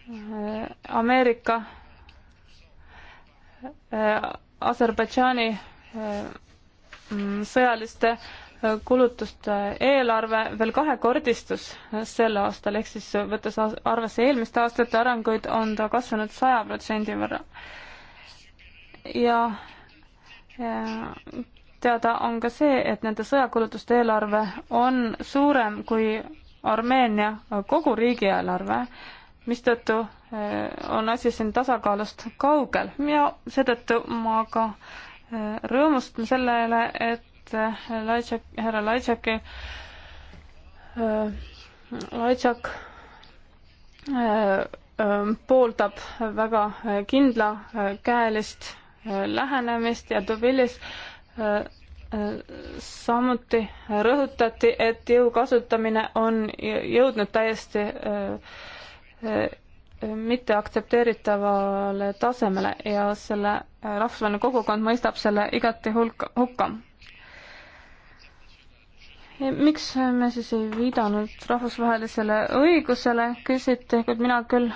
Äh, Ameerika, Aserbaidžaani mm, sõjaliste kulutuste eelarve veel kahekordistus sel aastal, ehk siis võttes arvesse eelmiste aastate arenguid, on ta kasvanud saja protsendi võrra. ja, ja teada on ka see, et nende sõjakulutuste eelarve on suurem kui Armeenia kogu riigieelarve, mistõttu eh, on asi siin tasakaalust kaugel ja seetõttu ma ka eh, rõõmustan selle üle, et eh, Laitšak, härra Laitšaki, Laitšak pooldab väga kindlakäelist lähenemist ja Dubilis äh, samuti rõhutati, et jõu kasutamine on jõudnud täiesti äh, äh, mitteaktsepteeritavale tasemele ja selle äh, rahvusvaheline kogukond mõistab selle igati hulka, hukka. miks me siis ei viidanud rahvusvahelisele õigusele, küsiti, kuid mina küll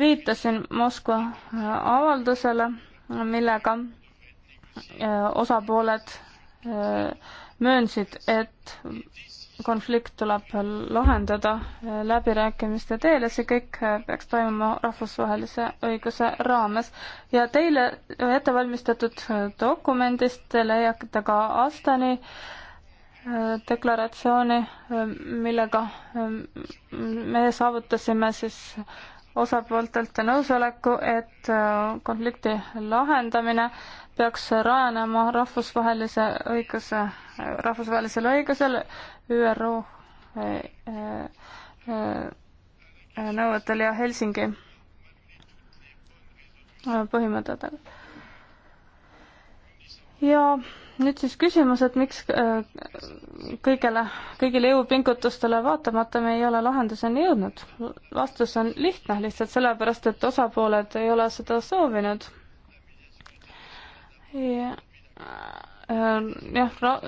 viitasin Moskva avaldusele, millega Äh, osapooled äh, möönsid, et konflikt tuleb lahendada äh, läbirääkimiste teel ja see kõik peaks toimuma rahvusvahelise õiguse raames. ja teile ette valmistatud dokumendist te leiate ka Astani deklaratsiooni, millega me saavutasime siis osapooltelt nõusoleku, et konflikti lahendamine peaks rajanema rahvusvahelise õiguse, rahvusvahelisele õigusele ÜRO eh, eh, eh, nõuetel ja Helsingi põhimõtetel. ja nüüd siis küsimus, et miks kõigele, kõigile jõupingutustele vaatamata me ei ole lahenduseni jõudnud. vastus on lihtne, lihtsalt sellepärast, et osapooled ei ole seda soovinud Äh, jah,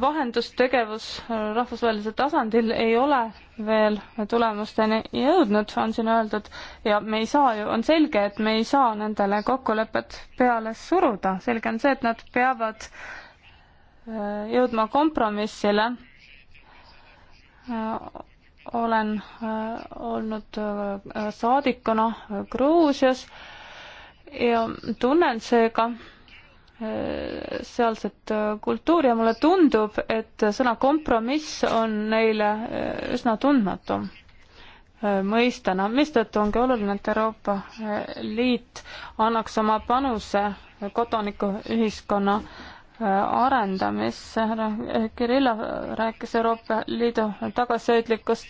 vahendustegevus äh, rahvusvahelisel tasandil ei ole veel tulemusteni jõudnud, on siin öeldud, ja me ei saa ju, on selge, et me ei saa nendele kokkulepet peale suruda, selge on see, et nad peavad äh, jõudma kompromissile. olen olnud saadikuna Gruusias ja tunnen seega, sealset äh, kultuuri ja mulle tundub, et sõna kompromiss on neile äh, üsna tundmatu äh, mõistena, mistõttu ongi oluline, et Euroopa Liit annaks oma panuse kodanikuühiskonna arendamisse. härra Kirillov rääkis Euroopa Liidu tagasihoidlikust,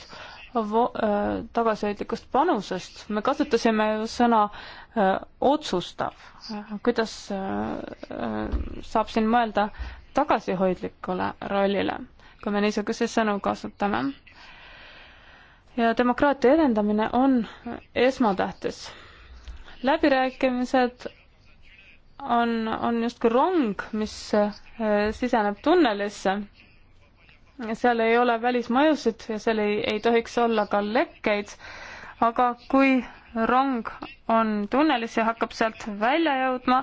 tagasihoidlikust panusest. me kasutasime ju sõna äh, Äh, otsustav, äh, kuidas äh, saab siin mõelda tagasihoidlikule rollile, kui me niisuguseid sõnu kasutame. ja demokraatia edendamine on esmatähtis. läbirääkimised on, on justkui rong, mis siseneb tunnelisse. seal ei ole välismõjusid ja seal ei, ei tohiks olla ka lekkeid, aga kui rong on tunnelis ja hakkab sealt välja jõudma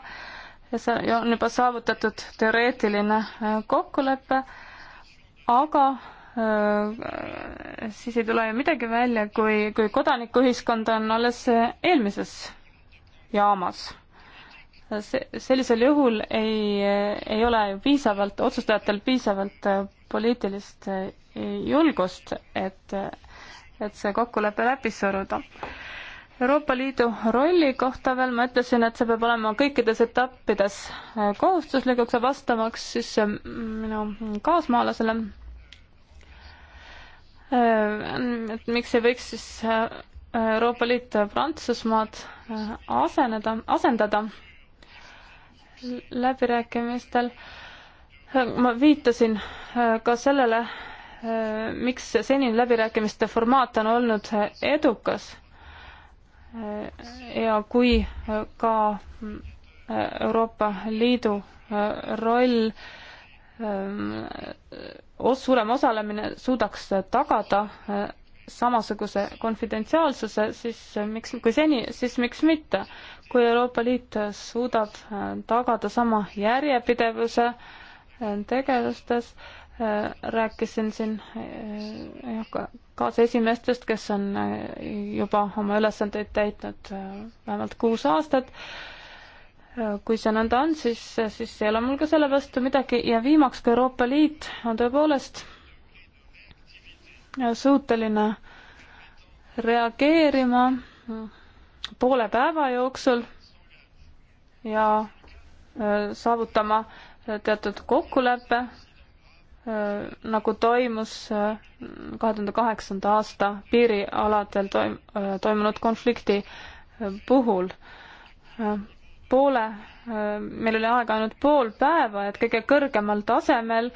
ja see on juba saavutatud teoreetiline äh, kokkulepe, aga äh, siis ei tule ju midagi välja, kui, kui kodanikuühiskond on alles äh, eelmises jaamas. see, sellisel juhul ei, äh, ei ole ju piisavalt, otsustajatel piisavalt poliitilist julgust, et, et see kokkulepe läbi suruda Euroopa Liidu rolli kohta veel ma ütlesin, et see peab olema kõikides etappides äh, kohustuslikuks ja vastamaks siis äh, minu no, kaasmaalasele. Äh, et miks ei võiks siis Euroopa Liit Prantsusmaad aseneda, asendada läbirääkimistel. ma viitasin ka sellele, miks senine läbirääkimiste formaat on olnud edukas ja kui äh, ka mm, äh, Euroopa Liidu äh, roll ähm, suurem osalemine suudaks tagada samasuguse konfidentsiaalsuse, siis miks, kui seni, siis miks mitte. kui Euroopa Liit suudab tagada sama järjepidevuse tegevustes, Äh, rääkisin siin äh, kaasesimeestest, kes on äh, juba oma ülesandeid täitnud vähemalt kuus aastat. kui see nõnda on, siis, siis ei ole mul ka selle vastu midagi ja viimaks ka Euroopa Liit on tõepoolest suuteline reageerima poole päeva jooksul ja saavutama teatud kokkuleppe Äh, nagu toimus äh, kahe tuhande kaheksanda aasta piirialadel toim-, äh, toimunud konflikti puhul. poole, meil oli aega ainult pool päeva, et kõige kõrgemal tasemel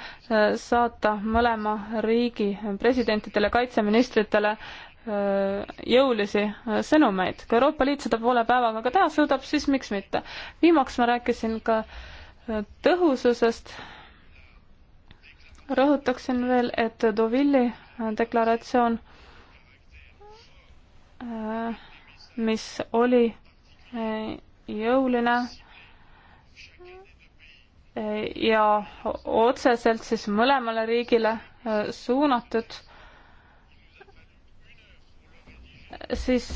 saata mõlema riigi presidentidele, kaitseministritele jõulisi sõnumeid. kui Euroopa Liit seda poole päevaga ka teha suudab, siis miks mitte. viimaks ma rääkisin ka tõhususest rõhutaksin veel, et Deauville'i deklaratsioon, äh, mis oli äh, jõuline äh, ja otseselt siis mõlemale riigile suunatud, siis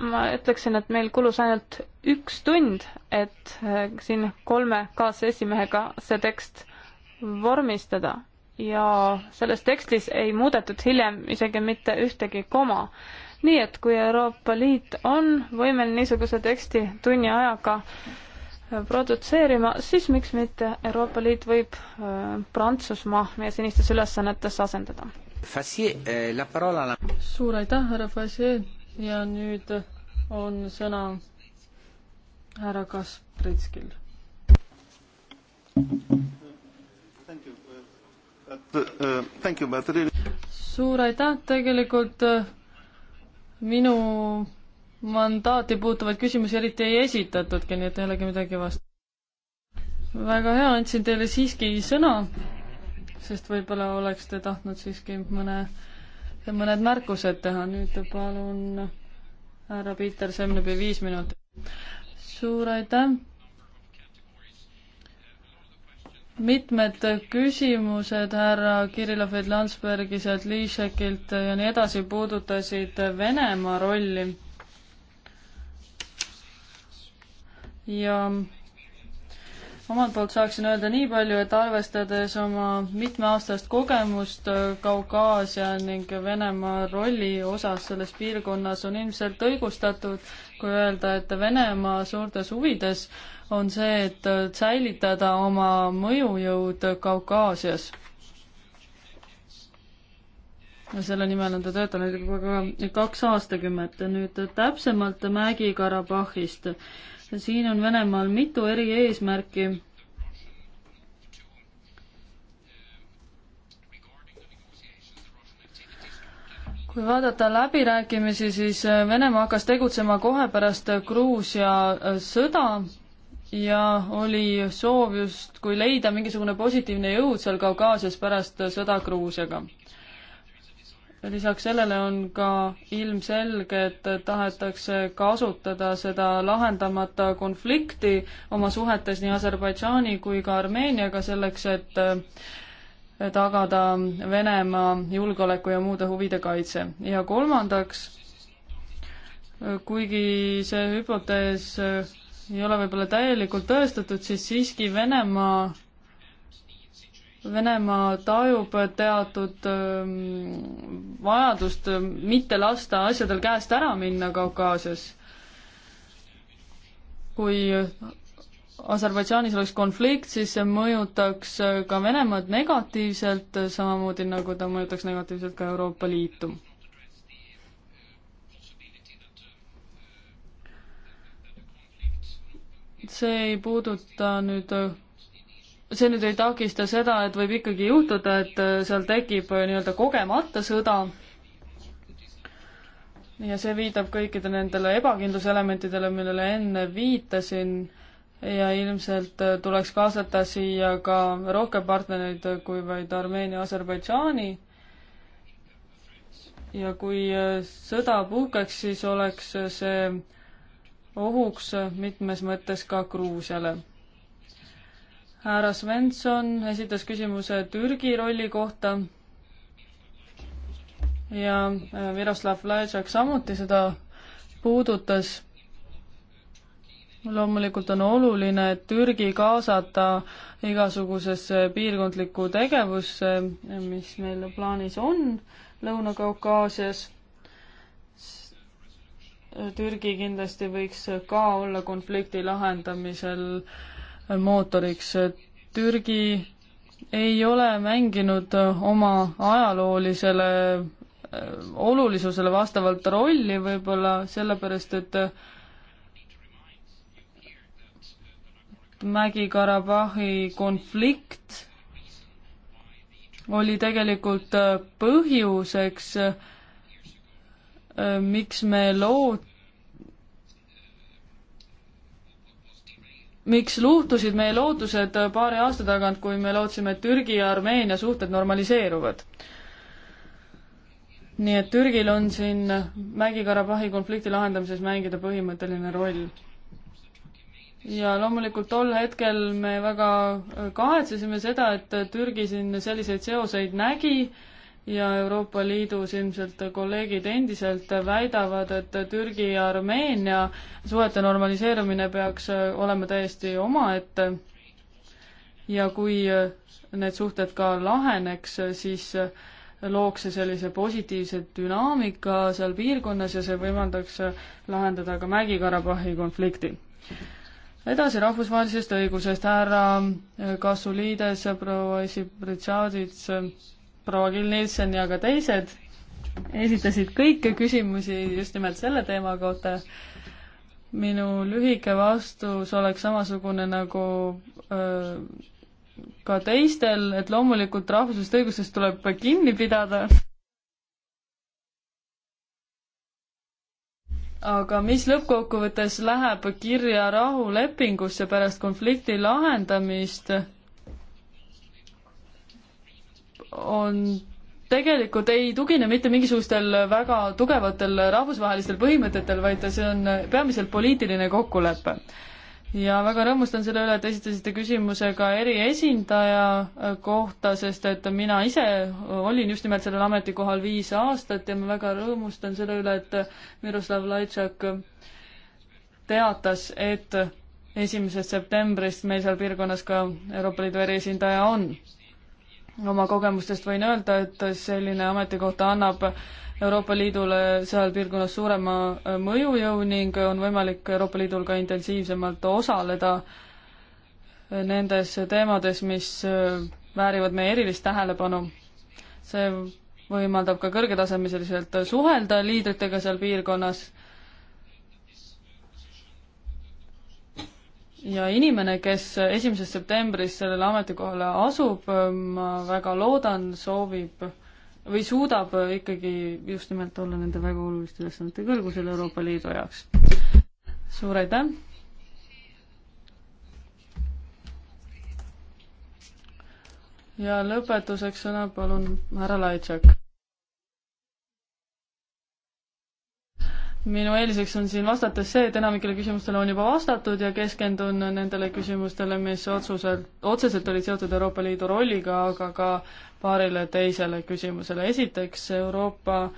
ma ütleksin, et meil kulus ainult üks tund, et siin kolme kaasesimehega see tekst vormistada ja selles tekstis ei muudetud hiljem isegi mitte ühtegi koma. nii et kui Euroopa Liit on võimeline niisuguse teksti tunni ajaga äh, produtseerima, siis miks mitte Euroopa Liit võib äh, Prantsusmaa meie senistes ülesannetes asendada. Äh, suur aitäh, härra Fassier ja nüüd on sõna härra Kaspritskil suur aitäh, tegelikult äh, minu mandaati puutuvaid küsimusi eriti ei esitatudki, nii et ei olegi midagi vastu. väga hea, andsin teile siiski sõna, sest võib-olla oleks te tahtnud siiski mõne, mõned märkused teha. nüüd palun härra Piiter Semnebi viis minutit. suur aitäh mitmed küsimused härra Kirillovilt, Landsbergiselt, Liisekilt ja nii edasi puudutasid Venemaa rolli. ja omalt poolt saaksin öelda nii palju, et arvestades oma mitmeaastast kogemust äh, Kaukaasia ning Venemaa rolli osas selles piirkonnas, on ilmselt õigustatud, kui öelda, et Venemaa suurtes huvides on see, et äh, säilitada oma mõjujõud Kaukaasias. ja selle nimel on ta töötanud juba ka kaks aastakümmet ja nüüd täpsemalt Mägi-Karabahhist siin on Venemaal mitu eri eesmärki. kui vaadata läbirääkimisi, siis Venemaa hakkas tegutsema kohe pärast Gruusia sõda ja oli soov justkui leida mingisugune positiivne jõud seal Kaukaasias pärast sõda Gruusiaga lisaks sellele on ka ilmselge, et tahetakse kasutada seda lahendamata konflikti oma suhetes nii Aserbaidžaani kui ka Armeeniaga selleks, et äh, tagada Venemaa julgeoleku ja muude huvide kaitse. ja kolmandaks, äh, kuigi see hüpotees äh, ei ole võib-olla täielikult tõestatud, siis siiski Venemaa Venemaa tajub teatud ähm, vajadust mitte lasta asjadel käest ära minna Kaukaasias. kui Aserbaidžaanis oleks konflikt, siis see mõjutaks ka Venemaad negatiivselt, samamoodi nagu ta mõjutaks negatiivselt ka Euroopa Liitu. see ei puuduta nüüd see nüüd ei takista seda, et võib ikkagi juhtuda, et äh, seal tekib äh, nii-öelda kogemata sõda. ja see viitab kõikide nendele ebakindluselementidele, millele enne viitasin ja ilmselt äh, tuleks kaasata siia ka rohkem partnereid kui vaid Armeenia, Aserbaidžaani. ja kui sõda puhkeks, siis oleks see ohuks mitmes mõttes ka Gruusiale härra Svensson esitas küsimuse Türgi rolli kohta ja äh, Miroslav Lajčak samuti seda puudutas. loomulikult on oluline, et Türgi kaasata igasugusesse piirkondlikku tegevusse, mis meil plaanis on Lõuna-Kaukaasias. Türgi kindlasti võiks ka olla konflikti lahendamisel äh, mootoriks. Türgi ei ole mänginud oma ajaloolisele äh, olulisusele vastavalt rolli võib-olla sellepärast, et Mägi-Karabahhi konflikt oli tegelikult äh, põhjuseks, äh, miks me lood-, miks luhtusid meie lootused paari aasta tagant, kui me lootsime, et Türgi ja Armeenia suhted normaliseeruvad. nii et Türgil on siin Mägi-Karabahhi konflikti lahendamises mängida põhimõtteline roll. ja loomulikult tol hetkel me väga kahetsesime seda, et Türgi siin selliseid seoseid nägi äh, ja Euroopa Liidus ilmselt kolleegid endiselt väidavad, et Türgi ja Armeenia suhete normaliseerumine peaks olema täiesti omaette. ja kui need suhted ka laheneks, siis looks see sellise positiivse dünaamika seal piirkonnas ja see võimaldaks lahendada ka Mägi-Karabahhi konflikti. edasi rahvusvahelisest õigusest, härra Kasuliides, proua Esipretsjadits proua Kill Nielsen ja ka teised esitasid kõiki küsimusi just nimelt selle teema kohta. minu lühike vastus oleks samasugune nagu öö, ka teistel, et loomulikult rahvusest õigusest tuleb kinni pidada. aga mis lõppkokkuvõttes läheb kirja rahulepingusse pärast konflikti lahendamist on tegelikult ei tugine mitte mingisugustel väga tugevatel rahvusvahelistel põhimõtetel, vaid see on peamiselt poliitiline kokkulepe. ja väga rõõmustan selle üle, et esitasite küsimuse ka eriesindaja kohta, sest et mina ise olin just nimelt sellel ametikohal viis aastat ja ma väga rõõmustan selle üle, et Miroslav Laitšak teatas, et esimesest septembrist meil seal piirkonnas ka Euroopa Liidu eriesindaja on oma kogemustest võin öelda, et selline ametikoht annab Euroopa Liidule seal piirkonnas suurema äh, mõjujõu ning on võimalik Euroopa Liidul ka intensiivsemalt osaleda äh, nendes teemades, mis äh, väärivad meie erilist tähelepanu. see võimaldab ka kõrgetasemeliselt suhelda liidritega seal piirkonnas ja inimene, kes esimesest septembrist sellele ametikohale asub, ma väga loodan, soovib või suudab ikkagi just nimelt olla nende väga oluliste ülesannete kõrgusel Euroopa Liidu jaoks. suur aitäh! ja lõpetuseks sõna palun härra Laitšak minu eeliseks on siin vastates see, et enamikele küsimustele on juba vastatud ja keskendun nendele küsimustele, mis otsuselt, otseselt olid seotud Euroopa Liidu rolliga, aga ka paarile teisele küsimusele. esiteks, Euroopa eh,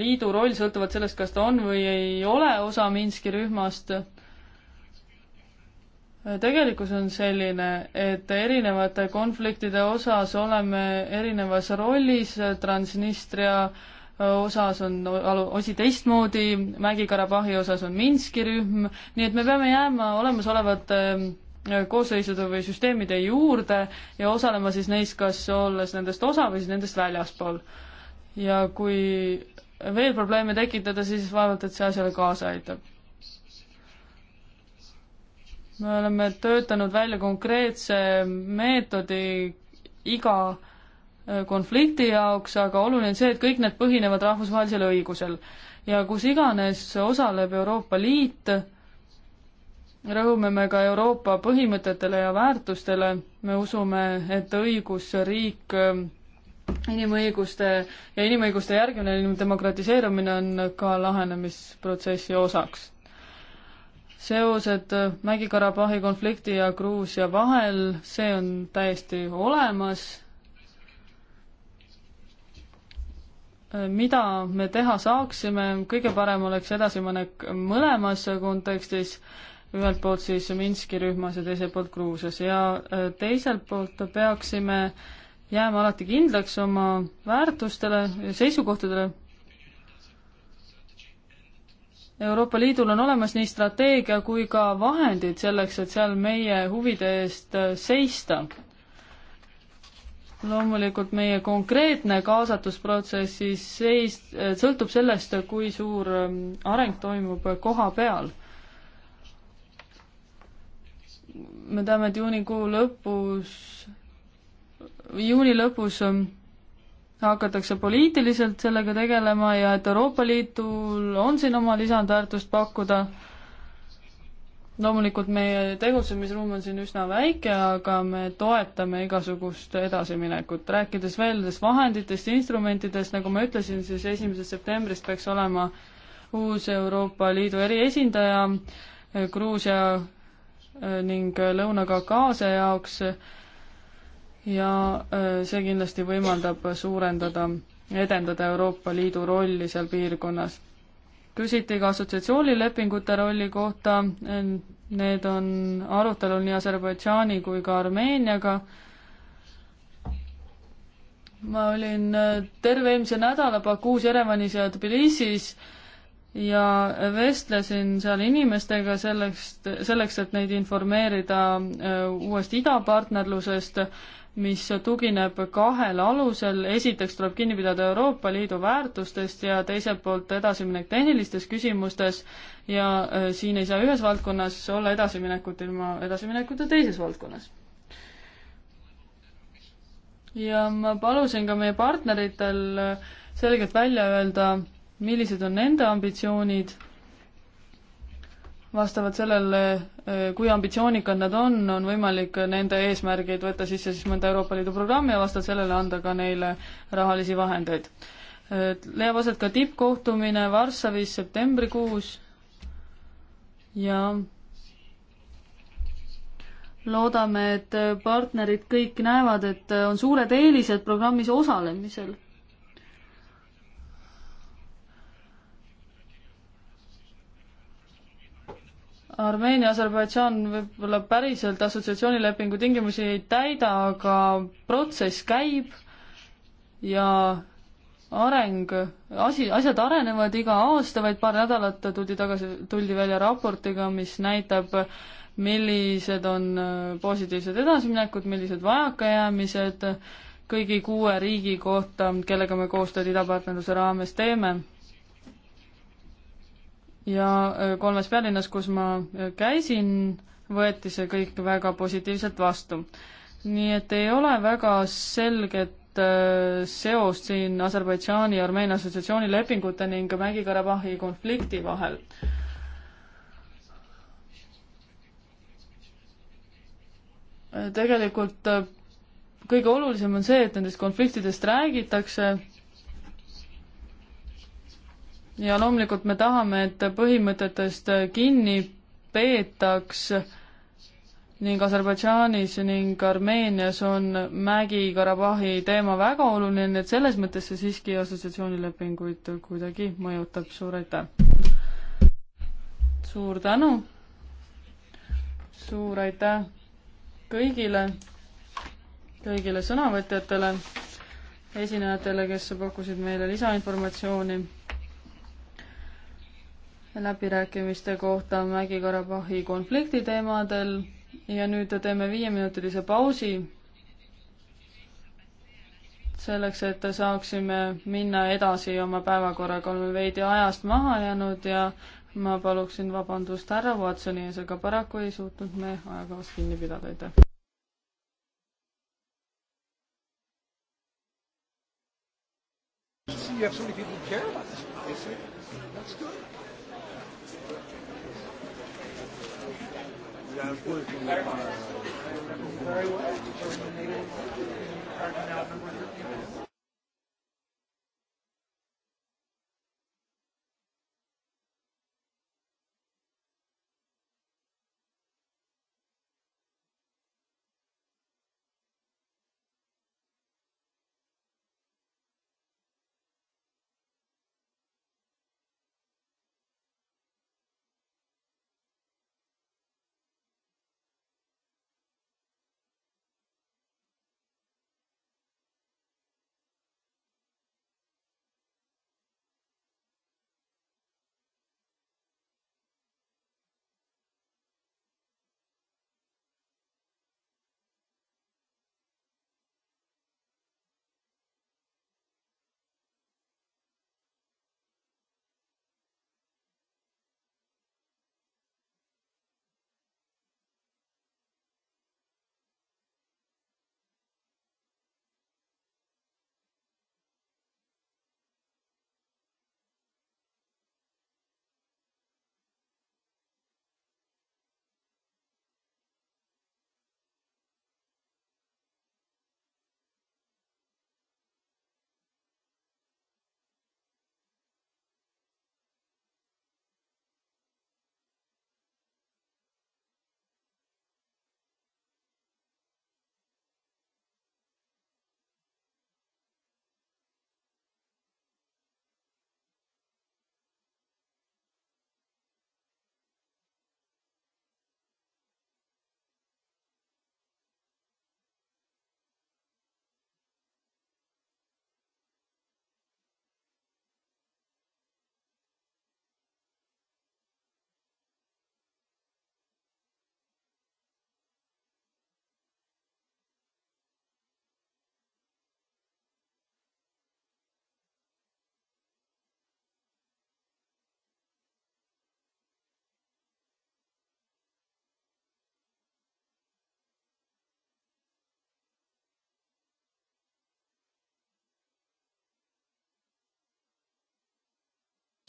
Liidu roll sõltuvalt sellest, kas ta on või ei ole osa Minski rühmast, eh, tegelikkus on selline, et erinevate konfliktide osas oleme erinevas rollis, Transnistria äh, osas on osi teistmoodi, Mägi-Karabahhi osas on Minski rühm, nii et me peame jääma olemasolevate äh, koosseisude või süsteemide juurde ja osalema siis neis, kas olles nendest osa või siis nendest väljaspool. ja kui veel probleeme tekitada, siis vaevalt, et see asjale kaasa aitab. me oleme töötanud välja konkreetse meetodi iga Äh, konflikti jaoks, aga oluline on see, et kõik need põhinevad rahvusvahelisel õigusel. ja kus iganes osaleb Euroopa Liit, rõhume me ka Euroopa põhimõtetele ja väärtustele, me usume, et õigusriik, äh, inimõiguste ja inimõiguste järgimine, demokratiseerumine on ka lahenemisprotsessi osaks seosed äh, Mägi-Karabahhi konflikti ja Gruusia vahel, see on täiesti olemas mida me teha saaksime, kõige parem oleks edasiminek mõlemas kontekstis, ühelt poolt siis Minski rühmas ja teiselt poolt Gruusias ja äh, teiselt poolt peaksime jääma alati kindlaks oma väärtustele ja seisukohtadele. Euroopa Liidul on olemas nii strateegia kui ka vahendid selleks, et seal meie huvide eest äh, seista loomulikult meie konkreetne kaasatusprotsessis seis, äh, sõltub sellest, kui suur ähm, areng toimub koha peal. me teame, et juunikuu lõpus, juuni lõpus ähm, hakatakse poliitiliselt sellega tegelema ja et Euroopa Liidul on siin oma lisandväärtust pakkuda loomulikult meie tegutsemisruum on siin üsna väike, aga me toetame igasugust edasiminekut. rääkides veel nendest vahenditest, instrumentidest, nagu ma ütlesin, siis esimesest septembrist peaks olema uus Euroopa Liidu eriesindaja eh, Gruusia eh, ning Lõuna-Kaukaasia jaoks ja eh, see kindlasti võimaldab suurendada, edendada Euroopa Liidu rolli seal piirkonnas küsiti ka assotsiatsioonilepingute rolli kohta, need on arutelul nii Aserbaidžaani kui ka Armeeniaga. ma olin terve eelmise nädala Bakuus, Jerevanis ja Tbilisis ja vestlesin seal inimestega selleks, selleks, et neid informeerida äh, uuest idapartnerlusest mis tugineb kahel alusel, esiteks tuleb kinni pidada Euroopa Liidu väärtustest ja teiselt poolt edasiminek tehnilistes küsimustes ja äh, siin ei saa ühes valdkonnas olla edasiminekut ilma edasiminekuta teises valdkonnas. ja ma palusin ka meie partneritel äh, selgelt välja öelda, millised on nende ambitsioonid vastavalt sellele, eh, kui ambitsioonikad nad on, on võimalik nende eesmärgid võtta sisse siis mõnda Euroopa Liidu programmi ja vastavalt sellele anda ka neile rahalisi vahendeid. Eh, leiab aset ka tippkohtumine Varssavis septembrikuus ja loodame, et partnerid kõik näevad, et on suured eelised programmis osalemisel Armeenia, Aserbaidžaan võib-olla päriselt assotsiatsioonilepingu tingimusi ei täida, aga protsess käib ja areng, asi, asjad arenevad iga aasta, vaid paar nädalat tuldi tagasi, tuldi välja raportiga, mis näitab, millised on äh, positiivsed edasiminekud, millised vajakajäämised kõigi kuue riigi kohta, kellega me koostööd idapartnerluse raames teeme ja äh, kolmes pealinnas, kus ma äh, käisin, võeti see kõik väga positiivselt vastu. nii et ei ole väga selget äh, seost siin Aserbaidžaani ja Armeenia assotsiatsiooni lepingute ning Mägi-Karabahhi konflikti vahel tegelikult kõige olulisem on see, et nendest konfliktidest räägitakse ja loomulikult me tahame, et põhimõtetest kinni peetaks ning Aserbaidžaanis ning Armeenias on Mägi-Karabahhi teema väga oluline, nii et selles mõttes see siiski assotsiatsioonilepinguid kuidagi mõjutab, suur aitäh! suur tänu! suur aitäh kõigile, kõigile sõnavõtjatele, esinejatele, kes pakkusid meile lisainformatsiooni läbirääkimiste kohta Mägi-Karabahhi konflikti teemadel ja nüüd teeme viieminutilise pausi selleks, et saaksime minna edasi oma päevakorraga, oleme veidi ajast maha jäänud ja ma paluksin vabandust härra Watsoni ees, aga paraku ei suutnud me ajakavast kinni pidada, aitäh. You have so many people who care about this. That's good. Yeah, it's really cool. Very well. Starting now, number 13.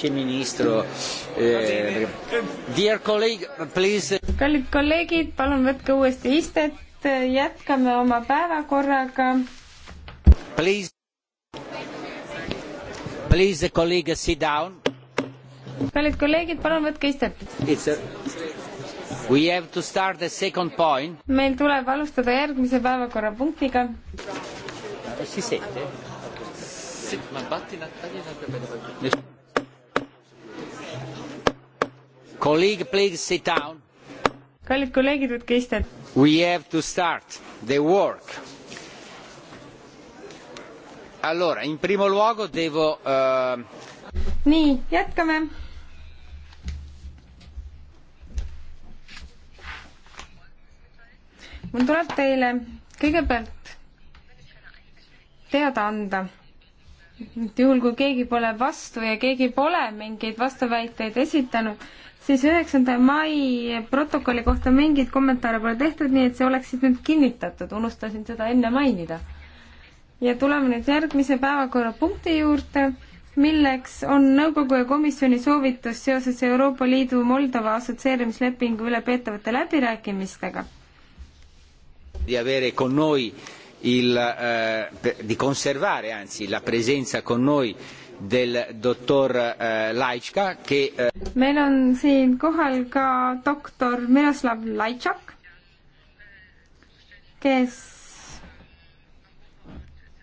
ministro eh,, dear colleague, please. Eh. kallid kolleegid, palun võtke uuesti istet, jätkame oma päevakorraga. Please, please colleague sit down. kallid kolleegid, palun võtke istet. It's a, we have to start the second point. meil tuleb alustada järgmise päevakorrapunktiga. siis ette. ma tahtsin, et ta ei näe. Colleague, please sit down. kallid kolleegid, võtke istet. We have to start the work. Allora, in primo luogo devo uh... nii, jätkame. mul tuleb teile kõigepealt teada anda et juhul, kui keegi pole vastu ja keegi pole mingeid vastuväiteid esitanud, siis üheksanda mai protokolli kohta mingeid kommentaare pole tehtud, nii et see oleks siis nüüd kinnitatud, unustasin seda enne mainida. ja tuleme nüüd järgmise päevakorrapunkti juurde, milleks on nõukogu ja komisjoni soovitus seoses Euroopa Liidu Moldova assotsieerimislepingu üle peetavate läbirääkimistega. di avere con noi il eh, di conservare anzi la presenza con noi del dottor eh, Laichka, che eh, meil on siin kohal ka doktor Miroslav Laitšak, kes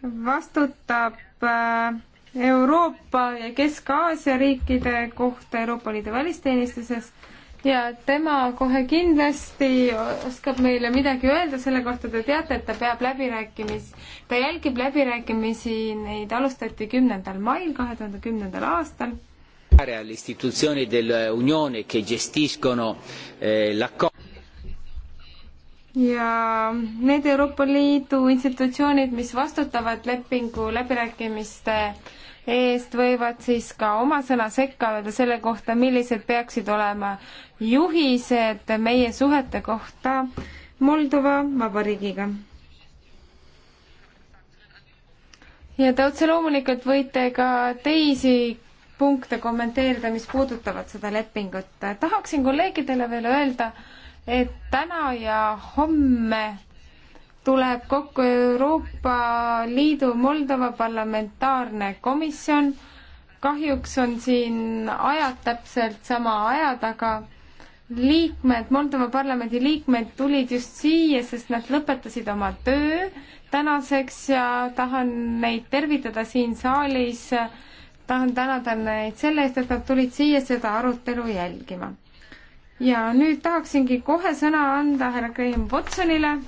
vastutab eh, Euroopa ja Kesk-Aasia riikide kohta Euroopa Liidu välisteenistuses ja tema kohe kindlasti oskab meile midagi öelda selle kohta, te teate, et ta peab läbirääkimis, ta jälgib läbirääkimisi, neid alustati kümnendal mail kahe tuhande kümnendal aastal. alle istituzioni dell'Unione che gestiscono eh, l'accordo ja need Euroopa Liidu institutsioonid, mis vastutavad lepingu läbirääkimiste eest võivad siis ka oma sõna sekka öelda selle kohta, millised peaksid olema juhised meie suhete kohta Moldova Vabariigiga. ja te otse loomulikult võite ka teisi punkte kommenteerida, mis puudutavad seda lepingut. tahaksin kolleegidele veel öelda, et täna ja homme tuleb kokku Euroopa Liidu Moldova parlamentaarne komisjon. kahjuks on siin ajad täpselt sama ajad, aga liikmed, Moldova parlamendi liikmed tulid just siia, sest nad lõpetasid oma töö tänaseks ja tahan neid tervitada siin saalis. tahan tänada neid selle eest, et nad tulid siia seda arutelu jälgima. ja nüüd tahaksingi kohe sõna anda härra Graham Watsonile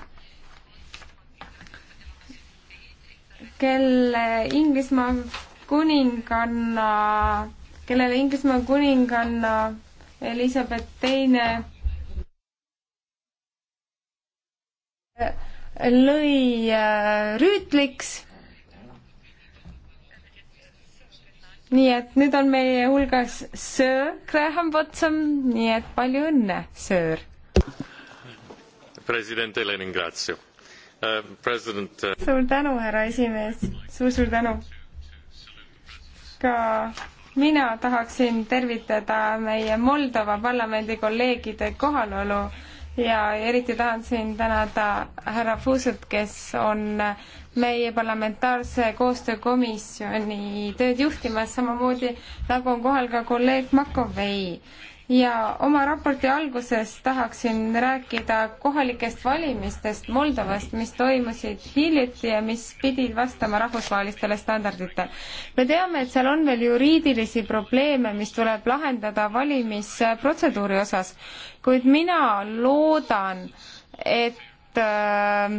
kelle Inglismaa kuninganna, kellele Inglismaa kuninganna Elizabeth teine lõi äh, rüütliks. nii et nüüd on meie hulgas söör Graham Watson, nii et palju õnne, söör! president Elenin, grazie Um, president. Uh, suur tänu, härra esimees suur,, suur-suur tänu. ka mina tahaksin tervitada meie Moldova parlamendi kolleegide kohalolu ja eriti tahan siin tänada härra Fusut, kes on meie parlamentaarse koostöökomisjoni tööd juhtimas, samamoodi nagu on kohal ka kolleeg Makovei ja oma raporti alguses tahaksin rääkida kohalikest valimistest Moldovast, mis toimusid hiljuti ja mis pidid vastama rahvusvahelistele standarditele. me teame, et seal on veel juriidilisi probleeme, mis tuleb lahendada valimisprotseduuri osas, kuid mina loodan, et äh,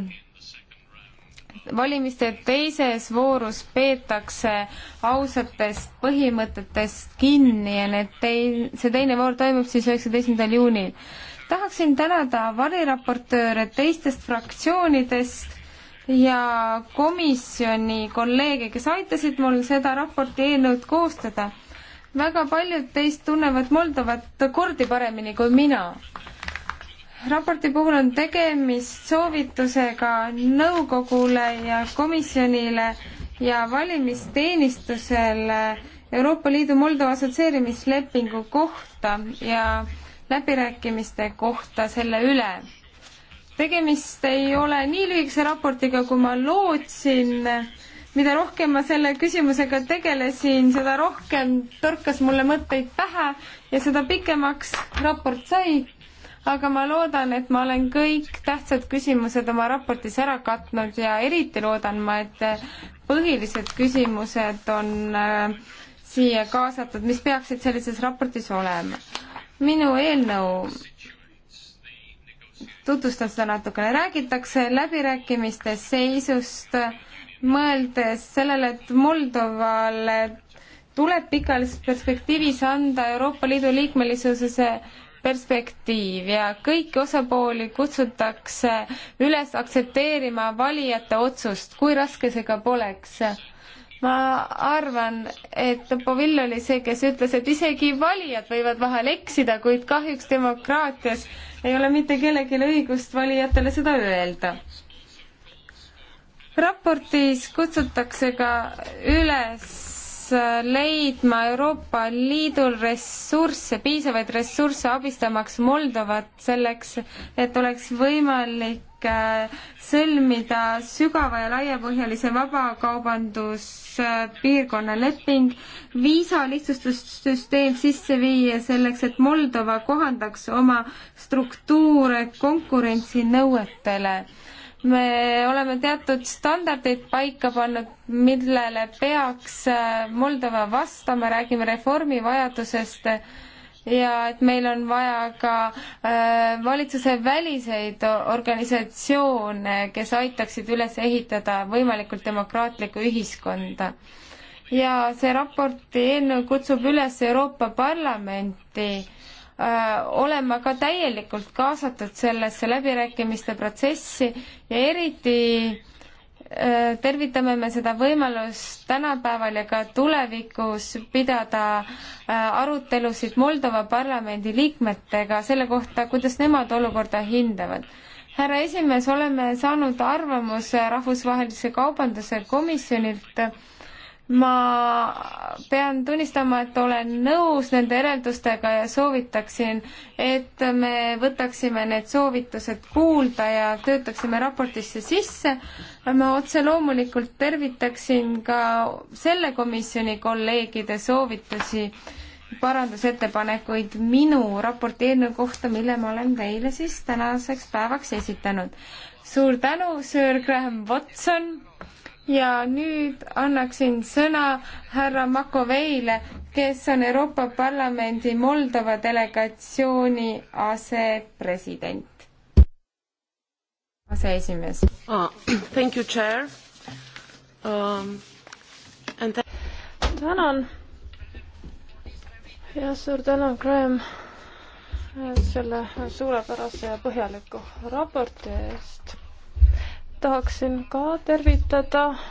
valimiste teises voorus peetakse ausatest põhimõtetest kinni ja need tei-, see teine voor toimub siis üheksateistkümnendal juunil. tahaksin tänada variraportööre teistest fraktsioonidest ja komisjoni kolleege, kes aitasid mul seda raporti eelnõud koostada. väga paljud teist tunnevad Moldovat kordi paremini kui mina raporti puhul on tegemist soovitusega nõukogule ja komisjonile ja valimisteenistusele Euroopa Liidu Moldova assotsieerimislepingu kohta ja läbirääkimiste kohta selle üle. tegemist ei ole nii lühikese raportiga, kui ma lootsin. mida rohkem ma selle küsimusega tegelesin, seda rohkem torkas mulle mõtteid pähe ja seda pikemaks raport sai aga ma loodan, et ma olen kõik tähtsad küsimused oma raportis ära katnud ja eriti loodan ma, et põhilised küsimused on äh, siia kaasatud, mis peaksid sellises raportis olema. minu eelnõu tutvustan seda natukene, räägitakse läbirääkimiste seisust, mõeldes sellele, et Moldovale tuleb pikalises perspektiivis anda Euroopa Liidu liikmelisuse perspektiiv ja kõiki osapooli kutsutakse üles aktsepteerima valijate otsust, kui raske see ka poleks. ma arvan, et Povill oli see, kes ütles, et isegi valijad võivad vahel eksida, kuid kahjuks demokraatias ei ole mitte kellelgi õigust valijatele seda öelda. raportis kutsutakse ka üles leidma Euroopa Liidul ressursse, piisavaid ressursse abistamaks Moldovat selleks, et oleks võimalik äh, sõlmida sügava ja laiapõhjalise vabakaubanduspiirkonna leping, viisalihtsustussüsteem sisse viia selleks, et Moldova kohandaks oma struktuure konkurentsinõuetele me oleme teatud standardid paika pannud, millele peaks äh, Moldova vastama, räägime reformi vajadusest ja et meil on vaja ka äh, valitsuse väliseid organisatsioone, kes aitaksid üles ehitada võimalikult demokraatlikku ühiskonda. ja see raporti eelnõu kutsub üles Euroopa Parlamenti äh, Äh, olema ka täielikult kaasatud sellesse läbirääkimiste protsessi ja eriti äh, tervitame me seda võimalust tänapäeval ja ka tulevikus pidada äh, arutelusid Moldova parlamendi liikmetega selle kohta, kuidas nemad olukorda hindavad. härra esimees, oleme saanud arvamuse Rahvusvahelise Kaubanduse Komisjonilt ma pean tunnistama, et olen nõus nende järeldustega ja soovitaksin, et me võtaksime need soovitused kuulda ja töötaksime raportisse sisse. ma otse loomulikult tervitaksin ka selle komisjoni kolleegide soovitusi, parandusettepanekuid minu raporti eelnõu kohta, mille ma olen teile siis tänaseks päevaks esitanud. suur tänu, Sir Graham Watson ja nüüd annaksin sõna härra Makoveile, kes on Euroopa Parlamendi Moldova delegatsiooni asepresident, aseesimees oh,. Thank you, chair um,. tänan. ja suur tänu, Graham selle suurepärase ja põhjaliku raporti eest tahaksin ka tervitada äh,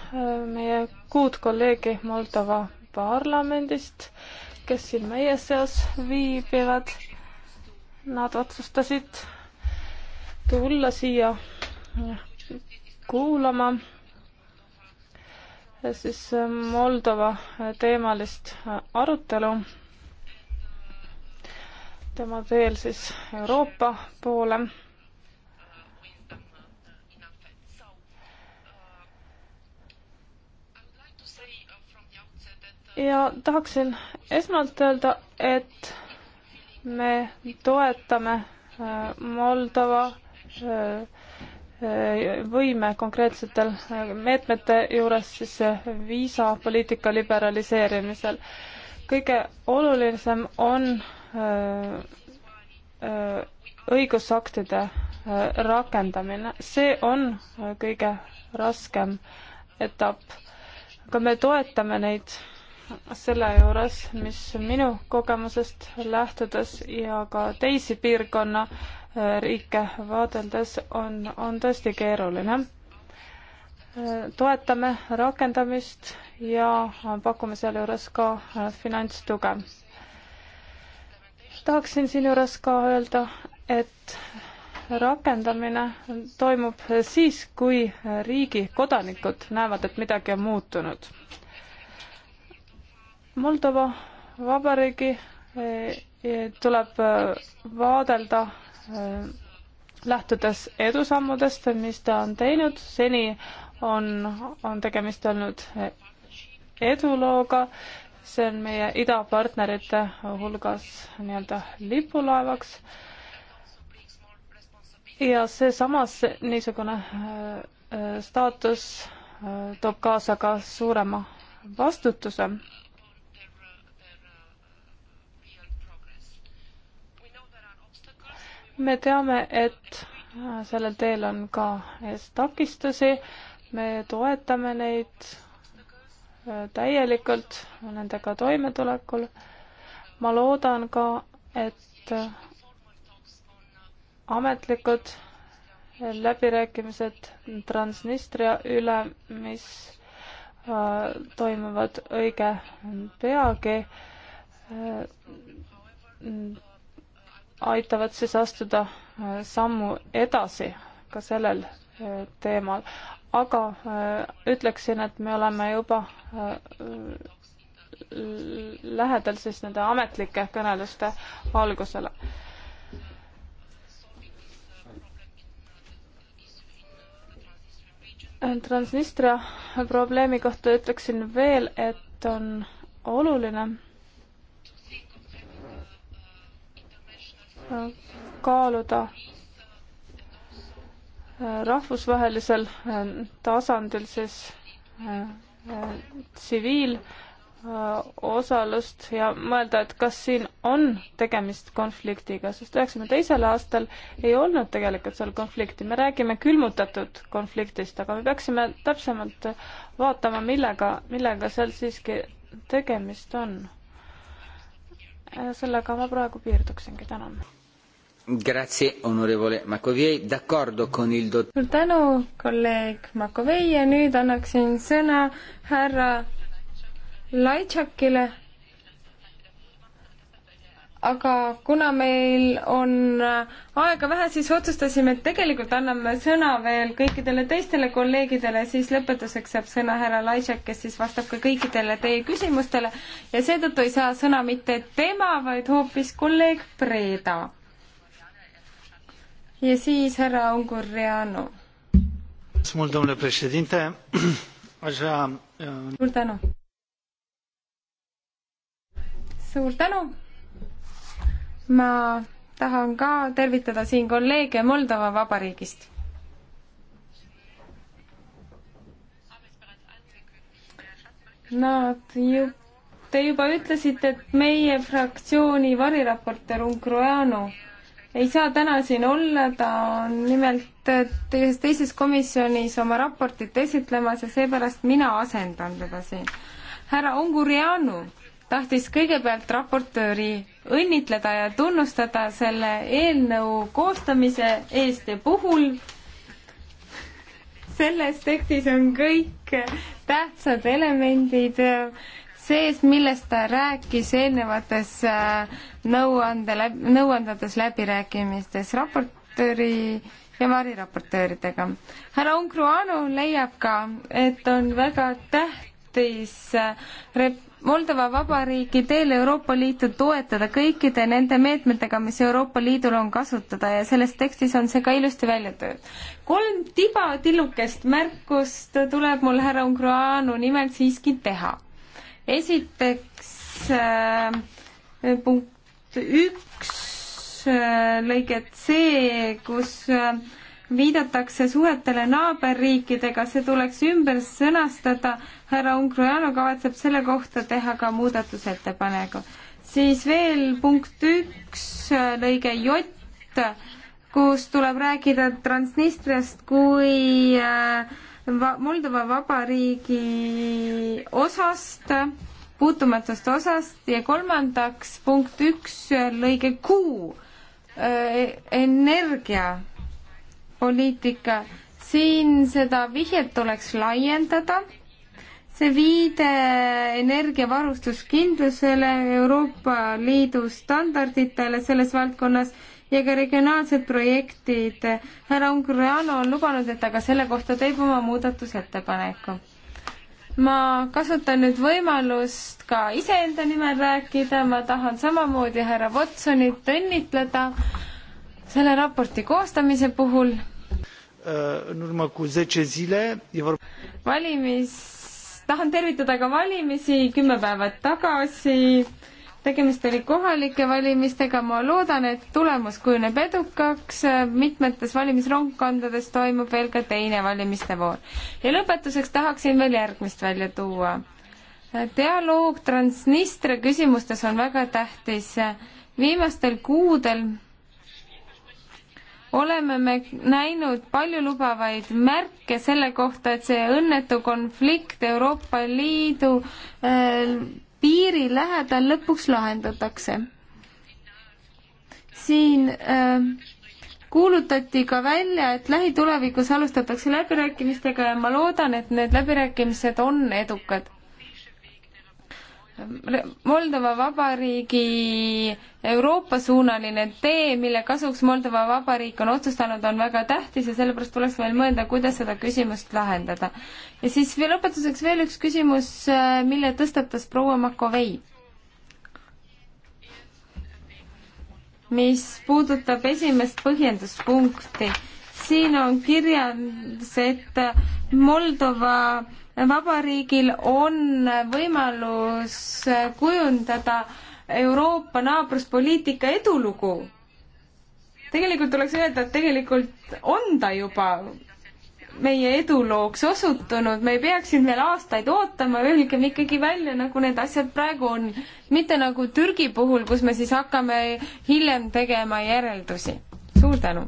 meie kuud kolleegi Moldova parlamendist, kes siin meie seas viibivad. Nad otsustasid tulla siia kuulama ja äh, siis äh, Moldova teemalist arutelu tema teel siis Euroopa poole ja tahaksin esmalt öelda, et me toetame äh, Moldova äh, äh, võime konkreetsetel meetmete juures siis viisapoliitika liberaliseerimisel. kõige olulisem on õigusaktide rakendamine, see on kõige raskem etapp. aga me toetame neid selle juures, mis minu kogemusest lähtudes ja ka teisi piirkonna äh, riike vaadeldes on, on tõesti keeruline. Äh, toetame rakendamist ja pakume sealjuures ka äh, finantstuge. tahaksin siinjuures ka öelda, et rakendamine toimub siis, kui riigi kodanikud näevad, et midagi on muutunud Moldova Vabariigi eh, eh, tuleb eh, vaadelda lähtudes edusammudest, mis ta on teinud, seni on, on tegemist olnud edulooga, see on meie idapartnerite hulgas nii-öelda lipulaevaks. ja seesamas niisugune staatus toob kaasa ka suurema vastutuse me teame, et äh, sellel teel on ka ees takistusi, me toetame neid äh, täielikult nendega toimetulekul. ma loodan ka, et äh, ametlikud läbirääkimised Transnistria üle, mis toimuvad õige peagi, aitavad siis astuda äh, sammu edasi ka sellel äh, teemal. aga äh, ütleksin, et me oleme juba lähedal siis nende ametlike kõneluste algusele. Transnistria probleemi kohta ütleksin veel, et on oluline kaaluda äh, rahvusvahelisel äh, tasandil siis äh, tsiviilosalust ja mõelda, et kas siin on tegemist konfliktiga, sest üheksakümne teisel aastal ei olnud tegelikult seal konflikti, me räägime külmutatud konfliktist, aga me peaksime täpsemalt vaatama, millega, millega seal siiski tegemist on. sellega ma praegu piirduksingi, tänan suur tänu, kolleeg Makovei ja nüüd annaksin sõna härra Laitšakile. aga kuna meil on aega vähe, siis otsustasime, et tegelikult anname sõna veel kõikidele teistele kolleegidele, siis lõpetuseks saab sõna härra Laitšak, kes siis vastab ka kõikidele teie küsimustele ja seetõttu ei saa sõna mitte tema, vaid hoopis kolleeg Breda ja siis härra Ungurjanu. Uh, suur tänu. suur tänu. ma tahan ka tervitada siin kolleege Moldova Vabariigist. Nad ju, te juba ütlesite, et meie fraktsiooni variraportöör Ungurjanu ei saa täna siin olla, ta on nimelt teises, teises komisjonis oma raportit esitlemas ja seepärast mina asendan teda siin. härra Ungurianu tahtis kõigepealt raportööri õnnitleda ja tunnustada selle eelnõu koostamise eest ja puhul. selles tekstis on kõik tähtsad elemendid äh, sees, millest ta rääkis eelnevates äh, nõuande, nõuandetes läbirääkimistes raportööri ja variraportööridega. härra Unkruanu leiab ka, et on väga tähtis äh, rep-, Moldova Vabariigi teel Euroopa Liitu toetada kõikide nende meetmetega, mis Euroopa Liidul on kasutada ja selles tekstis on see ka ilusti välja tööd. kolm tibatillukest märkust tuleb mul härra Ungroanu nimelt siiski teha esiteks äh, punkt üks äh, lõiget C, kus äh, viidatakse suhetele naaberriikidega, see tuleks ümber sõnastada, härra Ungrojanu kavatseb selle kohta teha ka muudatusettepaneku. siis veel punkt üks, lõige J, kus tuleb rääkida Transnistriast kui äh, va Moldova Vabariigi osast, puutumatust osast ja kolmandaks punkt üks lõige kuu äh,, energiapoliitika. siin seda vihjet tuleks laiendada see viide energiavarustuskindlusele, Euroopa Liidu standarditele selles valdkonnas ja ka regionaalsed projektid. härra Ungurano on lubanud, et ta ka selle kohta teeb oma muudatusettepaneku. ma kasutan nüüd võimalust ka iseenda nimel rääkida, ma tahan samamoodi härra Watsonit õnnitleda selle raporti koostamise puhul äh, în urmă cu 10 zile. E vorba... Valimis, tahan tervitada ka valimisi kümme päeva tagasi tegemist oli kohalike valimistega, ma loodan, et tulemus kujuneb edukaks, mitmetes valimisrongkondades toimub veel ka teine valimiste voor. ja lõpetuseks tahaksin veel järgmist välja tuua. dialoog Transnistria küsimustes on väga tähtis. viimastel kuudel oleme me näinud paljulubavaid märke selle kohta, et see õnnetu konflikt Euroopa Liidu äh, piiri lähedal lõpuks lahendatakse. siin äh, kuulutati ka välja, et lähitulevikus alustatakse läbirääkimistega ja ma loodan, et need läbirääkimised on edukad. Moldova Vabariigi Euroopa-suunaline tee, mille kasuks Moldova Vabariik on otsustanud, on väga tähtis ja sellepärast tuleks meil mõelda, kuidas seda küsimust lahendada. ja siis veel lõpetuseks veel üks küsimus, mille tõstatas proua Makovei. mis puudutab esimest põhjenduspunkti. siin on kirjas, et Moldova vabariigil on võimalus kujundada Euroopa naabruspoliitika edulugu. tegelikult tuleks öelda, et tegelikult on ta juba meie edulooks osutunud, me ei peaks siin veel aastaid ootama, öelgem ikkagi välja, nagu need asjad praegu on, mitte nagu Türgi puhul, kus me siis hakkame hiljem tegema järeldusi. suur tänu!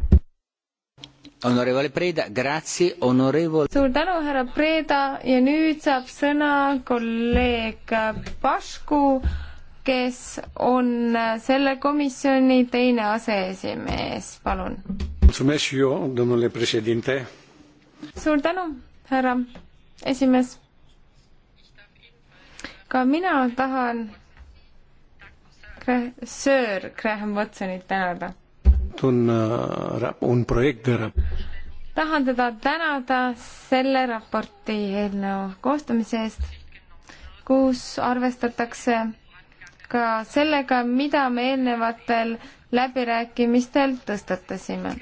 Honorevole Preda, grazie, honorevole. suur tänu, härra Preda ja nüüd saab sõna kolleeg Pašku, kes on selle komisjoni teine aseesimees, palun. suur tänu, härra esimees. ka mina tahan Sir Graham Watsonit tänada presentat un, un äh, proiect de rap-. tahan teda tänada selle raporti eelnõu koostamise eest, kus arvestatakse ka sellega, mida me eelnevatel läbirääkimistel tõstatasime.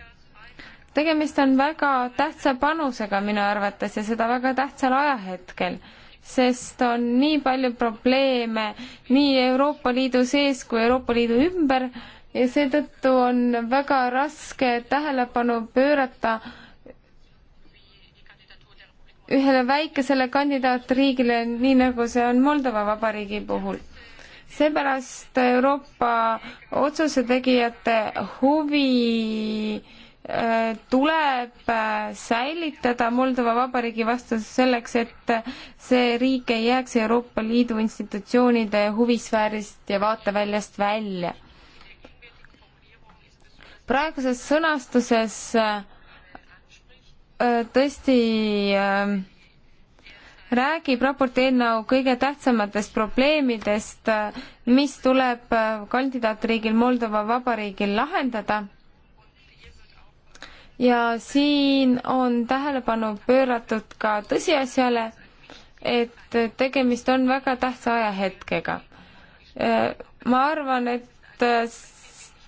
tegemist on väga tähtsa panusega minu arvates ja seda väga tähtsal ajahetkel, sest on nii palju probleeme nii Euroopa Liidu sees kui Euroopa Liidu ümber ja seetõttu on väga raske tähelepanu pöörata ühele väikesele kandidaatriigile, nii nagu see on Moldova Vabariigi puhul. seepärast Euroopa otsuse tegijate huvi äh, tuleb äh, säilitada Moldova Vabariigi vastu selleks, et see riik ei jääks Euroopa Liidu institutsioonide huvisfäärist ja vaateväljast välja praeguses sõnastuses äh, äh, tõesti äh, räägib raporti eelnõu kõige tähtsamatest probleemidest, mis tuleb kandidaatriigil Moldova Vabariigil lahendada. ja siin on tähelepanu pööratud ka tõsiasjale, et tegemist on väga tähtsa ajahetkega. ma arvan, et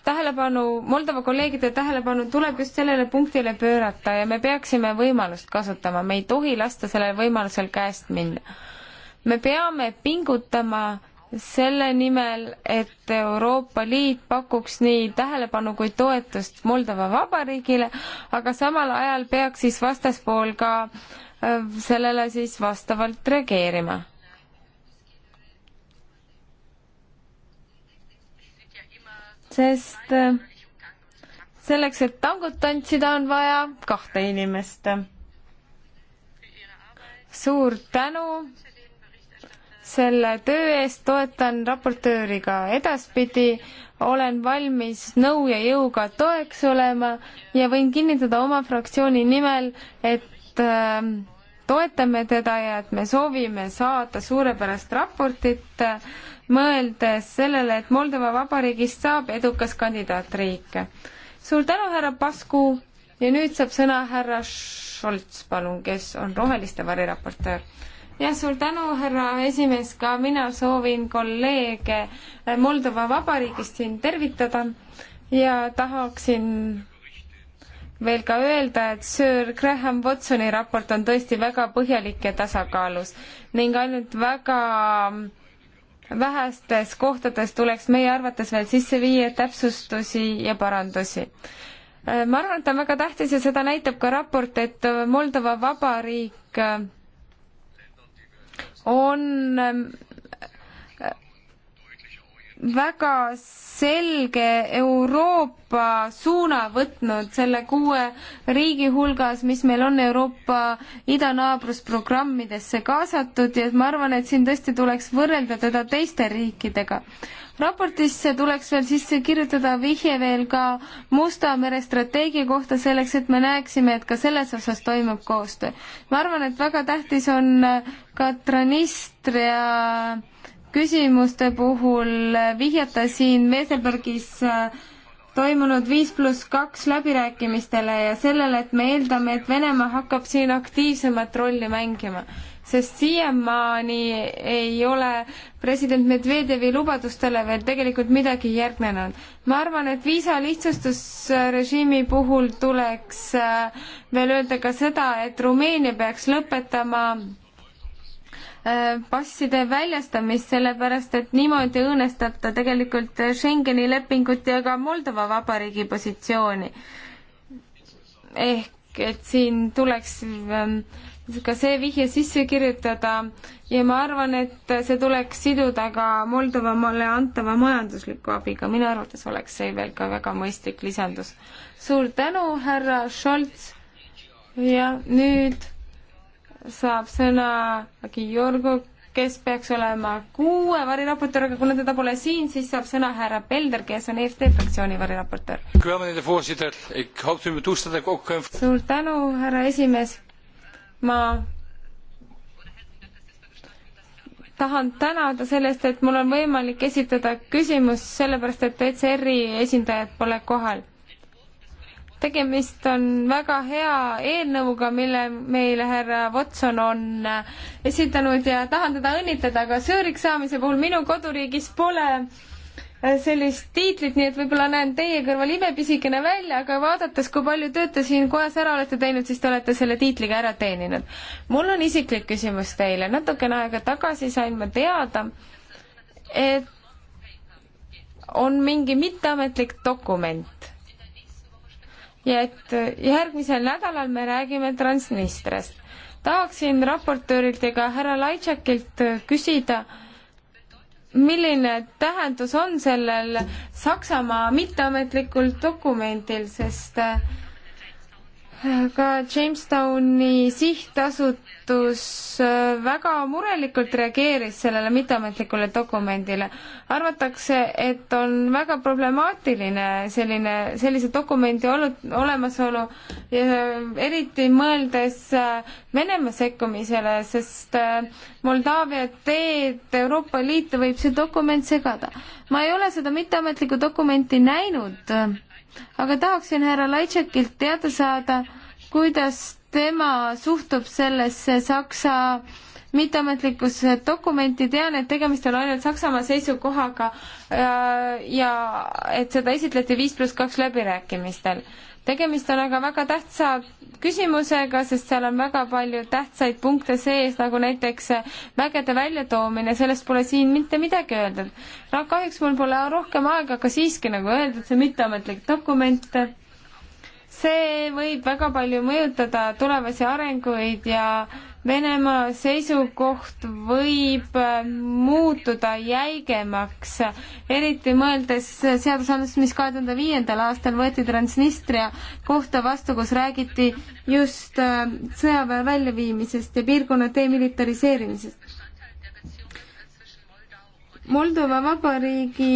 tähelepanu, Moldova kolleegide tähelepanu tuleb just sellele punktile pöörata ja me peaksime võimalust kasutama, me ei tohi lasta sellel võimalusel käest minna. me peame pingutama selle nimel, et Euroopa Liit pakuks nii tähelepanu kui toetust Moldova Vabariigile, aga samal ajal peaks siis vastaspool ka äh, sellele siis vastavalt reageerima sest äh, selleks, et tangut tantsida, on vaja kahte inimest. suur tänu selle töö eest, toetan raportööri ka edaspidi, olen valmis nõu ja jõuga toeks olema ja võin kinnitada oma fraktsiooni nimel, et äh, toetame teda ja et me soovime saada suurepärast raportit äh, mõeldes sellele, et Moldova Vabariigist saab edukas kandidaatriik. suur tänu, härra Pasku ja nüüd saab sõna härra Scholz, palun, kes on Roheliste variraportöör jah, suur tänu, härra esimees, ka mina soovin kolleege Moldova Vabariigist siin tervitada ja tahaksin veel ka öelda, et Sir Graham Watsoni raport on tõesti väga põhjalik ja tasakaalus ning ainult väga vähestes kohtades tuleks meie arvates veel sisse viia täpsustusi ja parandusi. Äh, ma arvan, et on väga tähtis ja seda näitab ka raport, et äh, Moldova Vabariik äh, on ähm, väga selge Euroopa suuna võtnud selle kuue riigi hulgas, mis meil on Euroopa idanaabrusprogrammidesse kaasatud ja ma arvan, et siin tõesti tuleks võrrelda teda teiste riikidega. raportisse tuleks veel sisse kirjutada vihje veel ka Musta mere strateegia kohta, selleks et me näeksime, et ka selles osas toimub koostöö. ma arvan, et väga tähtis on ka Tranistria ja küsimuste puhul vihjata siin Veselbergis äh, toimunud viis pluss kaks läbirääkimistele ja sellele, et me eeldame, et Venemaa hakkab siin aktiivsemat rolli mängima. sest siiamaani ei ole president Medvedjevi lubadustele veel tegelikult midagi järgnenud. ma arvan, et viisa lihtsustusrežiimi puhul tuleks äh, veel öelda ka seda, et Rumeenia peaks lõpetama Äh, passide väljastamist, sellepärast et niimoodi õõnestab ta tegelikult Schengeni lepingut ja ka Moldova Vabariigi positsiooni. ehk et siin tuleks ähm, ka see vihje sisse kirjutada ja ma arvan, et see tuleks siduda ka Moldovale antava majandusliku abiga, minu arvates oleks see veel ka väga mõistlik lisandus. suur tänu, härra Scholz ja nüüd saab sõna Georgo, kes peaks olema kuue variraportöör, aga kuna teda pole siin, siis saab sõna härra Pelder, kes on EFD fraktsiooni variraportöör. suur tänu, härra esimees. ma tahan tänada selle eest, et mul on võimalik esitada küsimus, sellepärast et ECR-i esindajad pole kohal tegemist on väga hea eelnõuga, mille meile härra Watson on esitanud ja tahan teda õnnitleda, aga sööriks saamise puhul minu koduriigis pole sellist tiitlit, nii et võib-olla näen teie kõrval imepisikene välja, aga vaadates, kui palju tööd te siin kojas ära olete teinud, siis te olete selle tiitliga ära teeninud. mul on isiklik küsimus teile, natukene aega tagasi sain ma teada, et on mingi mitteametlik dokument, ja et järgmisel nädalal me räägime Transnistriast. tahaksin raportöörilt ega härra Laitšakilt küsida, milline tähendus on sellel Saksamaa mitteametlikul dokumendil, sest äh, ka Jamestowni sihtasutus äh, väga murelikult reageeris sellele mitteametlikule dokumendile. arvatakse, et on väga problemaatiline selline, sellise dokumendi olnud, olemasolu, äh, eriti mõeldes äh, Venemaa sekkumisele, sest Moldaavia teed Euroopa Liitu võib see dokument segada. ma ei ole seda mitteametlikku dokumenti näinud aga tahaksin härra Laitšekilt teada saada, kuidas tema suhtub sellesse Saksa mitteametlikkuse dokumenti, tean, et tegemist on ainult Saksamaa seisukohaga ja, äh, ja et seda esitleti viis pluss kaks läbirääkimistel tegemist on aga väga tähtsa küsimusega, sest seal on väga palju tähtsaid punkte sees, nagu näiteks vägede väljatoomine, sellest pole siin mitte midagi öeldud. noh, kahjuks mul pole rohkem aega, aga siiski, nagu öeldud, see mitteametlik dokument, see võib väga palju mõjutada tulevasi arenguid ja äh, Venemaa seisukoht võib äh, muutuda jäigemaks, eriti mõeldes seadusandlust, mis kahe tuhande viiendal aastal võeti Transnistria kohta vastu, kus räägiti just äh, sõjaväe väljaviimisest ja piirkonna demilitariseerimisest. Moldova Vabariigi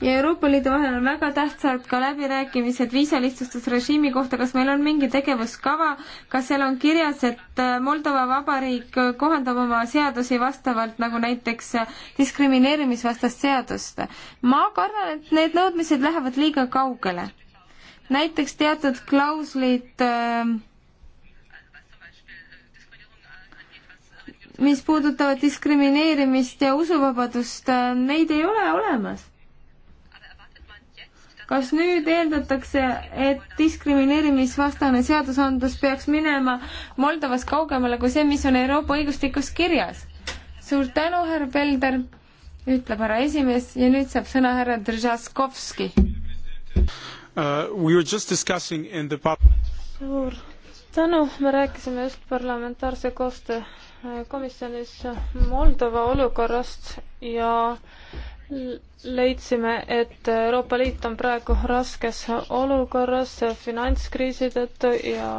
ja Euroopa Liidu vahel on väga tähtsad ka läbirääkimised viisalihtsustusrežiimi kohta, kas meil on mingi tegevuskava, kas seal on kirjas, et äh, Moldova Vabariik kohandab oma seadusi vastavalt nagu näiteks äh, diskrimineerimisvastast seadust? ma kardan, et need nõudmised lähevad liiga kaugele. näiteks teatud klauslid äh, mis puudutavad diskrimineerimist ja usuvabadust, äh, neid ei ole olemas kas nüüd eeldatakse, et diskrimineerimisvastane seadusandlus peaks minema Moldovas kaugemale kui see, mis on Euroopa õigustikus kirjas? suur tänu, härra Pelder, ütleb härra esimees ja nüüd saab sõna härra Držaskovski uh,. We were just discussing in the pub- suur tänu, me rääkisime just parlamentaarse koostöö äh, komisjonis Moldova olukorrast ja äh, leidsime, et Euroopa Liit on praegu raskes olukorras finantskriisi tõttu ja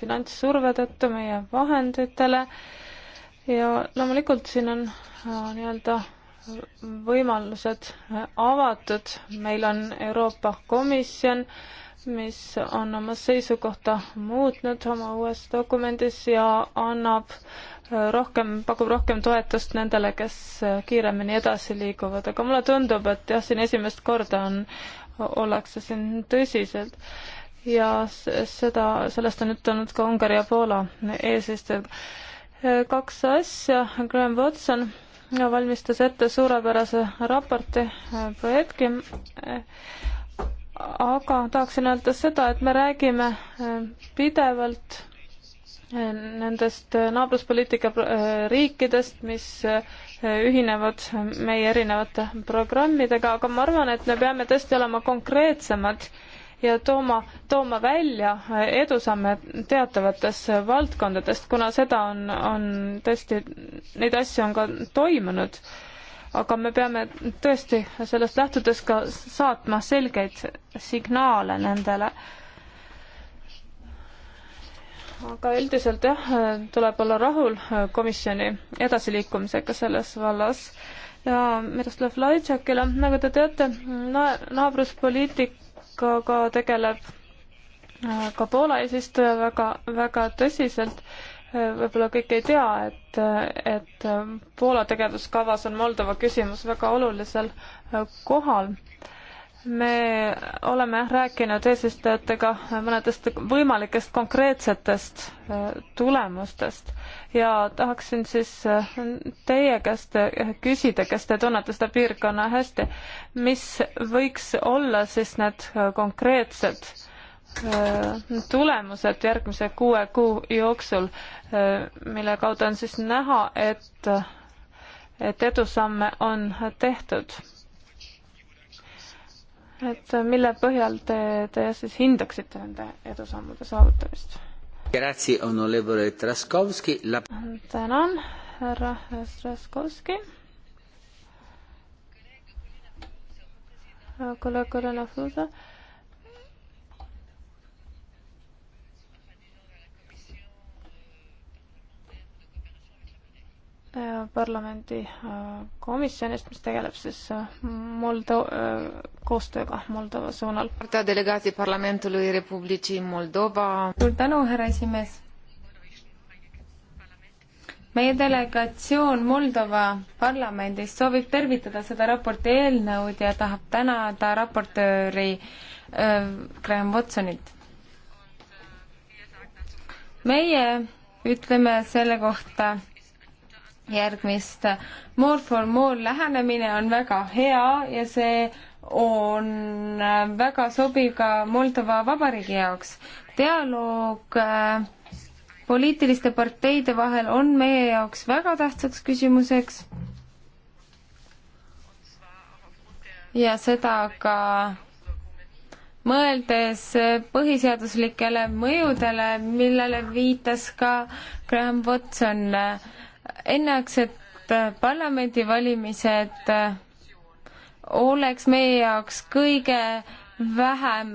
finantssurve tõttu meie vahenditele ja loomulikult siin on äh, nii-öelda võimalused avatud, meil on Euroopa Komisjon, mis on oma seisukohta muutnud oma uues dokumendis ja annab rohkem, pakub rohkem toetust nendele, kes kiiremini edasi liiguvad, aga mulle tundub, et jah, siin esimest korda on, ollakse siin tõsiselt ja seda, sellest on ütelnud ka Ungari ja Poola eesistujad. kaks asja, Graham Watson valmistas ette suurepärase raporti äh, projekti, aga tahaksin öelda seda, et me räägime äh, pidevalt nendest äh, naabruspoliitika äh, riikidest, mis äh, ühinevad meie erinevate programmidega, aga ma arvan, et me peame tõesti olema konkreetsemad ja tooma, tooma välja edusamme teatavates valdkondadest, kuna seda on, on tõesti, neid asju on ka toimunud. aga me peame tõesti sellest lähtudes ka saatma selgeid signaale nendele äh, aga üldiselt jah, tuleb olla rahul äh, komisjoni edasiliikumisega selles vallas ja Miroslav Laitšakile, nagu te teate na, naabruspoliitikaga tegeleb äh, ka Poola eesistuja väga, väga tõsiselt. Äh, võib-olla kõik ei tea, et, et Poola tegevuskavas on Moldova küsimus väga olulisel kohal me oleme jah rääkinud eesistujatega mõnedest võimalikest konkreetsetest äh, tulemustest ja tahaksin siis äh, teie käest äh, küsida, kes te tunnete seda piirkonna hästi, mis võiks olla siis need konkreetsed tulemused järgmise kuue kuu jooksul, mille kaudu on siis näha, et, et edusamme on tehtud et mille põhjal te, te siis hindaksite nende edusammude saavutamist? tänan, härra Straskovski. kolleeg Olena Fusa Äh, parlamendi äh, komisjonist, mis tegeleb siis äh, Moldo-, koostööga Moldova suunal. suur tänu, härra esimees! meie delegatsioon Moldova parlamendis soovib tervitada seda raporti eelnõud ja tahab tänada raportööri äh, Graham Watsonit. meie ütleme selle kohta järgmist. More for more lähenemine on väga hea ja see on väga sobiv ka Moldova Vabariigi jaoks. dialoog äh, poliitiliste parteide vahel on meie jaoks väga tähtsaks küsimuseks. ja seda ka mõeldes põhiseaduslikele mõjudele, millele viitas ka Graham Watson äh, enneaegsed parlamendivalimised oleks meie jaoks kõige vähem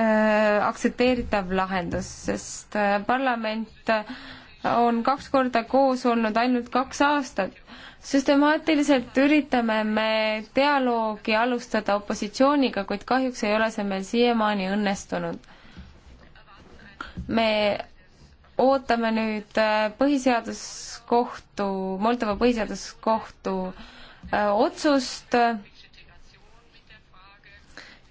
äh, aktsepteeritav lahendus, sest äh, parlament on kaks korda koos olnud ainult kaks aastat. süstemaatiliselt üritame me dialoogi alustada opositsiooniga, kuid kahjuks ei ole see meil siiamaani õnnestunud. me ootame nüüd äh, põhiseaduskohtu, Moldova põhiseaduskohtu äh, otsust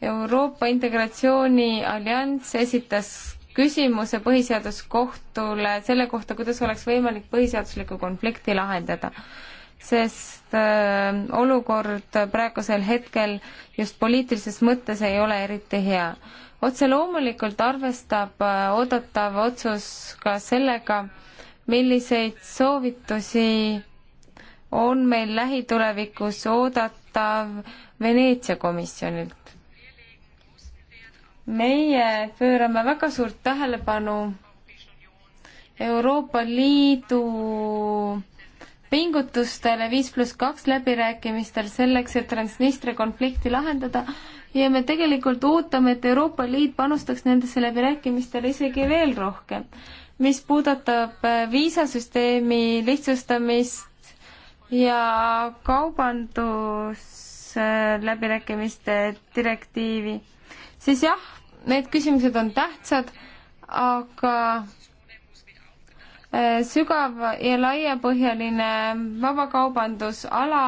Euroopa Integratsiooni Allianss esitas küsimuse põhiseaduskohtule selle kohta, kuidas oleks võimalik põhiseaduslikku konflikti lahendada. sest äh, olukord praegusel hetkel just poliitilises mõttes ei ole eriti hea otse loomulikult arvestab äh, oodatav otsus ka sellega, milliseid soovitusi on meil lähitulevikus oodatav Veneetsia komisjonilt. meie pöörame väga suurt tähelepanu Euroopa Liidu pingutustele viis pluss kaks läbirääkimistel selleks, et Transnistria konflikti lahendada ja me tegelikult ootame, et Euroopa Liit panustaks nendesse läbirääkimistele isegi veel rohkem. mis puudutab äh, viisasüsteemi lihtsustamist ja kaubandusläbirääkimiste äh, direktiivi, siis jah, need küsimused on tähtsad, aga äh, sügav ja laiapõhjaline vabakaubandusala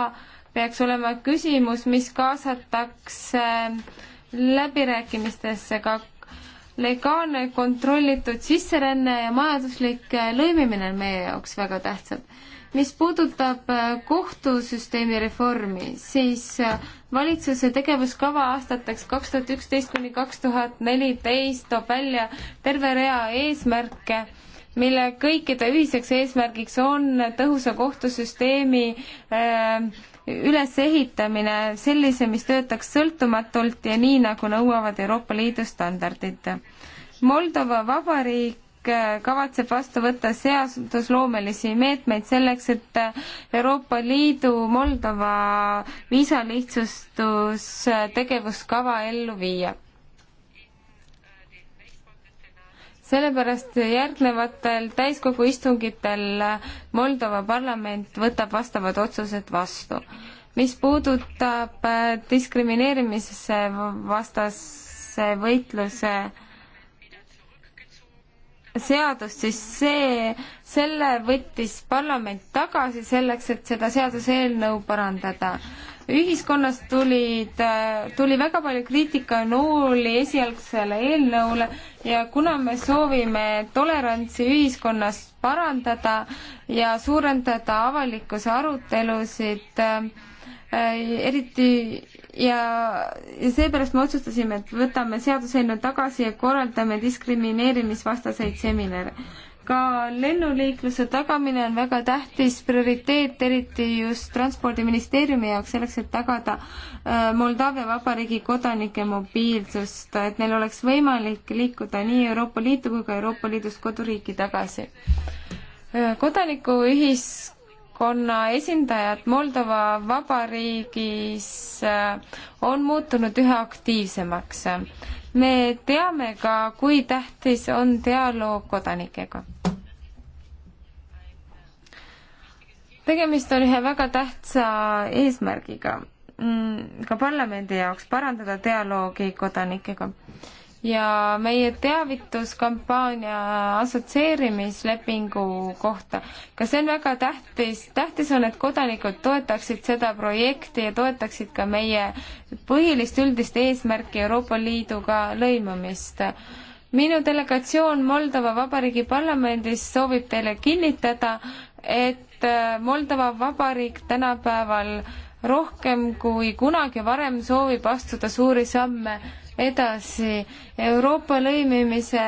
peaks olema küsimus, mis kaasatakse läbirääkimistesse ka legaalne kontrollitud sisseränne ja majanduslik lõimimine on meie jaoks väga tähtsad. mis puudutab äh, kohtusüsteemi reformi, siis äh, valitsuse tegevuskava aastateks kaks tuhat üksteist kuni kaks tuhat neliteist toob välja terve rea eesmärke, mille kõikide ühiseks eesmärgiks on tõhusa kohtusüsteemi äh, ülesehitamine sellise, mis töötaks sõltumatult ja nii, nagu nõuavad Euroopa Liidu standardid. Moldova Vabariik äh, kavatseb vastu võtta seadusloomelisi meetmeid selleks, et äh, Euroopa Liidu Moldova viisalihtsustus tegevuskava ellu viia sellepärast järgnevatel täiskogu istungitel Moldova parlament võtab vastavad otsused vastu. mis puudutab äh, diskrimineerimise vastase võitluse seadust, siis see, selle võttis parlament tagasi selleks, et seda seaduseelnõu parandada ühiskonnast tulid, tuli väga palju kriitikanooli esialgsele eelnõule ja kuna me soovime tolerantsi ühiskonnas parandada ja suurendada avalikkuse arutelusid äh,, eriti ja, ja seepärast me otsustasime, et võtame seaduseelnõu tagasi ja korraldame diskrimineerimisvastaseid seminare ka lennuliikluse tagamine on väga tähtis prioriteet, eriti just Transpordiministeeriumi jaoks, selleks et tagada äh, Moldaavia Vabariigi kodanike mobiilsust, et neil oleks võimalik liikuda nii Euroopa Liitu kui ka Euroopa Liidust koduriiki tagasi. Äh, kodanikuühis-, kogukonna esindajad Moldova Vabariigis äh, on muutunud üha aktiivsemaks. me teame ka, kui tähtis on dialoog kodanikega. tegemist on ühe väga tähtsa eesmärgiga mm, ka parlamendi jaoks, parandada dialoogi kodanikega ja meie teavituskampaania assotsieerimislepingu kohta. ka see on väga tähtis, tähtis on, et kodanikud toetaksid seda projekti ja toetaksid ka meie põhilist üldist eesmärki Euroopa Liiduga lõimumist. minu delegatsioon Moldova Vabariigi parlamendis soovib teile kinnitada, et äh, Moldova Vabariik tänapäeval rohkem kui kunagi varem soovib astuda suuri samme edasi. Euroopa lõimimise,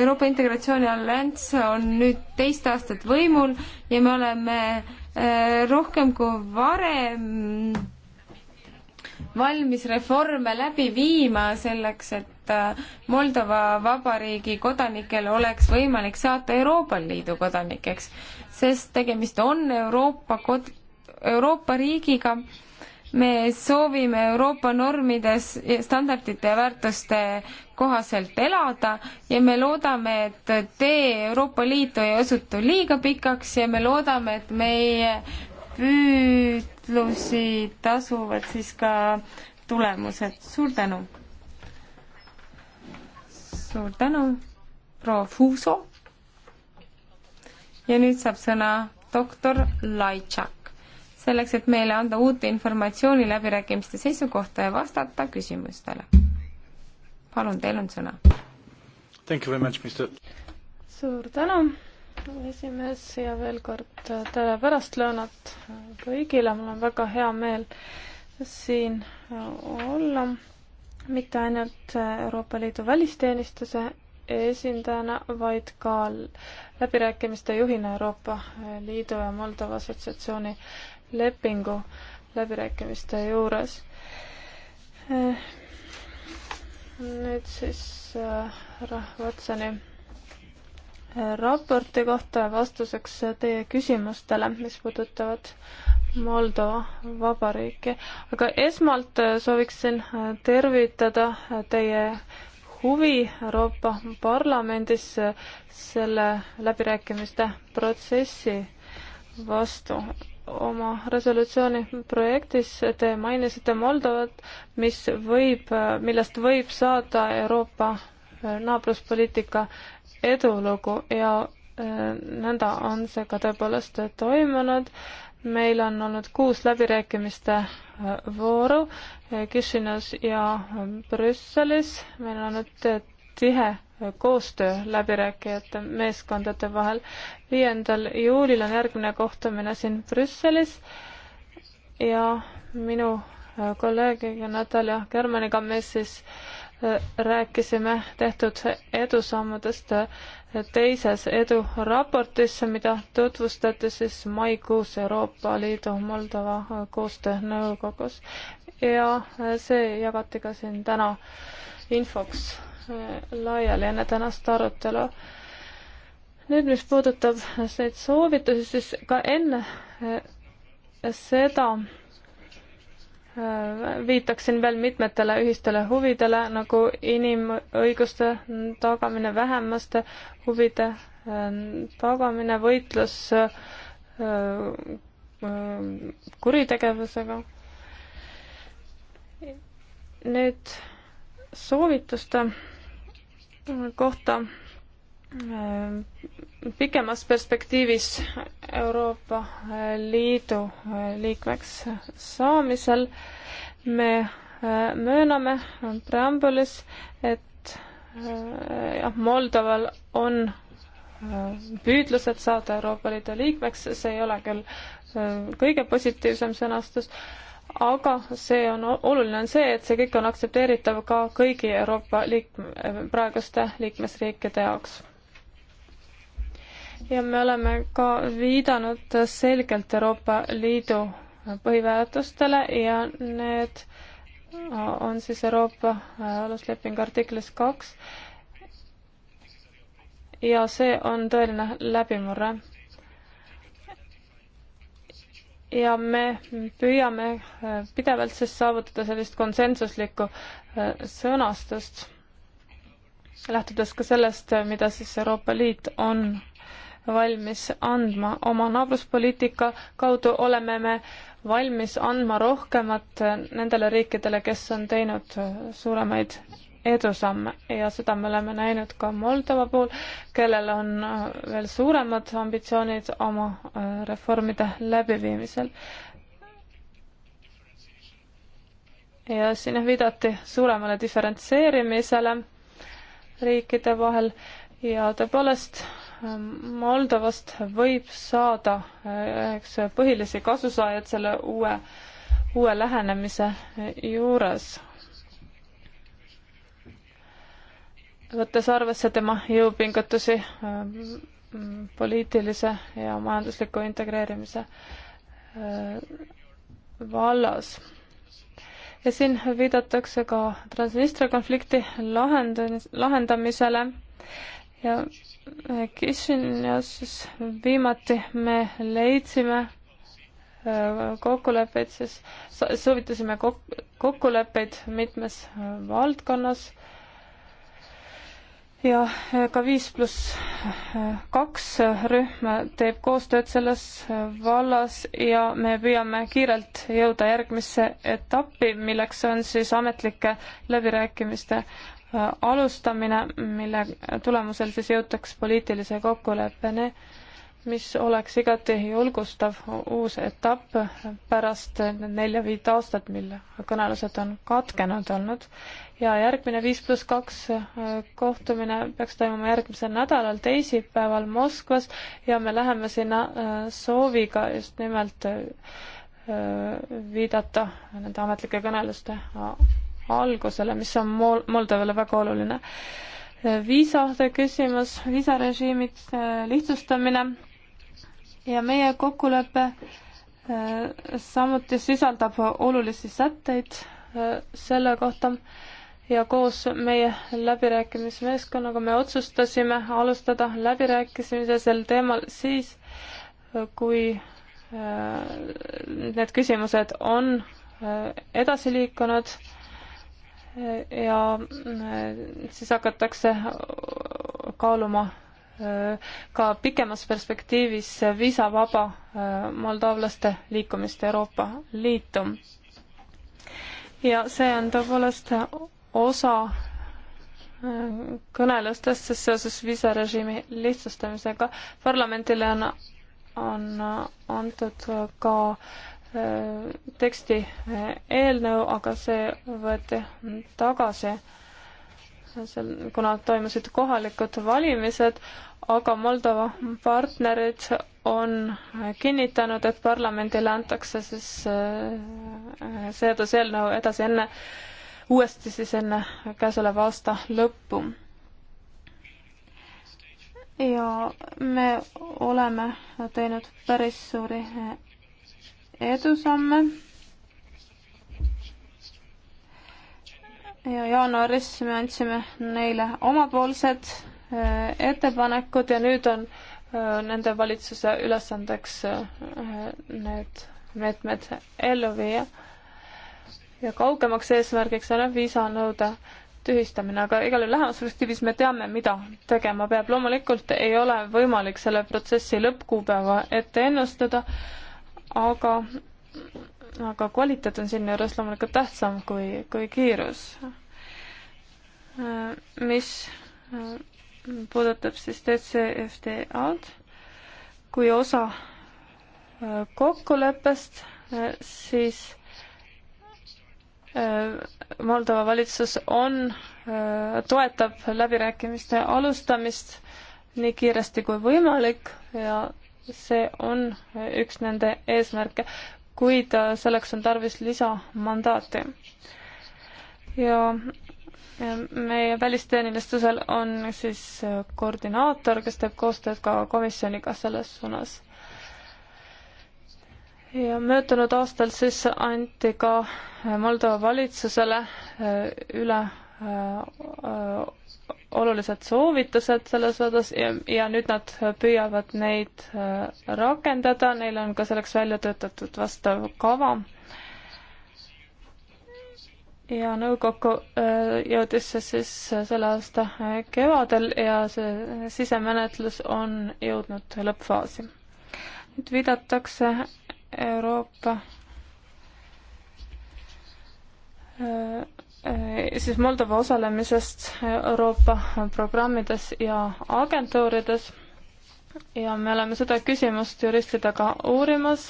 Euroopa Integratsiooni Allianss on nüüd teist aastat võimul ja me oleme äh, rohkem kui varem valmis reforme läbi viima selleks, et äh, Moldova Vabariigi kodanikel oleks võimalik saata Euroopa Liidu kodanikeks, sest tegemist on Euroopa kod-, Euroopa riigiga, me soovime Euroopa normides, standardite ja väärtuste kohaselt elada ja me loodame, et tee Euroopa Liitu ei osutu liiga pikaks ja me loodame, et meie püüdlusi tasuvad siis ka tulemused. suur tänu! suur tänu, proua Fuso! ja nüüd saab sõna doktor Laitšak selleks, et meile anda uut informatsiooni läbirääkimiste seisukohta ja vastata küsimustele. palun, teil on sõna. suur tänu, esimees ja veel kord tere pärastlõunat kõigile, mul on väga hea meel siin olla, mitte ainult Euroopa Liidu välisteenistuse esindajana, vaid ka läbirääkimiste juhina Euroopa Liidu ja Moldova assotsiatsiooni lepingu läbirääkimiste juures. Eh, nüüd siis eh, härra Vatsoni eh, raporti kohta vastuseks teie küsimustele, mis puudutavad Moldova Vabariiki. aga esmalt sooviksin tervitada teie huvi Euroopa Parlamendis selle läbirääkimiste protsessi vastu oma resolutsiooni projektis te mainisite Moldovat, mis võib, millest võib saada Euroopa äh, naabruspoliitika edulugu ja äh, nõnda on see ka tõepoolest toimunud. meil on olnud kuus läbirääkimiste äh, vooru Kišinas ja Brüsselis, meil on olnud tihe koostöö läbirääkijate meeskondade vahel. viiendal juulil on järgmine kohtumine siin Brüsselis ja minu äh, kolleegiga Natalja Germaniga me siis äh, rääkisime tehtud edusammudest äh, teises eduraportis, mida tutvustati siis maikuus Euroopa Liidu Moldova koostöönõukogus. ja see jagati ka siin täna infoks laiali enne tänast arutelu. nüüd, mis puudutab neid soovitusi, siis ka enne eh, seda eh, viitaksin veel mitmetele ühistele huvidele nagu inimõiguste tagamine, vähemaste huvide eh, tagamine, võitlus kuritegevusega. nüüd soovituste kohta äh, pikemas perspektiivis Euroopa Liidu liikmeks saamisel me äh, mööname preambulis, et äh, jah, Moldoval on püüdlused saada Euroopa Liidu liikmeks, see ei ole küll kõige positiivsem sõnastus, aga see on, oluline on see, et see kõik on aktsepteeritav ka kõigi Euroopa liikm-, praeguste liikmesriikide jaoks. ja me oleme ka viidanud selgelt Euroopa Liidu põhiväärtustele ja need on siis Euroopa äh, aluslepingu artiklis kaks ja see on tõeline läbimurre ja me püüame äh, pidevalt siis saavutada sellist konsensuslikku äh, sõnastust, lähtudes ka sellest, äh, mida siis Euroopa Liit on valmis andma. oma naabruspoliitika kaudu oleme me valmis andma rohkemat nendele riikidele, kes on teinud suuremaid edusamme ja seda me oleme näinud ka Moldova puhul, kellel on äh, veel suuremad ambitsioonid oma äh, reformide läbiviimisel. ja siin viidati suuremale diferentseerimisele riikide vahel ja tõepoolest äh, Moldovast võib saada üheks põhilisi kasusaajad selle uue, uue lähenemise juures võttes arvesse tema jõupingutusi poliitilise ja majandusliku integreerimise äh, vallas. ja siin viidatakse ka Transnistria konflikti lahend-, lahendamisele ja äh, Kishinjas siis viimati me leidsime äh, kokkuleppeid, siis soovitasime kok-, kokkuleppeid mitmes valdkonnas äh, ja ka viis pluss äh, kaks rühm teeb koostööd selles äh, vallas ja me püüame kiirelt jõuda järgmisse etappi, milleks on siis ametlike läbirääkimiste äh, alustamine, mille tulemusel siis jõutaks poliitilise kokkuleppeni mis oleks igati julgustav uus etapp pärast nelja-viit aastat, mil kõnelused on katkenud olnud. ja järgmine viis pluss kaks äh, kohtumine peaks toimuma järgmisel nädalal, teisipäeval Moskvas ja me läheme sinna äh, sooviga just nimelt äh, viidata nende ametlike kõneluste algusele, mis on Mol-, Moldovale väga oluline viisade küsimus, viisarežiimid, lihtsustamine ja meie kokkulepe äh, samuti sisaldab olulisi sätteid äh, selle kohta ja koos meie läbirääkimismeeskonnaga me otsustasime alustada läbirääkimise sel teemal siis, äh, kui need küsimused on edasi liikunud ja siis hakatakse kaaluma Äh, ka pikemas perspektiivis viisavaba äh, moldovlaste liikumist Euroopa Liitu. ja see on tõepoolest osa äh, kõnelustest, sest seoses viisarežiimi lihtsustamisega parlamendile on, on antud ka teksti eelnõu, aga see võeti tagasi seal, kuna toimusid kohalikud valimised, aga Moldova partnerid on kinnitanud, et parlamendile antakse siis äh, seaduseelnõu edasi enne, uuesti siis enne käesoleva aasta lõppu. ja me oleme teinud päris suuri edusamme ja jaanuaris me andsime neile omapoolsed äh, ettepanekud ja nüüd on äh, nende valitsuse ülesandeks äh, need meetmed ellu viia. ja kaugemaks eesmärgiks on viisanõude tühistamine, aga igal juhul lähemas perspektiivis me teame, mida tegema peab. loomulikult ei ole võimalik selle protsessi lõppkuupäeva ette ennustada, aga aga kvaliteet on siinjuures loomulikult tähtsam kui, kui kiirus. mis puudutab siis DCFTA-d kui osa kokkuleppest, siis äh, Moldova valitsus on, äh, toetab läbirääkimiste alustamist nii kiiresti kui võimalik ja see on äh, üks nende eesmärke kuid äh, selleks on tarvis lisamandaati. ja äh, meie välisteenistusel on siis äh, koordinaator, kes teeb koostööd ka komisjoniga selles suunas. ja möödunud aastal siis anti ka Moldova valitsusele üle olulised soovitused selles osas ja, ja nüüd nad püüavad neid äh, rakendada, neil on ka selleks välja töötatud vastav kava. ja nõukokku äh, jõudis see siis äh, selle aasta kevadel ja see sisemenetlus on jõudnud lõppfaasi. nüüd viidatakse Euroopa Äh, siis Moldova osalemisest äh, Euroopa programmides ja agentuurides. ja me oleme seda küsimust juristidega uurimas.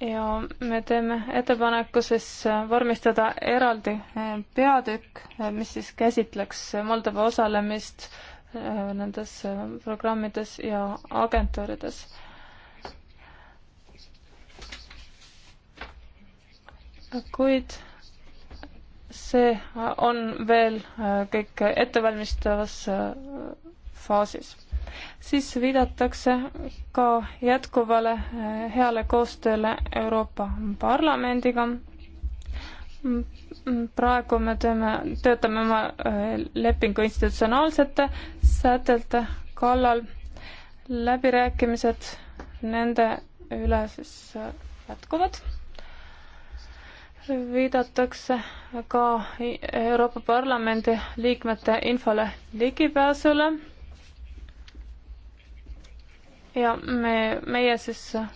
ja me teeme ettepaneku siis äh, vormistada eraldi peatükk, mis siis käsitleks Moldova osalemist nendes programmides ja agentuurides kuid see on veel äh, kõik ettevalmistavas äh, faasis. siis viidatakse ka jätkuvale äh, heale koostööle Euroopa Parlamendiga praegu me teeme, töötame oma lepingu institutsionaalsete sätete kallal. läbirääkimised nende üle siis jätkuvad viidatakse ka Euroopa Parlamendi liikmete infole ligipääsule ja me, meie siis äh, äh,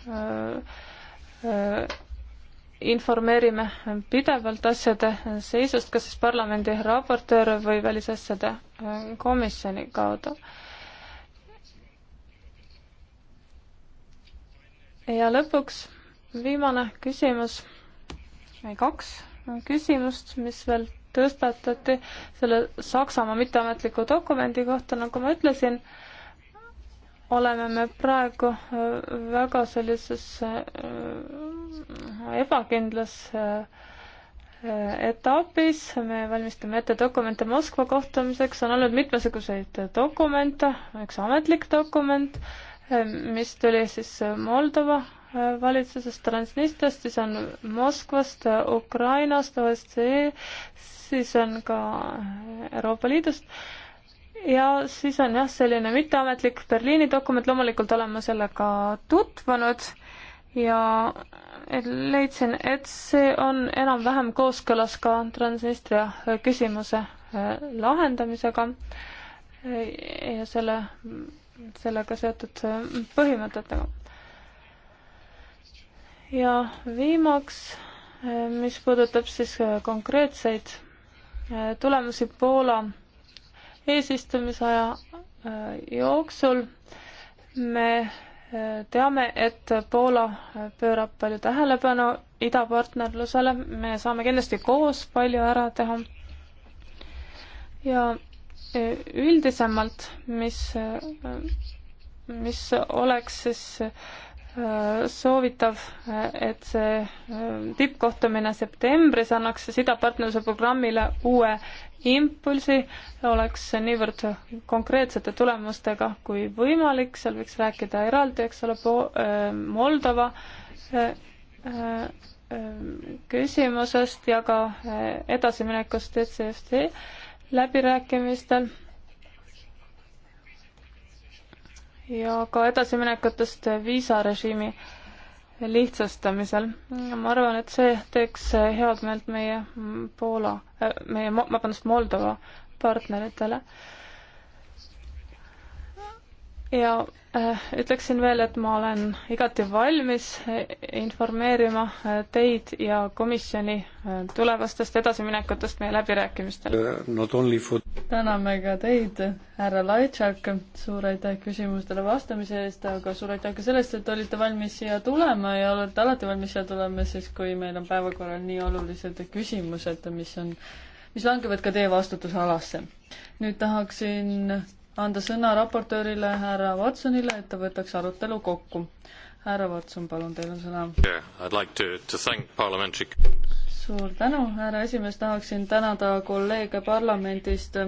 informeerime pidevalt asjade seisust, kas siis parlamendi raportööre või välisasjade äh, komisjoni kaudu. ja lõpuks viimane küsimus kaks küsimust, mis veel tõstatati selle Saksamaa mitteametliku dokumendi kohta, nagu ma ütlesin, oleme me praegu äh, väga sellises äh, ebakindlas äh, etapis, me valmistame ette dokumente Moskva kohtumiseks, on olnud mitmesuguseid dokumente, üks ametlik dokument, mis tuli siis Moldova valitsusest Transnistriast, siis on Moskvast, Ukrainast, OSCE, siis on ka Euroopa Liidust ja siis on jah, selline mitteametlik Berliini dokument, loomulikult olen ma sellega tutvunud ja leidsin, et see on enam-vähem kooskõlas ka Transnistria küsimuse äh, lahendamisega äh, ja selle, sellega seotud äh, põhimõtetega ja viimaks, eh, mis puudutab siis eh, konkreetseid eh, tulemusi Poola eesistumisaja jooksul, me teame, et Poola pöörab palju tähelepanu idapartnerlusele, me saame kindlasti koos palju ära teha. ja üldisemalt, mis, mis oleks siis soovitav, et see äh, tippkohtumine septembris annaks sidapartnerluse programmile uue impulsi, oleks niivõrd konkreetsete tulemustega kui võimalik, seal võiks rääkida eraldi, eks ole, äh, Moldova äh, küsimusest ja ka edasiminekust DCFT läbirääkimistel ja ka edasiminekutest viisarežiimi lihtsustamisel. ma arvan, et see teeks head meelt meie Poola, äh, meie, vabandust, Moldova partneritele ja äh, ütleksin veel, et ma olen igati valmis äh, informeerima äh, teid ja komisjoni tulevastest edasiminekutest meie läbirääkimistel. For... täname ka teid, härra Laitšak, suur aitäh küsimustele vastamise eest, aga suur aitäh ka sellest, et olite valmis siia tulema ja olete alati valmis siia tulema, siis kui meil on päevakorral nii olulised küsimused, mis on, mis langevad ka teie vastutusalasse. nüüd tahaksin anda sõna raportöörile härra Watsonile, et ta võtaks arutelu kokku. härra Watson, palun, teil on sõna yeah,. Like to, to parliamentary... suur tänu, härra esimees, tahaksin tänada kolleege parlamendist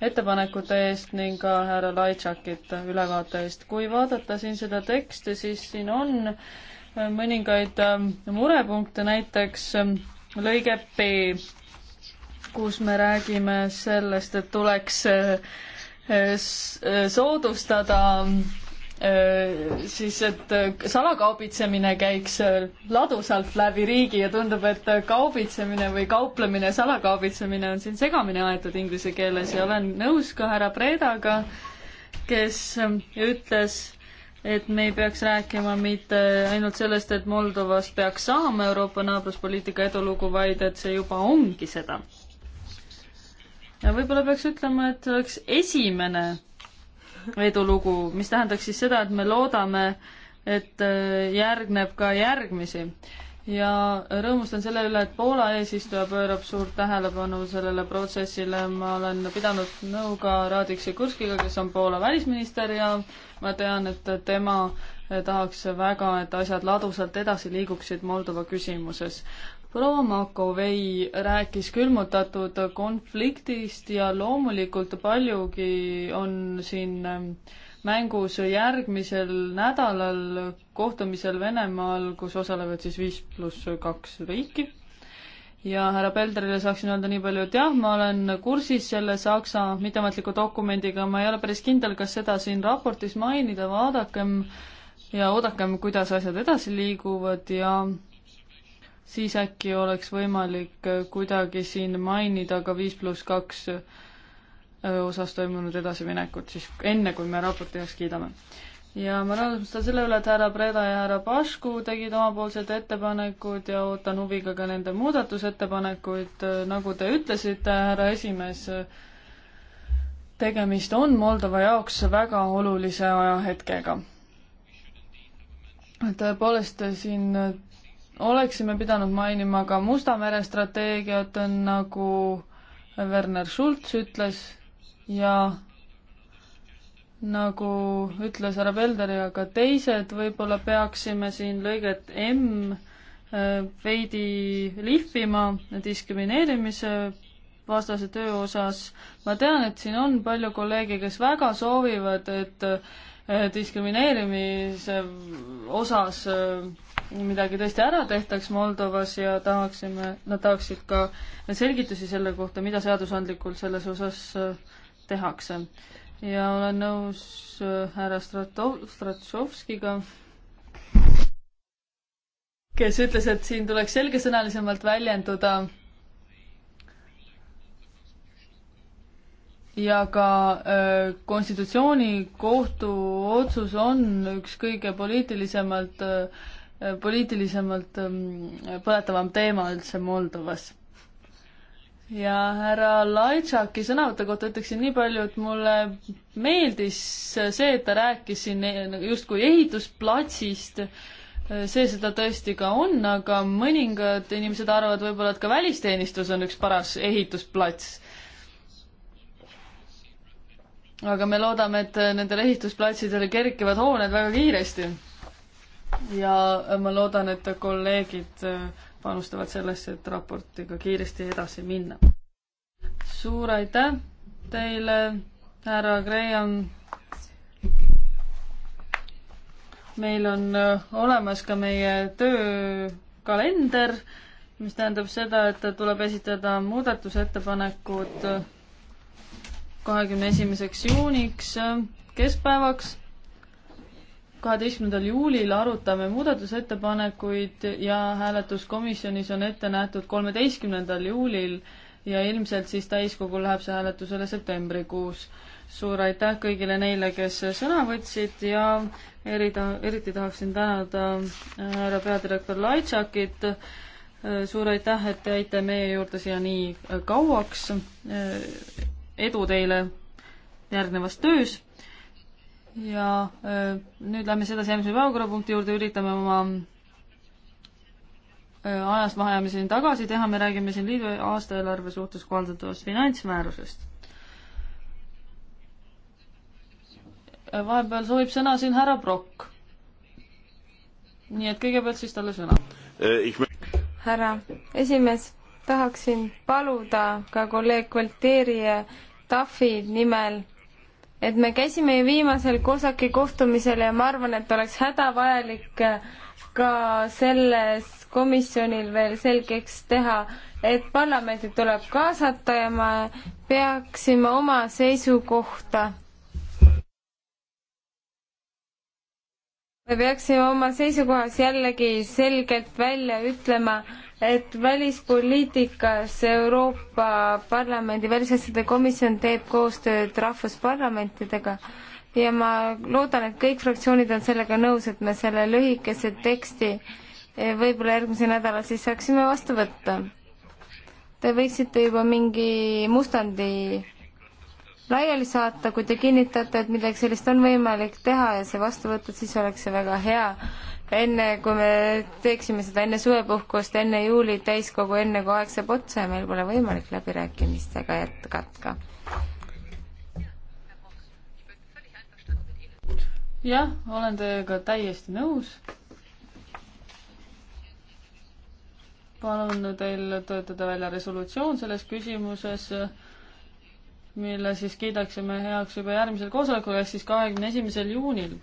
ettepanekute eest ning ka härra Laitšakit ülevaate eest. kui vaadata siin seda teksti, siis siin on mõningaid ähm, murepunkte, näiteks ähm, lõige B, kus me räägime sellest, et tuleks äh, soodustada äh, siis, et salakaubitsemine käiks äh, ladusalt läbi riigi ja tundub, et kaubitsemine või kauplemine, salakaubitsemine on siin segamini aetud inglise keeles ja olen nõus ka härra Predaga, kes ütles, et me ei peaks rääkima mitte ainult sellest, et Moldovast peaks saama Euroopa naabruspoliitika edulugu, vaid et see juba ongi seda võib-olla peaks ütlema, et oleks esimene edulugu, mis tähendaks siis seda, et me loodame, et äh, järgneb ka järgmisi. ja rõõmustan selle üle, et Poola eesistuja pöörab suurt tähelepanu sellele protsessile, ma olen pidanud nõu ka Radik Sikurskiga, kes on Poola välisminister ja ma tean, et tema äh, tahaks väga, et asjad ladusalt edasi liiguksid Moldova küsimuses proua Makovei rääkis külmutatud konfliktist ja loomulikult paljugi on siin ähm, mängus järgmisel nädalal kohtumisel Venemaal, kus osalevad siis viis pluss kaks riiki. ja härra Pelderile saaksin öelda nii palju, et jah, ma olen kursis selle Saksa mitteametliku dokumendiga, ma ei ole päris kindel, kas seda siin raportis mainida, vaadakem ja oodakem, kuidas asjad edasi liiguvad ja siis äkki oleks võimalik äh, kuidagi siin mainida ka viis pluss kaks äh, osas toimunud edasiminekut, siis enne, kui me raporti heaks kiidame. ja ma rõõmustan selle üle, et härra Preda ja härra Pašku tegid omapoolsed ettepanekud ja ootan huviga ka nende muudatusettepanekuid, äh, nagu te ütlesite, härra esimees, tegemist on Moldova jaoks väga olulise ajahetkega. tõepoolest, siin oleksime pidanud mainima ka Musta mere strateegiat, nagu Werner Schultz ütles ja nagu ütles härra Pelder ja ka teised, võib-olla peaksime siin lõiget M äh, veidi lihvima diskrimineerimise vastase töö osas. ma tean, et siin on palju kolleege, kes väga soovivad, et äh, diskrimineerimise osas äh, midagi tõesti ära tehtaks Moldovas ja tahaksime, nad tahaksid ka selgitusi selle kohta, mida seadusandlikult selles osas äh, tehakse. ja olen nõus äh, härra Strato-, Stratšovskiga, kes ütles, et siin tuleks selgesõnalisemalt väljenduda ja ka äh, konstitutsioonikohtu otsus on üks kõige poliitilisemalt äh, Äh, poliitilisemalt ähm, põletavam teema üldse Moldovas. ja härra Laitšaki sõnavõtu kohta ütleksin nii palju, et mulle meeldis see, et ta rääkis siin e-, justkui ehitusplatsist, äh, see seda tõesti ka on, aga mõningad inimesed arvavad võib-olla, et ka välisteenistus on üks paras ehitusplats aga me loodame, et nendele ehitusplatsidele kerkivad hooned väga kiiresti ja ma loodan, et kolleegid äh, panustavad sellesse, et raportiga kiiresti edasi minna. suur aitäh teile, härra Graham. meil on äh, olemas ka meie töökalender, mis tähendab seda, et tuleb esitada muudatusettepanekud äh, kahekümne esimeseks juuniks keskpäevaks kaheteistkümnendal juulil arutame muudatusettepanekuid ja hääletus komisjonis on ette nähtud kolmeteistkümnendal juulil ja ilmselt siis täiskogul läheb see hääletusele septembrikuus. suur aitäh kõigile neile, kes sõna võtsid ja erida, eriti tahaksin tänada äh, härra peadirektor Laitsakit. Äh, suur aitäh, et te jäite meie juurde siia nii äh, kauaks. edu teile järgnevas töös ja nüüd lähme siis edasi järgmise päevakorrapunkti juurde, üritame oma ajast mahajääme siin tagasi teha, me räägime siin liidu aastaeelarve suhtes kohaldatavast finantsmäärusest. vahepeal soovib sõna siin härra Brock. nii et kõigepealt siis talle sõna. Äh, härra esimees, tahaksin paluda ka kolleeg Gualtieri ja Tafi nimel et me käisime ju viimasel COSAC-i kohtumisel ja ma arvan, et oleks hädavajalik äh, ka selles komisjonil veel selgeks teha, et parlamendid tuleb kaasata ja me peaksime oma seisukohta me peaksime oma seisukohas jällegi selgelt välja ütlema, et välispoliitikas Euroopa Parlamendi välisasjade komisjon teeb koostööd rahvusparlamentidega ja ma loodan, et kõik fraktsioonid on sellega nõus, et me selle lühikese teksti võib-olla järgmisel nädalal siis saaksime vastu võtta. Te võiksite juba mingi mustandi laiali saata, kui te kinnitate, et midagi sellist on võimalik teha ja see vastu võtta, siis oleks see väga hea enne kui me teeksime seda enne suvepuhkust, enne juuli täiskogu, enne kui aeg saab otsa ja meil pole võimalik läbirääkimistega jätkata. jah, olen teiega täiesti nõus. palun teil töötada välja resolutsioon selles küsimuses, mille siis kiidaksime heaks juba järgmisel koosolekul ehk siis kahekümne esimesel juunil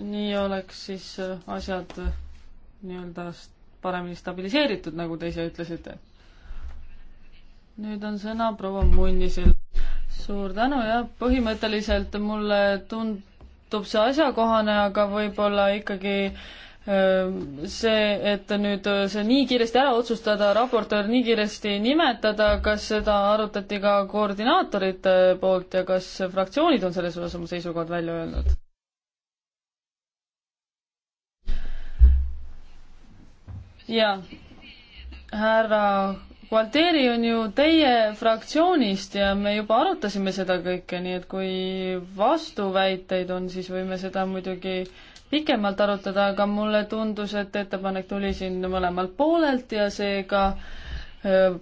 nii oleks siis äh, asjad äh, nii-öelda paremini stabiliseeritud, nagu te ise ütlesite. nüüd on sõna proua Munnisel. suur tänu ja põhimõtteliselt mulle tundub see asjakohane, aga võib-olla ikkagi äh, see, et nüüd see nii kiiresti ära otsustada, raportöör nii kiiresti nimetada, kas seda arutati ka koordinaatorite poolt ja kas fraktsioonid on selles osas oma seisukohad välja öelnud? ja härra Gualteri on ju teie fraktsioonist ja me juba arutasime seda kõike, nii et kui vastuväiteid on, siis võime seda muidugi pikemalt arutada, aga mulle tundus, et ettepanek tuli siin mõlemalt poolelt ja seega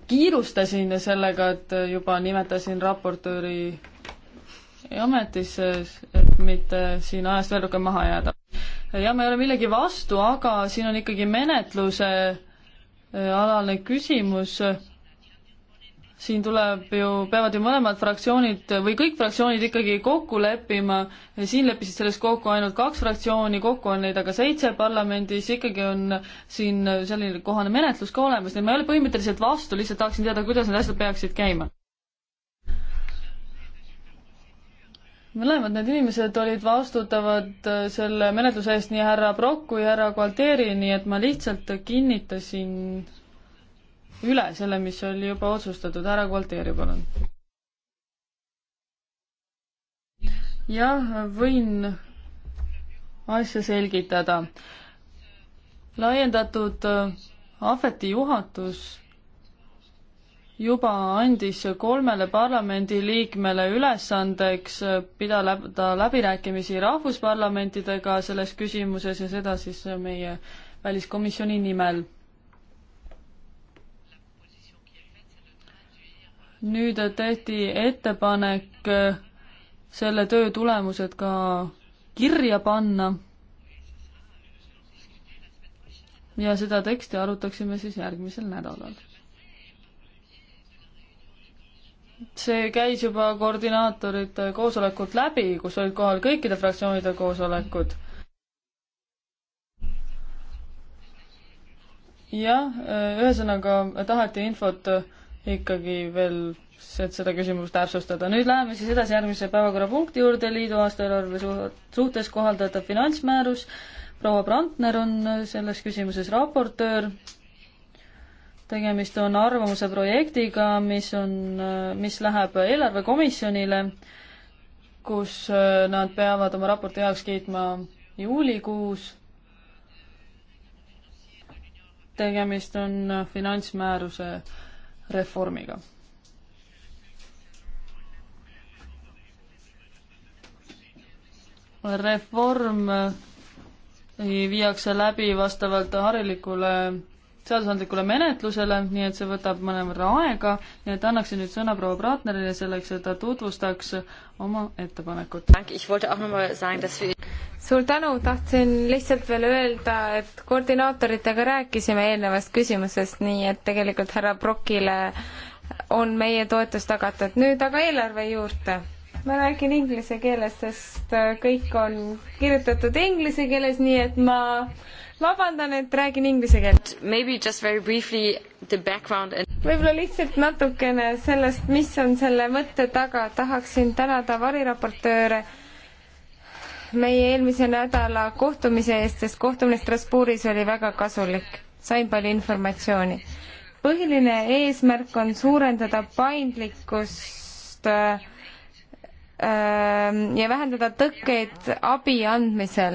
kiirustasin sellega, et juba nimetasin raportööri ametisse, et mitte siin ajast veel rohkem maha jääda jah, ma ei ole millegi vastu, aga siin on ikkagi menetluse äh, alane küsimus. siin tuleb ju, peavad ju mõlemad fraktsioonid või kõik fraktsioonid ikkagi kokku leppima, siin leppisid selles kokku ainult kaks fraktsiooni, kokku on neid aga seitse parlamendis, ikkagi on siin selline kohane menetlus ka olemas, nii et ma ei ole põhimõtteliselt vastu, lihtsalt tahaksin teada, kuidas need asjad peaksid käima. mõlemad need inimesed olid vastutavad äh, selle menetluse eest nii härra Brock kui härra Gualteri, nii et ma lihtsalt kinnitasin üle selle, mis oli juba otsustatud. härra Gualteri, palun. jah, võin asja selgitada. laiendatud äh, ahveti juhatus juba andis kolmele parlamendiliikmele ülesandeks pidada läbirääkimisi rahvusparlamentidega selles küsimuses ja seda siis meie väliskomisjoni nimel. nüüd tehti ettepanek selle töö tulemused ka kirja panna. ja seda teksti arutaksime siis järgmisel nädalal see käis juba koordinaatorite koosolekult läbi, kus olid kohal kõikide fraktsioonide koosolekud. jah, eh, ühesõnaga taheti infot ikkagi veel, et seda küsimust täpsustada. nüüd läheme siis edasi järgmise päevakorrapunkti juurde, liidu aastaeelarve suhtes kohaldatav finantsmäärus. proua Brandner on selles küsimuses raportöör tegemist on arvamuse projektiga, mis on, mis läheb eelarvekomisjonile, kus äh, nad peavad oma raporti heaks kiitma juulikuus. tegemist on finantsmääruse reformiga. reform äh, viiakse läbi vastavalt harilikule seadusandlikule menetlusele, nii et see võtab mõnevõrra aega, nii et annaksin nüüd sõna proua Praatnerile selleks, et ta tutvustaks oma ettepanekut. suur tänu, tahtsin lihtsalt veel öelda, et koordinaatoritega rääkisime eelnevast küsimusest, nii et tegelikult härra Brokile on meie toetus tagatud. nüüd aga eelarve juurde ma räägin inglise keeles, sest äh, kõik on kirjutatud inglise keeles, nii et ma vabandan, et räägin inglise keelt. Maybe just very briefly the background and võib-olla lihtsalt natukene sellest, mis on selle mõtte taga, tahaksin tänada variraportööre meie eelmise nädala kohtumise eest, sest kohtumine Strasbourgis oli väga kasulik, sain palju informatsiooni. põhiline eesmärk on suurendada paindlikkust äh, Ähm, ja vähendada tõkkeid abi andmisel.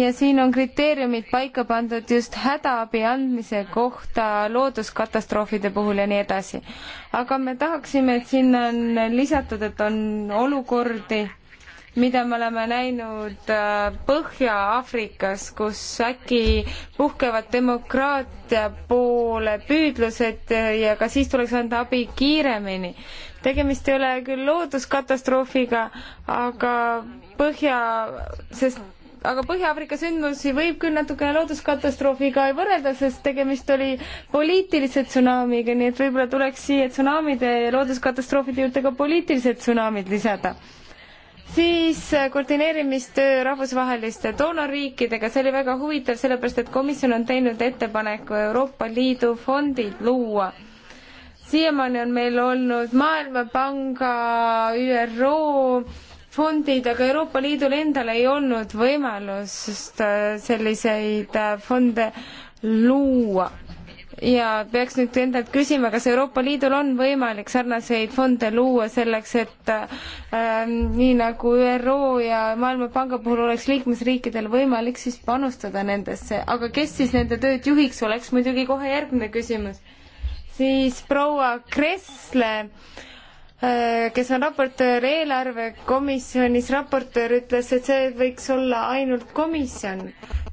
ja siin on kriteeriumid paika pandud just hädaabi andmise kohta looduskatastroofide puhul ja nii edasi. aga me tahaksime, et sinna on lisatud, et on olukordi, mida me oleme näinud äh, Põhja-Aafrikas, kus äkki puhkevad demokraatia poole püüdlused äh, ja ka siis tuleks anda abi kiiremini. tegemist ei ole küll looduskatastroofiga, aga Põhja, sest aga Põhja-Aafrika sündmusi võib küll natukene looduskatastroofiga võrrelda, sest tegemist oli poliitilise tsunamiga, nii et võib-olla tuleks siia tsunamide ja looduskatastroofide juurde ka poliitilised tsunamid lisada siis äh, koordineerimistöö rahvusvaheliste doonorriikidega, see oli väga huvitav, sellepärast et komisjon on teinud ettepaneku Euroopa Liidu fondid luua. siiamaani on meil olnud Maailmapanga, ÜRO fondid, aga Euroopa Liidul endal ei olnud võimalust äh, selliseid äh, fonde luua ja peaks nüüd endalt küsima, kas Euroopa Liidul on võimalik sarnaseid fonde luua selleks, et äh, nii nagu ÜRO ja Maailmapanga puhul oleks liikmesriikidel võimalik siis panustada nendesse, aga kes siis nende tööd juhiks, oleks muidugi kohe järgmine küsimus. siis proua Kressle Äh, kes on raportöör eelarvekomisjonis, raportöör ütles, et see võiks olla ainult komisjon.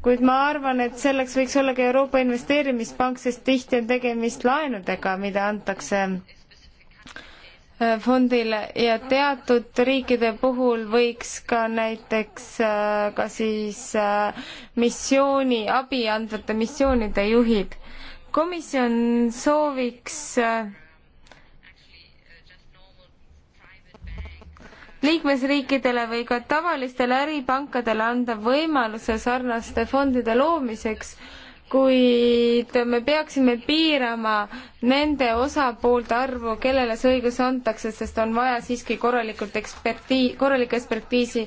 kuid ma arvan, et selleks võiks olla ka Euroopa Investeerimispank, sest tihti on tegemist laenudega, mida antakse äh, fondile ja teatud riikide puhul võiks ka näiteks äh, ka siis missiooni, abi andvate missioonide juhid. komisjon sooviks äh, liikmesriikidele või ka tavalistele äripankadele anda võimaluse sarnaste fondide loomiseks, kuid me peaksime piirama nende osapoolte arvu, kellele see õigus antakse, sest on vaja siiski korralikult ekspertii-, korralikku ekspertiisi,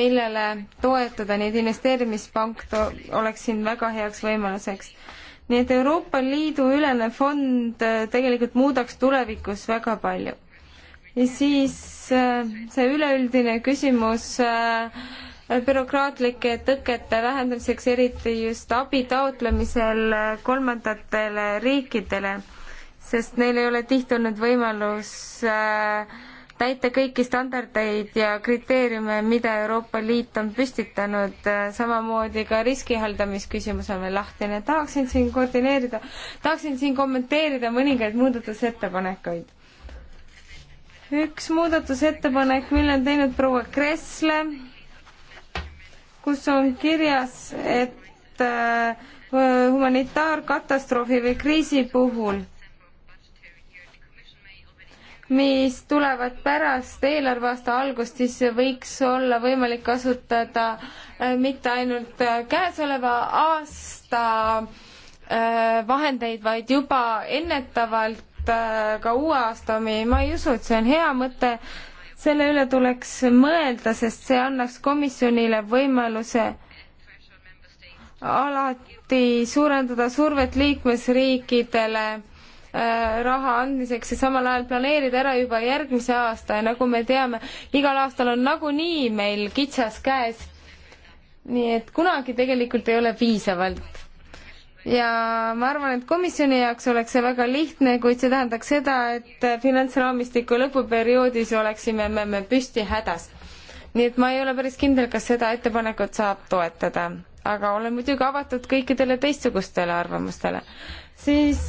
millele toetuda, nii et investeerimispank to-, oleks siin väga heaks võimaluseks. nii et Euroopa Liidu ülene fond äh, tegelikult muudaks tulevikus väga palju ja siis äh, see üleüldine küsimus äh, bürokraatlike tõkete vähendamiseks, eriti just abi taotlemisel äh, kolmandatele riikidele, sest neil ei ole tihti olnud võimalus täita kõiki standardeid ja kriteeriume, mida Euroopa Liit on püstitanud, samamoodi ka riskihaldamisküsimus on veel lahtine. tahaksin siin koordineerida, tahaksin siin kommenteerida mõningaid muudatusettepanekuid üks muudatusettepanek, mille on teinud proua Kressle, kus on kirjas, et äh, humanitaarkatastroofi või kriisi puhul, mis tulevad pärast eelarveaasta algust, siis võiks olla võimalik kasutada äh, mitte ainult äh, käesoleva aasta vahendeid, vaid juba ennetavalt Äh, ka uue aastaomi, ma ei usu, et see on hea mõte, selle üle tuleks mõelda, sest see annaks komisjonile võimaluse alati suurendada survet liikmesriikidele äh, raha andmiseks ja samal ajal planeerida ära juba järgmise aasta ja nagu me teame, igal aastal on nagunii meil kitsas käes. nii et kunagi tegelikult ei ole piisavalt ja ma arvan, et komisjoni jaoks oleks see väga lihtne, kuid see tähendaks seda, et finantsraamistiku lõpuperioodis oleksime me, me püsti hädas. nii et ma ei ole päris kindel, kas seda ettepanekut saab toetada, aga olen muidugi avatud kõikidele teistsugustele arvamustele. siis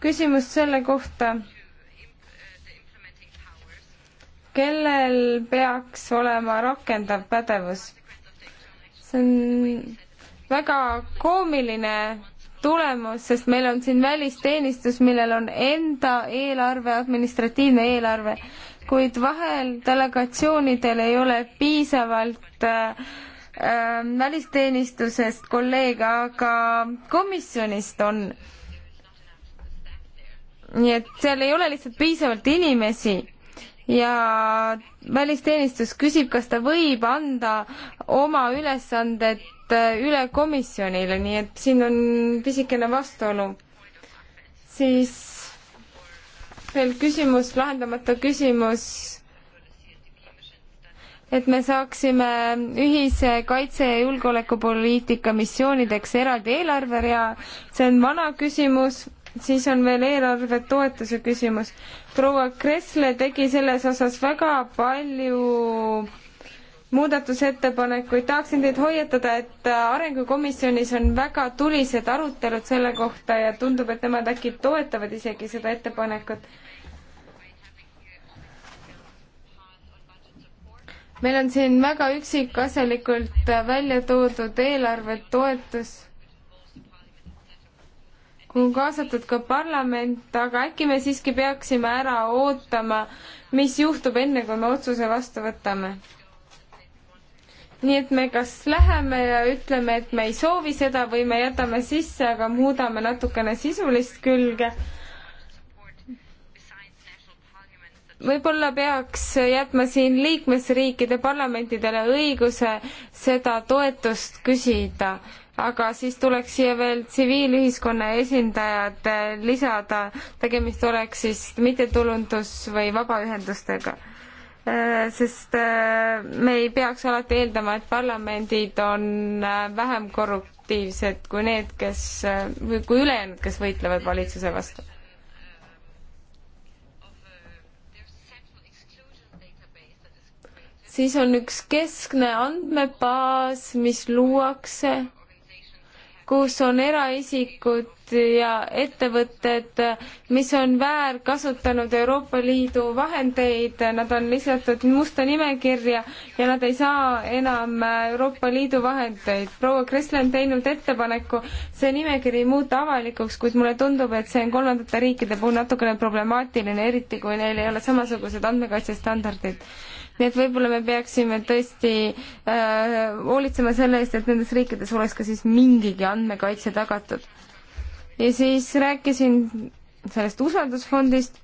küsimus selle kohta, kellel peaks olema rakendav pädevus? see on väga koomiline tulemus, sest meil on siin välisteenistus, millel on enda eelarve, administratiivne eelarve, kuid vahel delegatsioonidel ei ole piisavalt äh, äh, välisteenistusest kolleege, aga komisjonist on. nii et seal ei ole lihtsalt piisavalt inimesi ja välisteenistus küsib, kas ta võib anda oma ülesanded Äh, üle komisjonile, nii et siin on pisikene vastuolu. siis veel küsimus, lahendamata küsimus, et me saaksime ühise kaitse- ja julgeolekupoliitika missioonideks eraldi eelarverea, see on vana küsimus, siis on veel eelarve toetuse küsimus. proua Kressle tegi selles osas väga palju äh, muudatusettepanekuid, tahaksin teid hoiatada, et äh, Arengukomisjonis on väga tulised arutelud selle kohta ja tundub, et nemad äkki toetavad isegi seda ettepanekut. meil on siin väga üksikasjalikult äh, välja toodud eelarvetoetus on kaasatud ka parlament, aga äkki me siiski peaksime ära ootama, mis juhtub enne, kui me otsuse vastu võtame? nii et me kas läheme ja ütleme, et me ei soovi seda või me jätame sisse, aga muudame natukene sisulist külge. võib-olla peaks jätma siin liikmesriikide parlamentidele õiguse seda toetust küsida, aga siis tuleks siia veel tsiviilühiskonna esindajad lisada, tegemist oleks siis mittetulundus- või vabaühendustega Äh, sest äh, me ei peaks alati eeldama, et parlamendid on äh, vähem korruptiivsed kui need, kes, või kui ülejäänud, kes võitlevad valitsuse vastu. siis on üks keskne andmebaas, mis luuakse kus on eraisikud ja ettevõtted, mis on väärkasutanud Euroopa Liidu vahendeid, nad on lisatud musta nimekirja ja nad ei saa enam Euroopa Liidu vahendeid. proua Kressle on teinud ettepaneku see nimekiri muuta avalikuks, kuid mulle tundub, et see on kolmandate riikide puhul natukene problemaatiline, eriti kui neil ei ole samasugused andmekaitsestandardid nii et võib-olla me peaksime tõesti äh, hoolitsema selle eest, et nendes riikides oleks ka siis mingigi andmekaitse tagatud. ja siis rääkisin sellest usaldusfondist,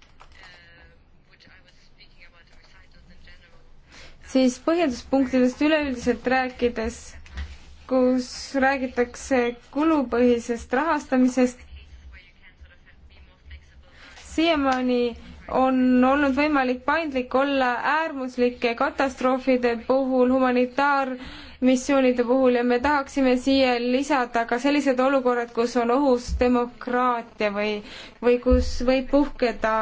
siis põhjenduspunktidest üleüldiselt rääkides, kus räägitakse kulupõhisest rahastamisest, siiamaani on olnud võimalik paindlik olla äärmuslike katastroofide puhul, humanitaarmissioonide puhul ja me tahaksime siia lisada ka sellised olukorrad, kus on ohus demokraatia või, või kus võib puhkeda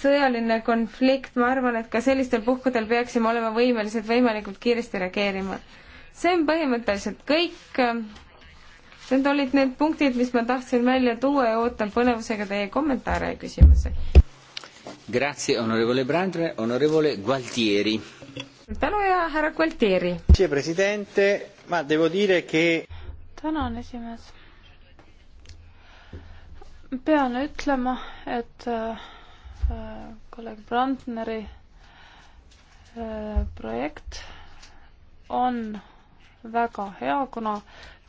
sõjaline konflikt, ma arvan, et ka sellistel puhkudel peaksime olema võimelised võimalikult kiiresti reageerima. see on põhimõtteliselt kõik. Need olid need punktid, mis ma tahtsin välja tuua ja ootan põnevusega teie kommentaare ja küsimusi. Grazie, onorevole Brandre, onorevole Gualtieri. tänu ja härra Gualtieri. tänan, esimees. pean ütlema, et äh, kolleeg Brandneri äh, projekt on väga hea, kuna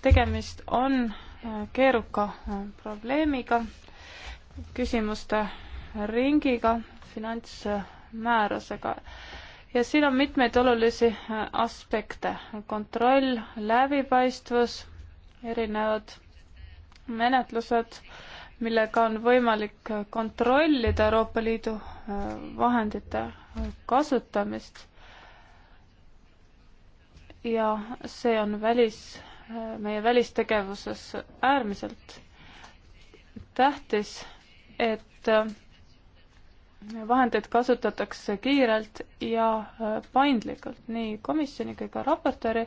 tegemist on äh, keeruka äh, probleemiga, küsimuste ringiga finantsmäärusega. ja siin on mitmeid olulisi äh, aspekte, kontroll, läbipaistvus, erinevad menetlused, millega on võimalik kontrollida Euroopa Liidu äh, vahendite äh, kasutamist. ja see on välis, meie välistegevuses äärmiselt tähtis, et vahendeid kasutatakse kiirelt ja äh, paindlikult nii komisjoni kui ka raportööri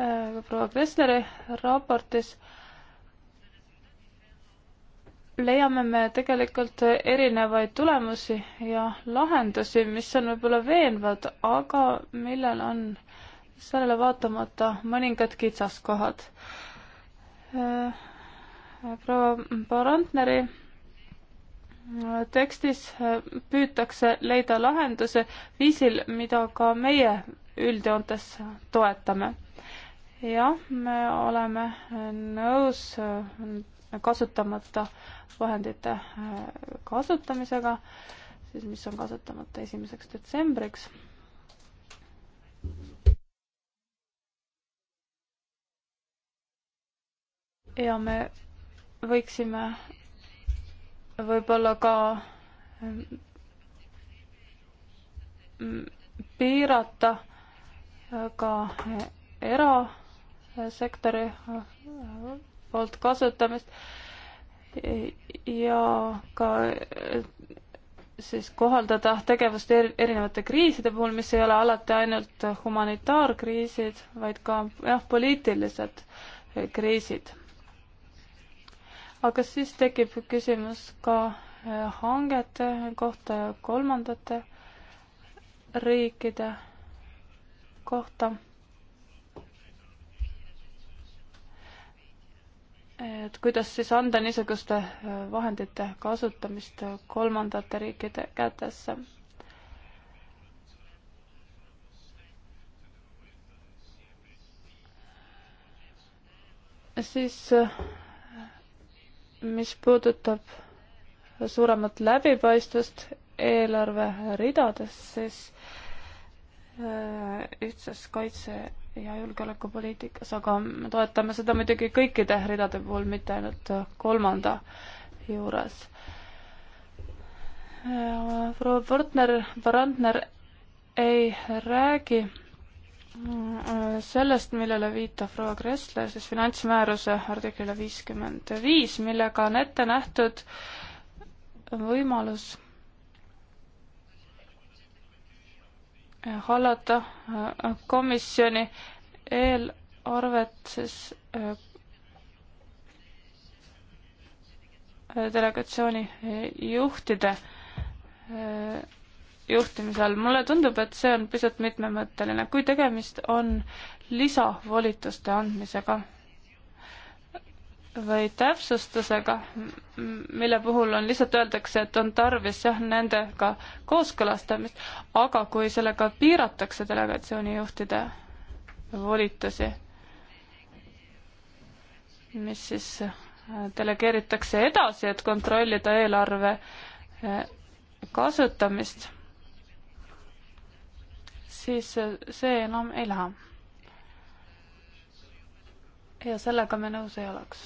äh, proua Kressleri raportis leiame me tegelikult erinevaid tulemusi ja lahendusi, mis on võib-olla veenvad, aga millel on sellele vaatamata mõningad kitsaskohad äh, proua Barantneri äh, tekstis äh, püütakse leida lahenduse viisil, mida ka meie üldjoontes toetame. jah, me oleme nõus äh, kasutamata vahendite kasutamisega, siis mis on kasutamata esimeseks detsembriks ja me võiksime võib-olla ka mm, piirata ka erasektori poolt kasutamist ja ka siis kohaldada tegevust erinevate kriiside puhul, mis ei ole alati ainult humanitaarkriisid, vaid ka jah, poliitilised kriisid aga siis tekib küsimus ka äh, hangete kohta ja kolmandate riikide kohta. et kuidas siis anda niisuguste äh, vahendite kasutamist kolmandate riikide kätesse siis äh, mis puudutab suuremat läbipaistvust eelarve ridades, siis äh, ühtses kaitse- ja julgeolekupoliitikas, aga me toetame seda muidugi kõikide ridade puhul, mitte ainult kolmanda juures. Äh, proua Portner, Brandner ei räägi Sellest, millele viitab proua Kressler, siis finantsmääruse artiklile viiskümmend viis, millega on ette nähtud võimalus hallata äh, komisjoni eelarvet siis äh, delegatsiooni juhtide äh, juhtimise all. mulle tundub, et see on pisut mitmemõtteline, kui tegemist on lisavolituste andmisega või täpsustusega, mille puhul on lihtsalt öeldakse, et on tarvis jah, nendega kooskõlastamist, aga kui sellega piiratakse delegatsioonijuhtide volitusi, mis siis äh, delegeeritakse edasi, et kontrollida eelarve äh, kasutamist siis see enam ei lähe. ja sellega me nõus ei oleks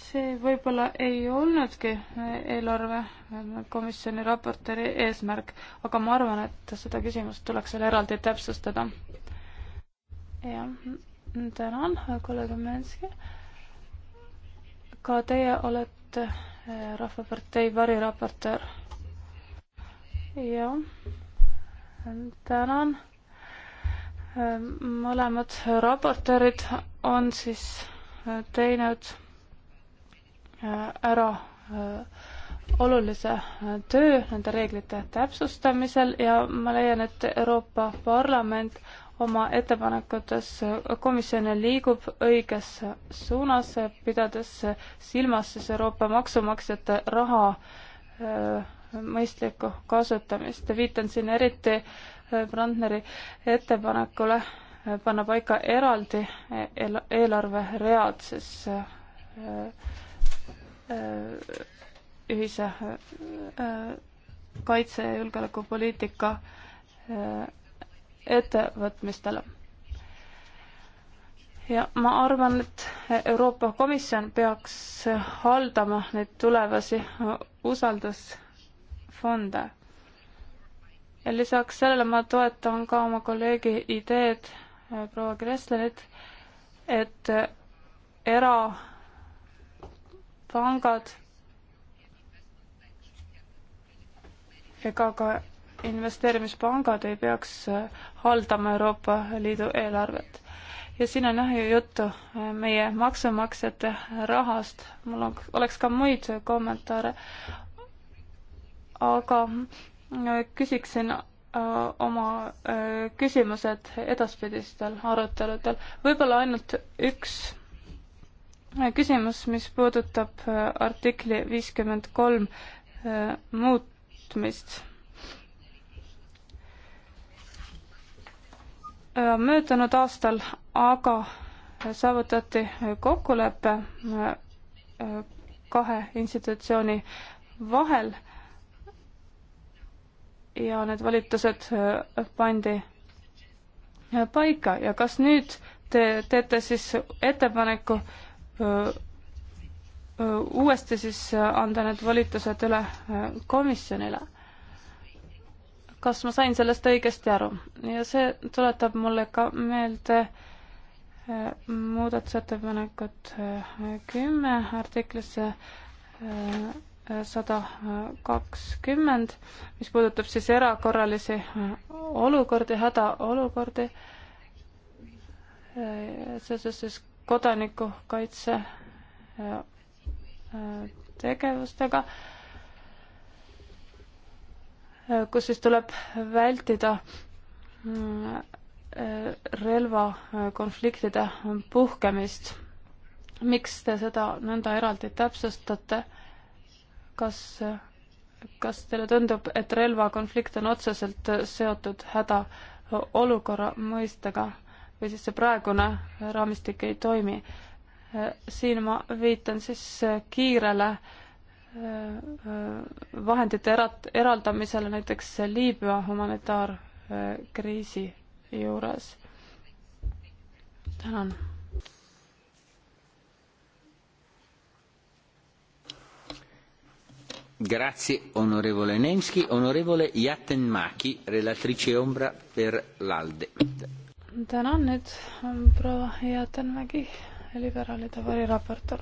see võib-olla ei olnudki eelarvekomisjoni raportööri eesmärk, aga ma arvan, et seda küsimust tuleks veel eraldi täpsustada. jah, tänan, kolleeg Omenski ka teie olete eh, Rahvapartei variraportöör. jah, tänan. Eh, mõlemad raportöörid on siis eh, teinud ära olulise töö nende reeglite täpsustamisel ja ma leian, et Euroopa Parlament oma ettepanekutes komisjon liigub õiges suunas, pidades silmas siis Euroopa maksumaksjate raha äh, mõistlikku kasutamist. viitan siin eriti äh, Brandneri ettepanekule äh, panna paika eraldi eelarveread siis ühise kaitse- ja julgeolekupoliitika ettevõtmistele. ja ma arvan, et Euroopa Komisjon peaks haldama neid tulevasi usaldusfonde. ja lisaks sellele ma toetan ka oma kolleegi ideed, äh, proua Kresslerit, et äh, erapangad ega ka investeerimispangad ei peaks äh, haldama Euroopa Liidu eelarvet. ja siin on jah ju juttu äh, meie maksumaksjate rahast, mul on, oleks ka muid kommentaare, aga äh, küsiksin oma küsimused edaspidistel aruteludel. võib-olla ainult üks küsimus, mis puudutab artikli viiskümmend kolm muutmist Äh, möödunud aastal aga saavutati kokkulepe äh, kahe institutsiooni vahel ja need volitused äh, pandi paika ja kas nüüd te teete siis ettepaneku uuesti siis anda need volitused üle komisjonile? kas ma sain sellest õigesti aru? ja see tuletab mulle ka meelde äh, muudatusettepanekut äh, kümme artiklisse äh, sada kakskümmend, mis puudutab siis erakorralisi olukordi, hädaolukordi, seoses siis kodanikukaitse tegevustega äh, kus siis tuleb vältida mm, äh, relvakonfliktide puhkemist. miks te seda nõnda eraldi täpsustate? kas, kas teile tundub, et relvakonflikt on otseselt seotud hädaolukorra mõistega või siis see praegune raamistik ei toimi? Äh, siin ma viitan siis kiirele äh, Äh, vahendite erat-, eraldamisele näiteks Liibüa humanitaarkriisi juures. tänan. Grazie onorevole Nemski, onorevole Jatenmaki, relatrice ombra per l'Alde. tänan, nüüd on proua Jatenmägi, liberaalide variraportor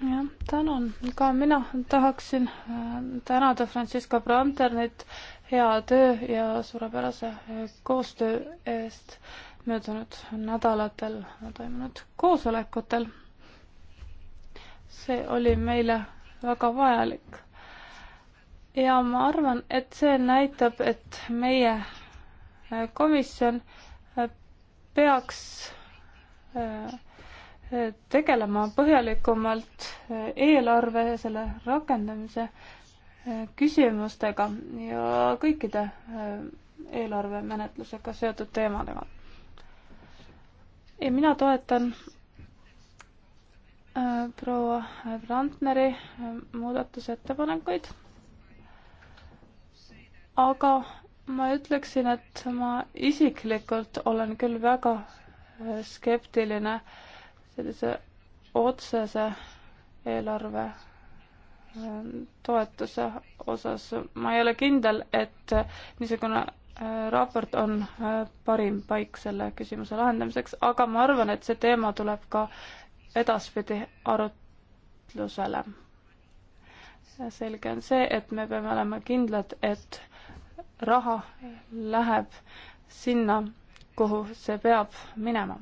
jah, tänan. ka mina tahaksin äh, tänada Francisco Brandernit hea töö ja suurepärase äh, koostöö eest möödunud nädalatel toimunud koosolekutel. see oli meile väga vajalik. ja ma arvan, et see näitab, et meie äh, komisjon peaks äh, tegelema põhjalikumalt eelarve ja selle rakendamise küsimustega ja kõikide äh, eelarvemenetlusega seotud teemadega. ja mina toetan äh, proua Brandneri äh, muudatusettepanekuid. aga ma ütleksin, et ma isiklikult olen küll väga skeptiline äh, sellise otsese eelarve ähm, toetuse osas ma ei ole kindel, et niisugune äh, raport on äh, parim paik selle küsimuse lahendamiseks, aga ma arvan, et see teema tuleb ka edaspidi arutlusele. selge on see, et me peame olema kindlad, et raha läheb sinna, kuhu see peab minema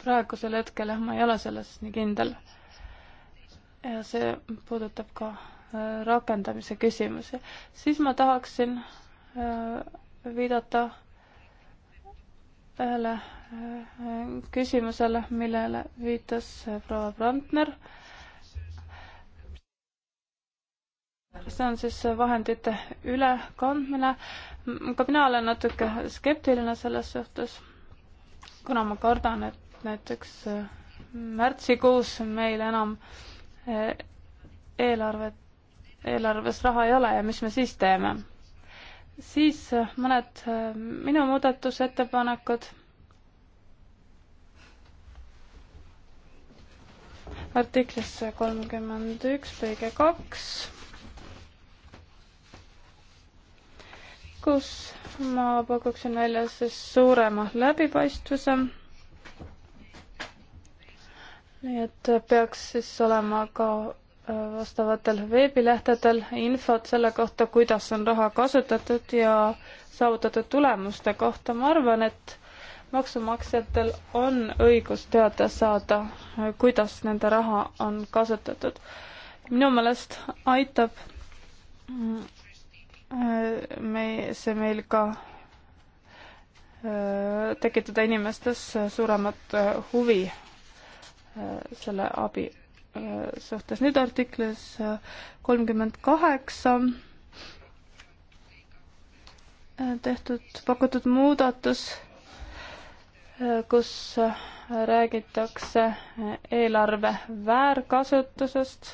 praegusel hetkel jah, ma ei ole selles nii kindel. ja see puudutab ka äh, rakendamise küsimusi. siis ma tahaksin äh, viidata ühele äh, küsimusele, millele viitas proua Brandner. see on siis vahendite ülekandmine. ka mina olen natuke skeptiline selles suhtes, kuna ma kardan, et näiteks äh, märtsikuus meil enam äh, eelarvet, eelarves raha ei ole ja mis me siis teeme? siis äh, mõned minu muudatusettepanekud. artiklisse kolmkümmend üks lõige kaks, kus ma pakuksin välja siis suurema läbipaistvuse nii et peaks siis olema ka äh, vastavatel veebilehtedel infot selle kohta, kuidas on raha kasutatud ja saavutatud tulemuste kohta. ma arvan, et maksumaksjatel on õigus teada saada, äh, kuidas nende raha on kasutatud. minu meelest aitab mm, äh, me, see meil ka tekitada inimestes suuremat huvi Äh, selle abi äh, suhtes. nüüd artiklis äh, kolmkümmend kaheksa tehtud, pakutud muudatus, kus räägitakse eelarve väärkasutusest.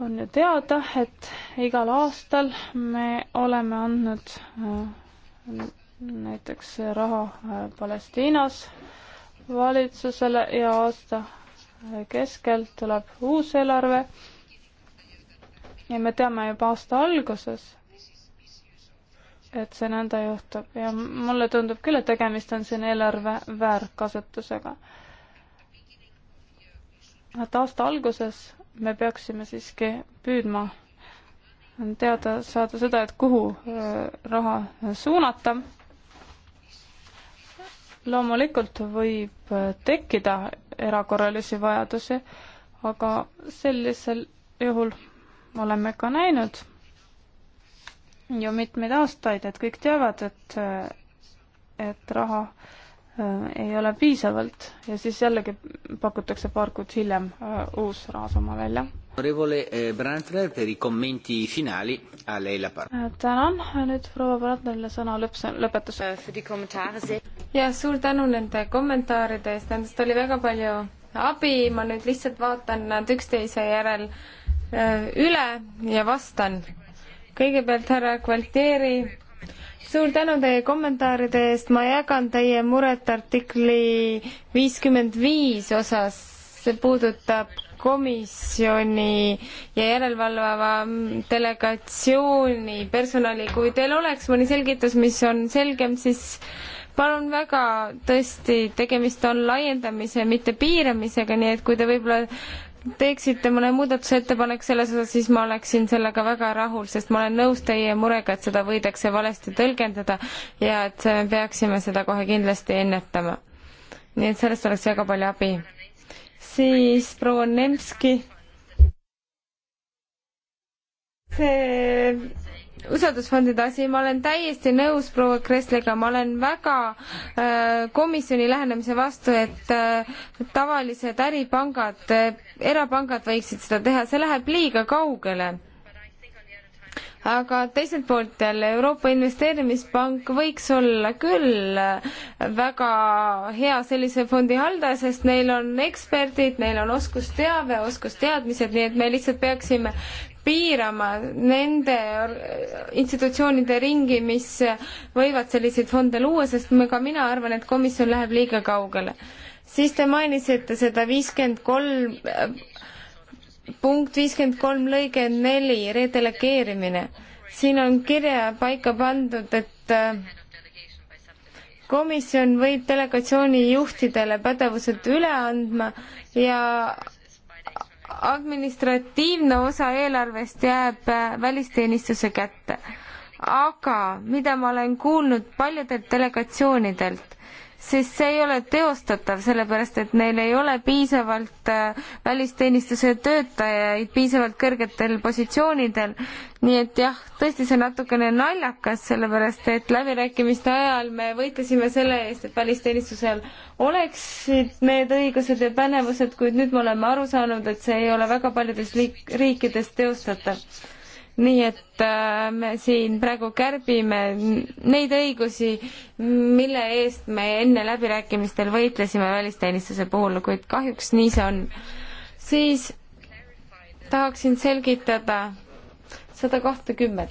on ju teada, et igal aastal me oleme andnud näiteks raha Palestiinas valitsusele ja aasta keskel tuleb uus eelarve. ja me teame juba aasta alguses, et see nõnda juhtub ja mulle tundub küll, et tegemist on siin eelarve väärkasutusega. et aasta alguses me peaksime siiski püüdma teada saada seda, et kuhu äh, raha suunata loomulikult võib tekkida erakorralisi vajadusi, aga sellisel juhul oleme ka näinud ju mitmeid aastaid, et kõik teavad, et, et raha äh, ei ole piisavalt ja siis jällegi pakutakse paar kuud hiljem äh, uus rahasumma välja Onorevole eh, Brandner, per i commenti finali, a lei la parola. Eh, tänan, nüüd proua Brandnerile sõna lõps, lõpetuseks. Eh, ja suur tänu nende kommentaaride eest, nendest oli väga palju abi, ma nüüd lihtsalt vaatan nad üksteise järel üle ja vastan. kõigepealt härra Kvalteeri, suur tänu teie kommentaaride eest, ma jagan teie muret artikli viiskümmend viis osas, see puudutab komisjoni ja järelevalvava delegatsiooni personali, kui teil oleks mõni selgitus, mis on selgem, siis palun väga, tõesti, tegemist on laiendamise, mitte piiramisega, nii et kui te võib-olla teeksite mõne muudatusettepanek selles osas, siis ma oleksin sellega väga rahul, sest ma olen nõus teie murega, et seda võidakse valesti tõlgendada ja et me peaksime seda kohe kindlasti ennetama. nii et sellest oleks väga palju abi siis proua Nemski. see usaldusfondide asi, ma olen täiesti nõus proua Kressliga, ma olen väga äh, komisjoni lähenemise vastu, et äh, tavalised äripangad äh,, erapangad võiksid seda teha, see läheb liiga kaugele aga teiselt poolt jälle Euroopa Investeerimispank võiks olla küll väga hea sellise fondi haldaja, sest neil on eksperdid, neil on oskusteave, oskusteadmised, nii et me lihtsalt peaksime piirama nende institutsioonide ringi, mis võivad selliseid fonde luua, sest ka mina arvan, et komisjon läheb liiga kaugele. siis te mainisite seda viiskümmend kolm punkt viiskümmend kolm lõige neli, redelegeerimine. siin on kirja paika pandud, et äh, komisjon võib delegatsiooni juhtidele pädevused üle andma ja administratiivne osa eelarvest jääb äh, välisteenistuse kätte. aga mida ma olen kuulnud paljudelt delegatsioonidelt, siis see ei ole teostatav, sellepärast et neil ei ole piisavalt äh, välisteenistuse töötajaid piisavalt kõrgetel positsioonidel. nii et jah, tõesti see natukene naljakas, sellepärast et läbirääkimiste ajal me võitlesime selle eest, et välisteenistusel oleksid need õigused ja pädevused, kuid nüüd me oleme aru saanud, et see ei ole väga paljudes liik-, riikides teostatav nii et äh, me siin praegu kärbime neid õigusi, mille eest me enne läbirääkimistel võitlesime välisteenistuse puhul, kuid kahjuks nii see on. siis tahaksin selgitada sada kahtekümmet.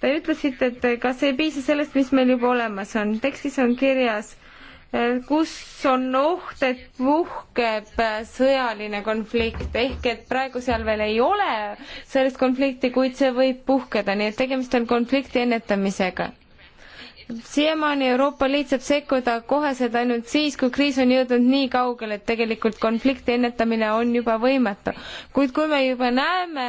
Te ütlesite, et kas ei piisa sellest, mis meil juba olemas on, tekstis on kirjas Eh, kus on oht, et puhkeb eh, sõjaline konflikt, ehk et praegu seal veel ei ole sellist konflikti, kuid see võib puhkeda, nii et tegemist on konflikti ennetamisega siiamaani Euroopa Liit saab sekkuda koheselt ainult siis, kui kriis on jõudnud nii kaugele, et tegelikult konflikti ennetamine on juba võimatu. kuid kui me juba näeme,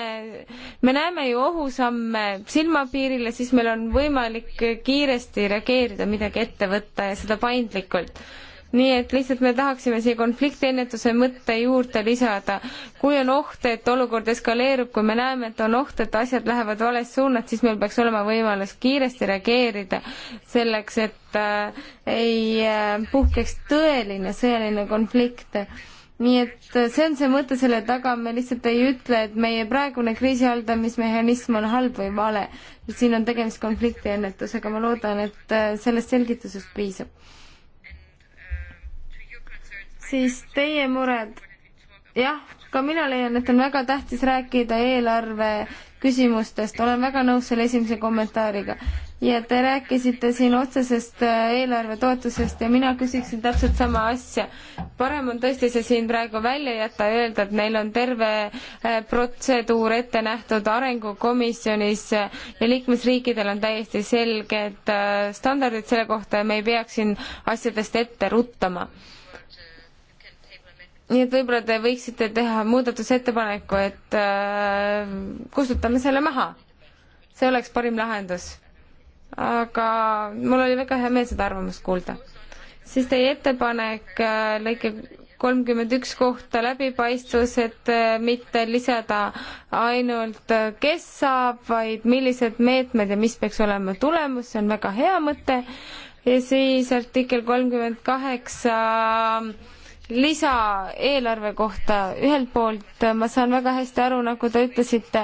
me näeme ju ohusamme silmapiirile, siis meil on võimalik kiiresti reageerida, midagi ette võtta ja seda paindlikult nii et lihtsalt me tahaksime siia konfliktiennetuse mõtte juurde lisada. kui on oht, et olukord eskaleerub, kui me näeme, et on oht, et asjad lähevad vales suunas, siis meil peaks olema võimalus kiiresti reageerida selleks, et äh, ei äh, puhkeks tõeline sõjaline konflikt nii et äh, see on see mõte selle taga, me lihtsalt ei ütle, et meie praegune kriisihaldamismehhanism on halb või vale. siin on tegemist konfliktiennetusega, ma loodan, et äh, sellest selgitusest piisab siis teie mured? jah, ka mina leian, et on väga tähtis rääkida eelarve küsimustest, olen väga nõus selle esimese kommentaariga. ja te rääkisite siin otsesest äh, eelarve toetusest ja mina küsiksin täpselt sama asja. parem on tõesti see siin praegu välja jätta ja öelda, et neil on terve äh, protseduur ette nähtud arengukomisjonis ja liikmesriikidel on täiesti selged äh, standardid selle kohta ja me ei peaks siin asjadest ette ruttama nii et võib-olla te võiksite teha muudatusettepaneku, et äh, kustutame selle maha. see oleks parim lahendus. aga mul oli väga hea meel seda arvamust kuulda. siis teie ettepanek äh, lõike kolmkümmend üks kohta läbipaistvus, et äh, mitte lisada ainult äh, kes saab, vaid millised meetmed ja mis peaks olema tulemus, see on väga hea mõte. ja siis artikkel kolmkümmend kaheksa äh, lisaeelarve kohta, ühelt poolt ma saan väga hästi aru, nagu te ütlesite,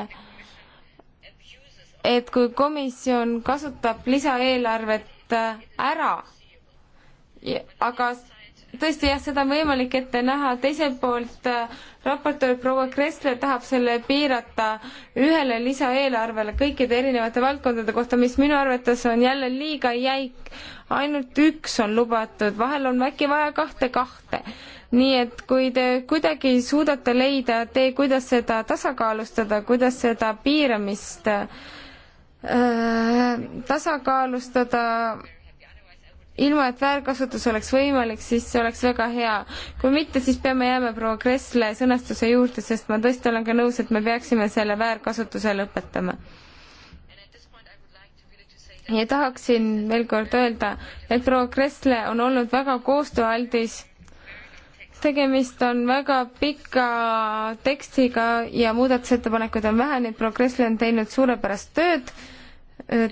et kui komisjon kasutab lisaeelarvet ära, aga tõesti jah, seda on võimalik ette näha, teiselt poolt äh, raportöör proua Kressler tahab selle piirata ühele lisaeelarvele kõikide erinevate valdkondade kohta, mis minu arvates on jälle liiga jäik. ainult üks on lubatud, vahel on äkki vaja kahte kahte. nii et kui te kuidagi suudate leida tee, kuidas seda tasakaalustada, kuidas seda piiramist öö, äh, tasakaalustada ilma, et väärkasutus oleks võimalik, siis see oleks väga hea. kui mitte, siis peame jääma proua Kressle sõnastuse juurde, sest ma tõesti olen ka nõus, et me peaksime selle väärkasutuse lõpetama. ja tahaksin veel kord öelda, et proua Kressle on olnud väga koostööaldis tegemist on väga pika tekstiga ja muudatusettepanekud on vähe, nii et Progressle on teinud suurepärast tööd.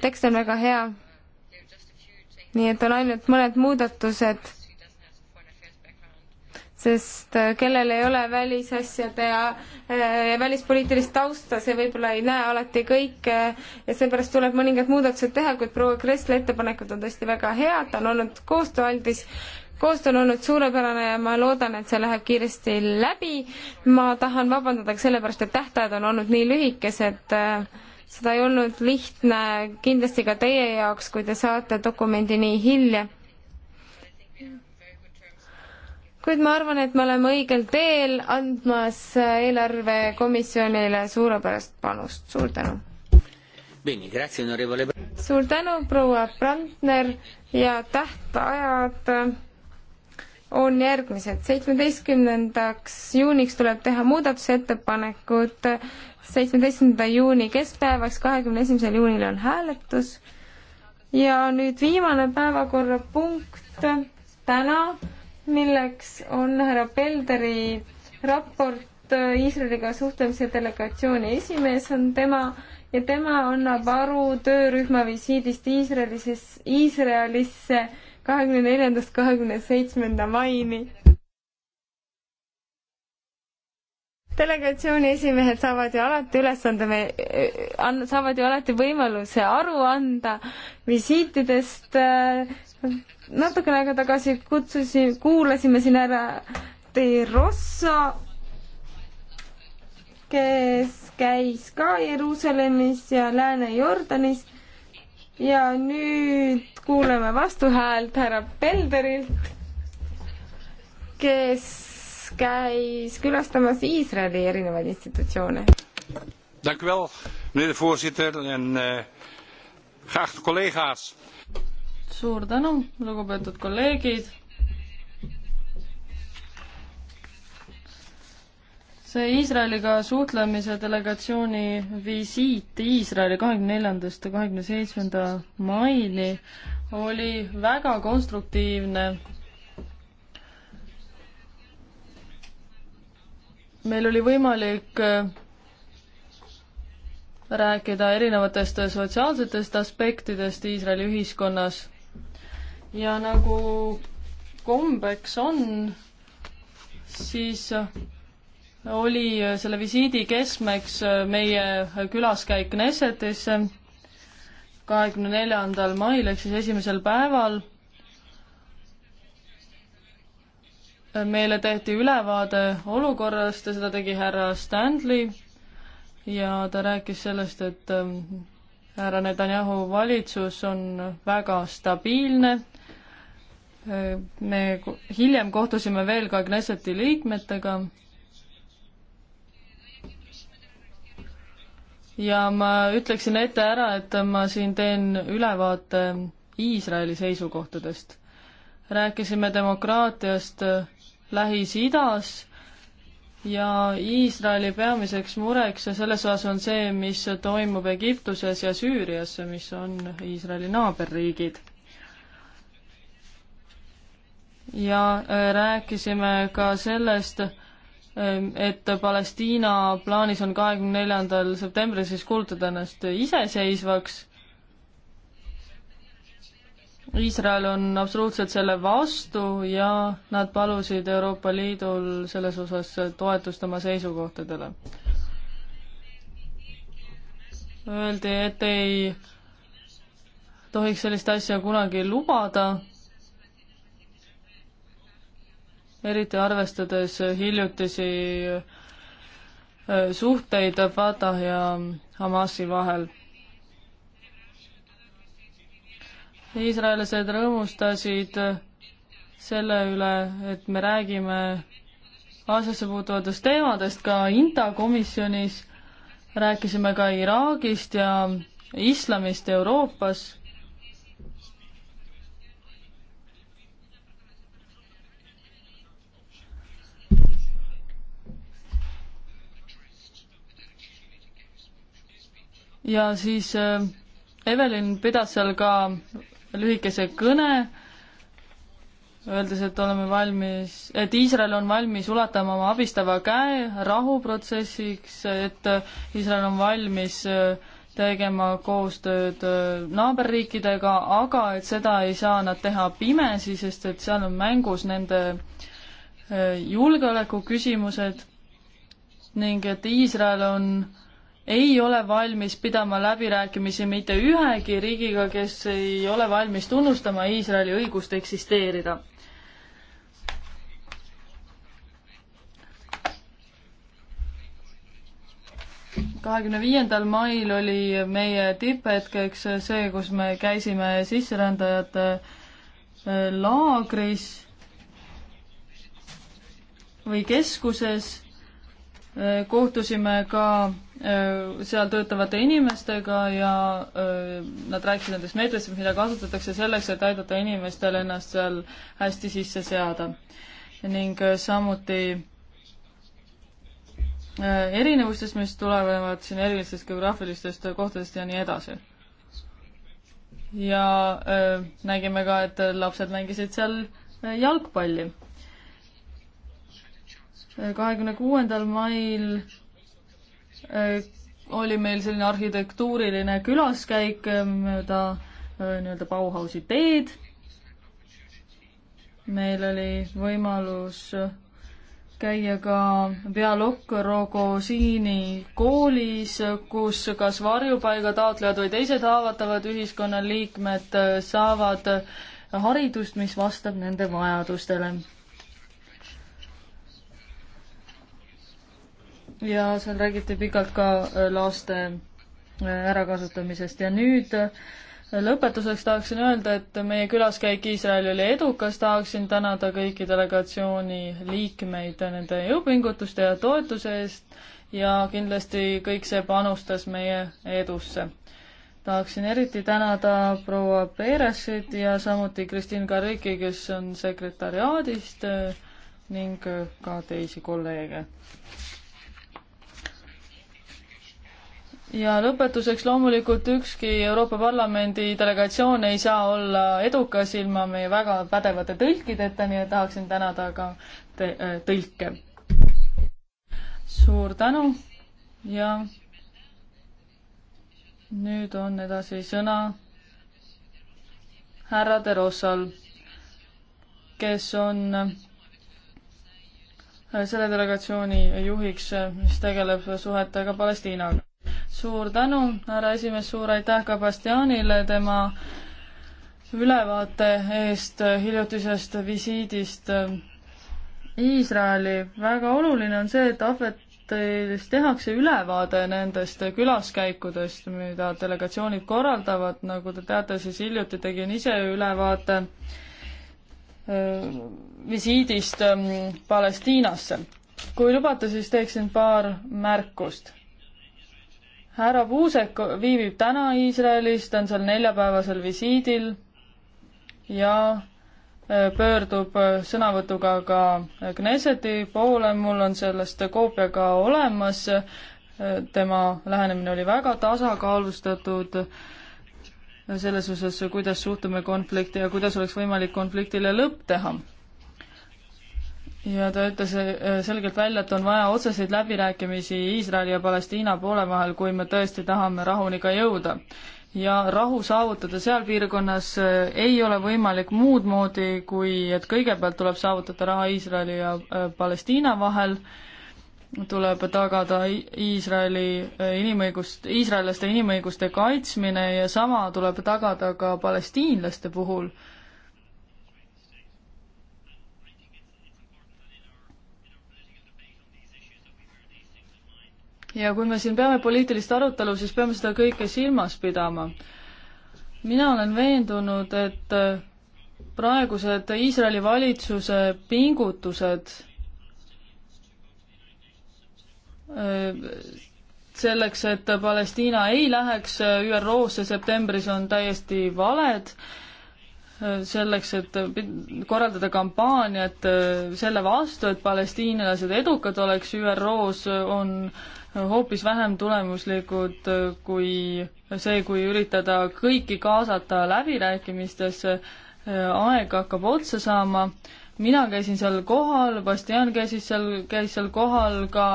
tekst on väga hea nii et on ainult mõned muudatused, sest äh, kellel ei ole välisasjade ja äh, välispoliitilist tausta, see võib-olla ei näe alati kõike ja seepärast tuleb mõningad muudatused teha, kuid proua Kressle ettepanekud on tõesti väga head, ta on olnud koostööaldis koostöö on olnud suurepärane ja ma loodan, et see läheb kiiresti läbi. ma tahan vabandada ka sellepärast, et tähtajad on olnud nii lühikesed äh, seda ei olnud lihtne kindlasti ka teie jaoks, kui te saate dokumendi nii hilja. kuid ma arvan, et me oleme õigel teel, andmas eelarvekomisjonile suurepärast panust, suur tänu! suur tänu, proua Brandner ja tähtajad on järgmised. seitsmeteistkümnendaks juuniks tuleb teha muudatusettepanekud seitsmeteistkümnenda juuni keskpäevaks, kahekümne esimesel juunil on hääletus. ja nüüd viimane päevakorrapunkt täna, milleks on härra Pelderi raport Iisraeliga suhtlemise delegatsiooni esimees on tema ja tema annab aru töörühma visiidist Iisraelis, Iisraelisse kahekümne neljandast kahekümne seitsmenda maini delegatsiooni esimehed saavad ju alati ülesande, eh, saavad ju alati võimaluse aru anda visiitidest. Eh, natukene aega tagasi kutsusin, kuulasime siin ära De Rossa, kes käis ka Jeruusalemmis ja Lääne-Jordanis ja nüüd kuuleme vastuhäält härra Pelderilt, kes käis külastamas Iisraeli erinevaid institutsioone. Eh, suur tänu, lugupeetud kolleegid. see Iisraeliga suhtlemise delegatsiooni visiit Iisraeli kahekümne neljandast ja kahekümne seitsmenda maini oli väga konstruktiivne meil oli võimalik äh, rääkida erinevatest sotsiaalsetest aspektidest Iisraeli ühiskonnas ja nagu kombeks on, siis oli selle visiidi keskmeks meie külaskäik Nessetisse kahekümne neljandal mail ehk siis esimesel päeval meile tehti ülevaade olukorrast ja seda tegi härra Stanley ja ta rääkis sellest, et ähm, härra Netanyahu valitsus on väga stabiilne. Äh, me hiljem kohtusime veel ka Knesseti liikmetega. ja ma ütleksin ette ära, et ma siin teen ülevaate Iisraeli seisukohtadest. rääkisime demokraatiast Lähis-Idas ja Iisraeli peamiseks mureks ja selles osas on see, mis toimub Egiptuses ja Süürias, mis on Iisraeli naaberriigid. ja äh, rääkisime ka sellest, ähm, et Palestiina plaanis on kahekümne neljandal septembril siis kuulutada ennast iseseisvaks Iisrael on absoluutselt selle vastu ja nad palusid Euroopa Liidul selles osas toetust oma seisukohtadele. Öeldi, et ei tohiks sellist asja kunagi lubada, eriti arvestades hiljutisi äh, suhteid Fatah ja Hamasi vahel iisraellased rõõmustasid selle üle, et me räägime asjasse puutuvatest teemadest ka INTA komisjonis, rääkisime ka Iraagist ja islamist Euroopas. ja siis äh, Evelyn pidas seal ka lühikese kõne, öeldes, et oleme valmis, et Iisrael on valmis ulatama oma abistava käe rahuprotsessiks, et Iisrael on valmis äh, tegema koostööd äh, naaberriikidega, aga et seda ei saa nad teha pimesi, sest et seal on mängus nende äh, julgeolekuküsimused ning et Iisrael on äh, ei ole valmis pidama läbirääkimisi mitte ühegi riigiga, kes ei ole valmis tunnustama Iisraeli õigust eksisteerida. kahekümne viiendal mail oli meie tipphetkeks see, kus me käisime sisserändajate äh, laagris või keskuses, äh, kohtusime ka Äh, seal töötavate inimestega ja öö, äh, nad rääkisid nendest meetoditest, mida kasutatakse selleks, et aidata inimestel ennast seal hästi sisse seada. ning äh, samuti erinevustest, mis tulenevad siin erilistest geograafilistest kohtadest ja nii edasi. ja öö, nägime ka, et lapsed mängisid seal jalgpalli. kahekümne kuuendal mail oli meil selline arhitektuuriline külaskäik ähm, mööda äh, nii-öelda Bauhausi teed. meil oli võimalus äh, käia ka Bialokk-Rogozini koolis, äh, kus kas varjupaiga taotlejad või teised haavatavad ühiskonnaliikmed saavad haridust, mis vastab nende vajadustele ja seal räägiti pikalt ka äh, laste äh, ärakasutamisest ja nüüd äh, lõpetuseks tahaksin öelda, et meie külaskäik Iisraeli oli edukas, tahaksin tänada kõiki delegatsiooni liikmeid nende jõupingutuste ja toetuse eest ja kindlasti kõik see panustas meie edusse tahaksin eriti tänada proua Peeresit ja samuti Kristiin Kariki, kes on sekretariaadist ning ka teisi kolleege. ja lõpetuseks loomulikult ükski Euroopa Parlamendi delegatsioon ei saa olla edukas ilma meie väga pädevate tõlkideta, nii et tahaksin tänada ka te, äh, tõlke. suur tänu ja nüüd on edasi sõna härra De Rossal, kes on äh, selle delegatsiooni juhiks, mis tegeleb suhetega Palestiinaga suur tänu, härra esimees, suur aitäh ka Bastianile tema ülevaate eest hiljutisest visiidist äh, Iisraeli. väga oluline on see, et ahvetis tehakse ülevaade nendest külaskäikudest, mida delegatsioonid korraldavad, nagu te teate, siis hiljuti tegin ise ülevaate äh, visiidist ähm, Palestiinasse. kui lubate, siis teeksin paar märkust härra Puusek viibib täna Iisraelis, ta on seal neljapäevasel visiidil ja äh, pöördub äh, sõnavõtuga ka Knesseti poole, mul on sellest koopia ka olemas, äh, tema lähenemine oli väga tasakaalustatud selles osas, kuidas suhtume konflikti ja kuidas oleks võimalik konfliktile lõpp teha ja ta ütles äh, selgelt välja, et on vaja otseseid läbirääkimisi Iisraeli ja Palestiina poole vahel, kui me tõesti tahame rahuni ka jõuda. ja rahu saavutada seal piirkonnas äh, ei ole võimalik muud moodi, kui et kõigepealt tuleb saavutada raha Iisraeli ja äh, Palestiina vahel, tuleb tagada Iisraeli inimõigust, iisraellaste inimõiguste kaitsmine ja sama tuleb tagada ka palestiinlaste puhul ja kui me siin peame poliitilist arutelu, siis peame seda kõike silmas pidama. mina olen veendunud, et praegused Iisraeli valitsuse pingutused äh, selleks, et Palestiina ei läheks ÜRO-sse septembris, on täiesti valed. Äh, selleks, et korraldada kampaaniat äh, selle vastu, et palestiinlased edukad oleks ÜRO-s, on hoopis vähem tulemuslikud äh, kui see, kui üritada kõiki kaasata läbirääkimistesse. Äh, aeg hakkab otsa saama. mina käisin seal kohal, Bastian käis seal, käis seal kohal, ka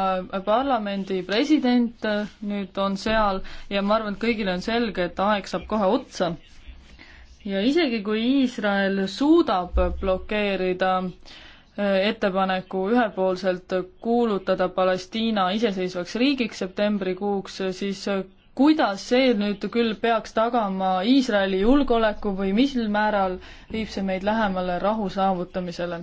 parlamendi president äh, nüüd on seal ja ma arvan, et kõigile on selge, et aeg saab kohe otsa. ja isegi, kui Iisrael suudab blokeerida äh, Äh, ettepaneku ühepoolselt kuulutada Palestiina iseseisvaks riigiks septembrikuuks, siis äh, kuidas see nüüd küll peaks tagama Iisraeli julgeoleku või mis määral viib see meid lähemale rahu saavutamisele?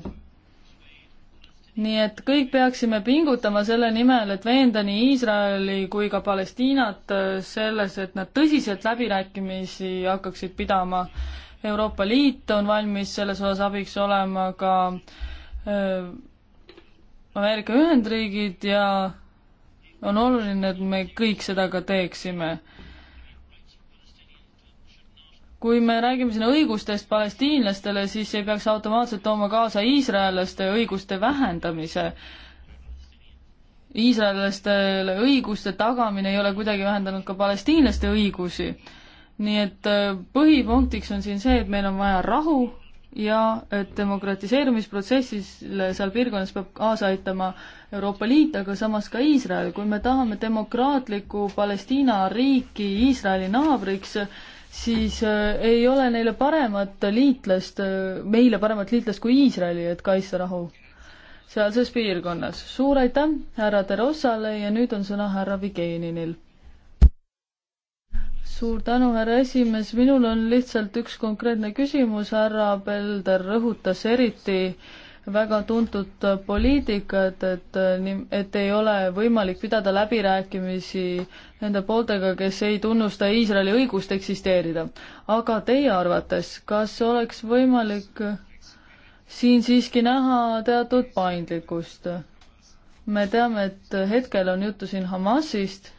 nii et kõik peaksime pingutama selle nimel, et veenda nii Iisraeli kui ka Palestiinat äh, selles, et nad tõsiselt läbirääkimisi hakkaksid pidama. Euroopa Liit on valmis selles osas abiks olema ka äh, Äh, Ameerika Ühendriigid ja on oluline, et me kõik seda ka teeksime. kui me räägime siin õigustest palestiinlastele, siis ei peaks automaatselt tooma kaasa iisraellaste õiguste vähendamise. iisraellastele õiguste tagamine ei ole kuidagi vähendanud ka palestiinlaste õigusi. nii et äh, põhipunktiks on siin see, et meil on vaja rahu ja et demokratiseerumisprotsessile seal piirkonnas peab kaasa aitama Euroopa Liit, aga samas ka Iisrael. kui me tahame demokraatlikku Palestiina riiki Iisraeli naabriks, siis äh, ei ole neile paremat liitlast, äh, meile paremat liitlast kui Iisraeli, et kaitsta rahu sealses piirkonnas. suur aitäh härra Terossale ja nüüd on sõna härra Vigeninil suur tänu, härra esimees, minul on lihtsalt üks konkreetne küsimus, härra Pelder rõhutas eriti väga tuntud poliitikat, et, et ei ole võimalik pidada läbirääkimisi nende pooltega, kes ei tunnusta Iisraeli õigust eksisteerida. aga teie arvates, kas oleks võimalik siin siiski näha teatud paindlikkust? me teame, et hetkel on juttu siin Hamasist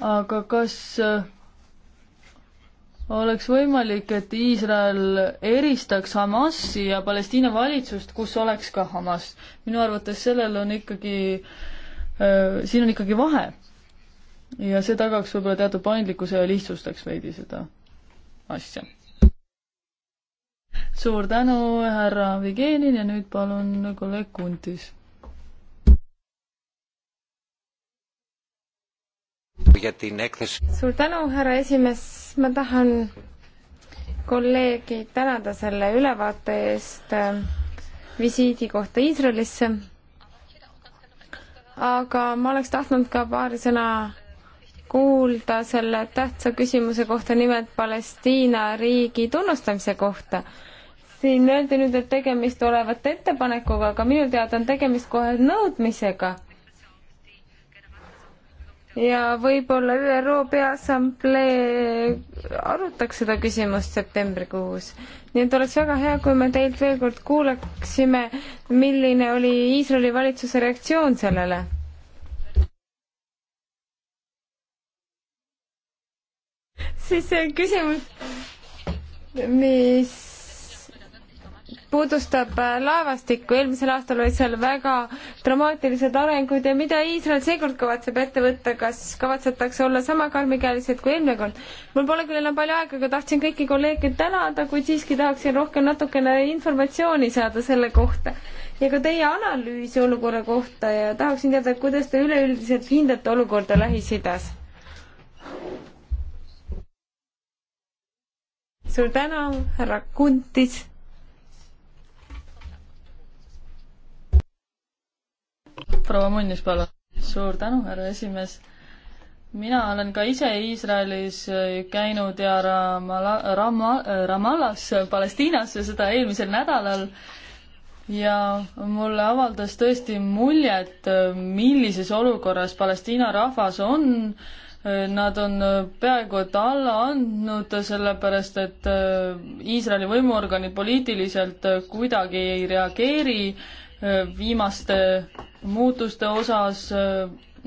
aga kas äh, oleks võimalik, et Iisrael eristaks Hamasi ja Palestiina valitsust, kus oleks ka Hamas. minu arvates sellel on ikkagi, äh, siin on ikkagi vahe. ja see tagaks võib-olla teatud paindlikkuse ja lihtsustaks veidi seda asja. suur tänu, härra Vigenin ja nüüd palun kolleeg Kuntis suur tänu, härra esimees, ma tahan kolleegi tänada selle ülevaate eest äh, visiidi kohta Iisraelisse. aga ma oleks tahtnud ka paari sõna kuulda selle tähtsa küsimuse kohta, nimelt Palestiina riigi tunnustamise kohta. siin öeldi nüüd, et tegemist olevat ettepanekuga, aga minu teada on tegemist kohe nõudmisega ja võib-olla ÜRO Peaassamblee arutaks seda küsimust septembrikuus. nii et oleks väga hea, kui me teilt veel kord kuulaksime, milline oli Iisraeli valitsuse reaktsioon sellele. siis see küsimus, mis puudustab äh, laevastikku, eelmisel aastal olid seal väga dramaatilised arengud ja mida Iisrael seekord kavatseb ette võtta, kas kavatsetakse olla sama karmikäelised kui eelmine kord? mul pole küll enam palju aega, aga tahtsin kõiki kolleege tänada, kuid siiski tahaksin rohkem natukene informatsiooni saada selle kohta ja ka teie analüüsi olukorra kohta ja tahaksin teada, kuidas te üleüldiselt hindate olukorda Lähis-Idas? suur tänu, härra Kuntis proua Munnis, palun. suur tänu, härra esimees. mina olen ka ise Iisraelis äh, käinud ja Ramala-, Rama-, äh, Ramallas, äh, Palestiinas ja seda eelmisel nädalal ja mulle avaldas tõesti muljet, millises olukorras Palestiina rahvas on. Nad on peaaegu et alla andnud, sellepärast et Iisraeli võimuorganid poliitiliselt kuidagi ei reageeri viimaste muutuste osas,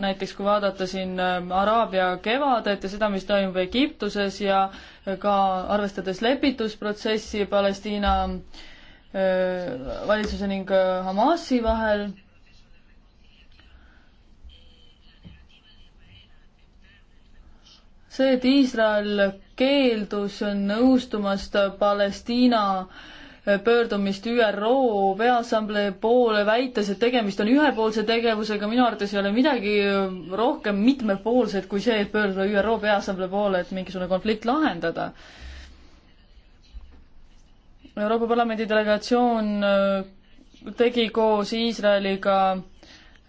näiteks kui vaadata siin ähm, Araabia kevadet ja seda, mis toimub Egiptuses ja ka arvestades lepitusprotsessi Palestiina äh, valitsuse ning äh, Hamasi vahel see, et Iisrael keeldus nõustumast Palestiina pöördumist ÜRO Peaassamblee poole, väites, et tegemist on ühepoolse tegevusega, minu arvates ei ole midagi rohkem mitmepoolset kui see, et pöörduda ÜRO Peaassamblee poole, et mingisugune konflikt lahendada. Euroopa Parlamendi delegatsioon äh, tegi koos Iisraeliga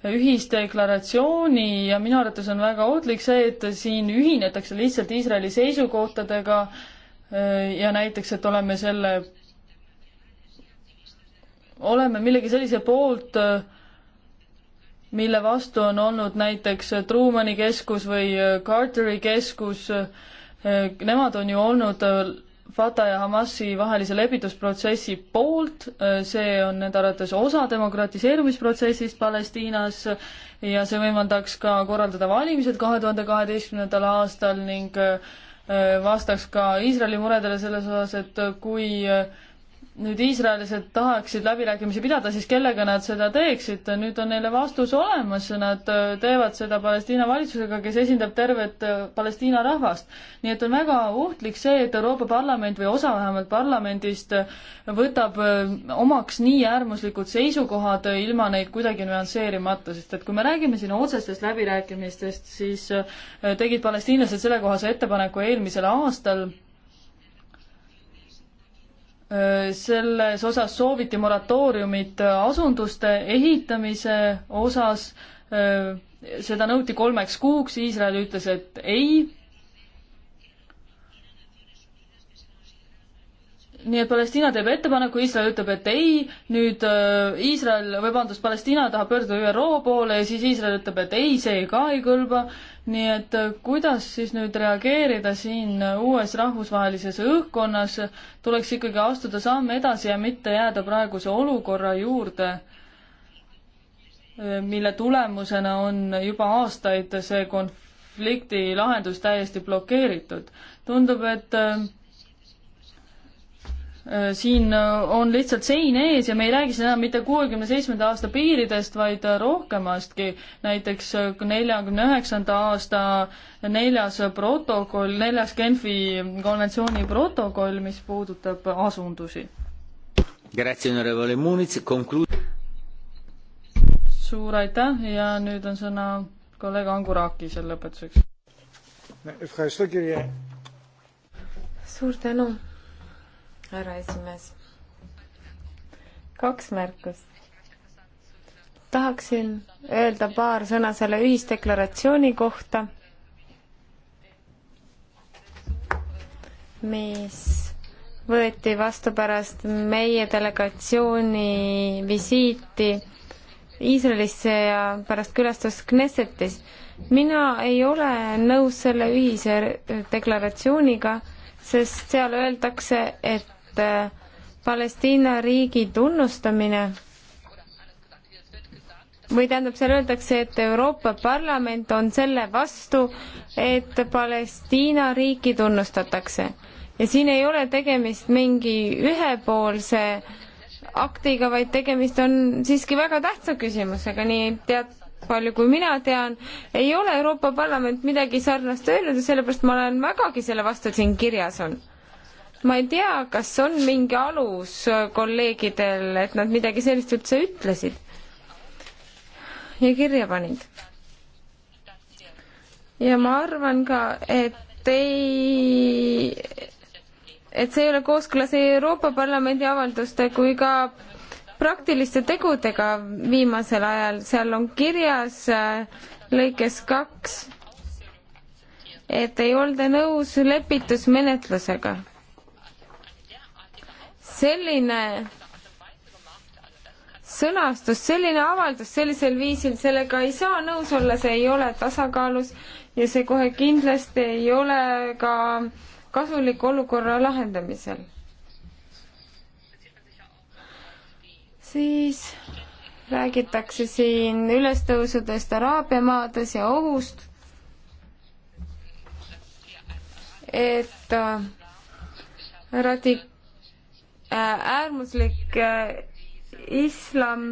ühisdeklaratsiooni ja minu arvates on väga ohtlik see, et siin ühinetakse lihtsalt Iisraeli seisukohtadega äh, ja näiteks, et oleme selle oleme millegi sellise poolt, mille vastu on olnud näiteks Truumani keskus või Carteri keskus, nemad on ju olnud Fatah ja Hamasi vahelise lepitusprotsessi poolt, see on nende arvates osa demokratiseerumisprotsessist Palestiinas ja see võimaldaks ka korraldada valimised kahe tuhande kaheteistkümnendal aastal ning vastaks ka Iisraeli muredele selles osas, et kui äh, nüüd iisraelised tahaksid läbirääkimisi pidada, siis kellega nad seda teeksid, nüüd on neile vastus olemas, nad äh, teevad seda Palestiina valitsusega, kes esindab tervet äh, Palestiina rahvast. nii et on väga ohtlik see, et Euroopa Parlament või osa vähemalt parlamendist äh, võtab omaks nii äärmuslikud seisukohad ilma neid kuidagi nüansseerimata, sest et kui me räägime siin otsestest läbirääkimistest, siis tegid palestiinlased sellekohase ettepaneku eelmisel aastal selles osas sooviti moratooriumit asunduste ehitamise osas, seda nõuti kolmeks kuuks, Iisrael ütles, et ei. nii et Palestiina teeb ettepaneku, Iisrael ütleb, et ei, nüüd Iisrael, vabandust, Palestiina tahab pöörduda ÜRO poole ja siis Iisrael ütleb, et ei, see ka ei kõlba nii et äh, kuidas siis nüüd reageerida siin äh, uues rahvusvahelises õhkkonnas, tuleks ikkagi astuda samm edasi ja mitte jääda praeguse olukorra juurde, äh, mille tulemusena on juba aastaid see konflikti lahendus täiesti blokeeritud. tundub, et Äh, siin äh, on lihtsalt sein ees ja me ei räägi siin enam mitte kuuekümne seitsmenda aasta piiridest, vaid äh, rohkemastki. näiteks neljakümne üheksanda aasta neljas protokoll, neljas Genfi konventsiooni protokoll, mis puudutab asundusi. suur aitäh ja nüüd on sõna kolleeg Anguraki selle lõpetuseks. suur tänu härra esimees. kaks märkust. tahaksin öelda paar sõna selle ühisdeklaratsiooni kohta, mis võeti vastu pärast meie delegatsiooni visiiti Iisraelisse ja pärast külastust Knessetis. mina ei ole nõus selle ühise deklaratsiooniga, sest seal öeldakse, et et äh, Palestiina riigi tunnustamine või tähendab, seal öeldakse, et Euroopa Parlament on selle vastu, et Palestiina riiki tunnustatakse. ja siin ei ole tegemist mingi ühepoolse aktiga, vaid tegemist on siiski väga tähtsa küsimusega, nii tead, palju kui mina tean, ei ole Euroopa Parlament midagi sarnast öelnud ja sellepärast ma olen vägagi selle vastu, et siin kirjas on ma ei tea, kas on mingi alus kolleegidel, et nad midagi sellist üldse ütlesid ja kirja panid. ja ma arvan ka, et ei, et see ei ole kooskõlas ei Euroopa Parlamendi avalduste kui ka praktiliste tegudega viimasel ajal, seal on kirjas äh, lõikes kaks, et ei olda nõus lepitusmenetlusega selline sõnastus, selline avaldus sellisel viisil, sellega ei saa nõus olla, see ei ole tasakaalus ja see kohe kindlasti ei ole ka kasulik olukorra lahendamisel. siis räägitakse siin ülestõusudest Araabia maades ja ohust, et äh, radik-, Äh, äärmuslik äh, islam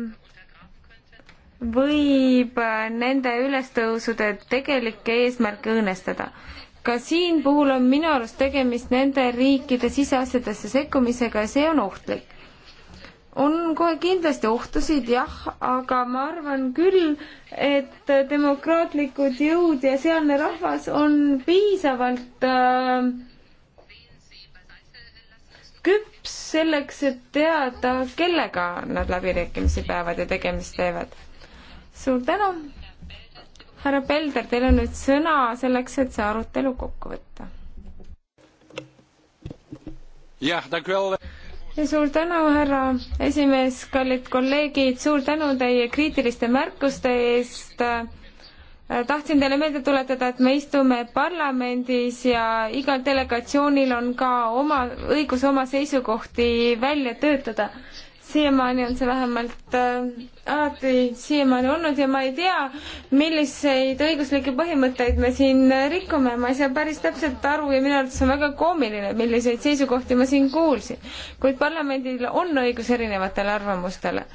võib äh, nende ülestõusude tegelikke eesmärke õõnestada. ka siin puhul on minu arust tegemist nende riikide siseasjadesse sekkumisega ja see on ohtlik. on kohe kindlasti ohtusid jah, aga ma arvan küll, et demokraatlikud jõud ja sealne rahvas on piisavalt äh, küps selleks, et teada, kellega nad läbirääkimisi peavad ja tegemist teevad. suur tänu, härra Pelder, teil on nüüd sõna selleks, et see arutelu kokku võtta. jah, tänan ja suur tänu, härra esimees, kallid kolleegid, suur tänu teie kriitiliste märkuste eest äh, Äh, tahtsin teile meelde tuletada, et me istume parlamendis ja igal delegatsioonil on ka oma, õigus oma seisukohti välja töötada. siiamaani on see vähemalt äh, alati siiamaani olnud ja ma ei tea, milliseid õiguslikke põhimõtteid me siin rikume, ma ei saa päris täpselt aru ja minu arvates on väga koomiline, milliseid seisukohti ma siin kuulsin. kuid parlamendil on õigus erinevatele arvamustele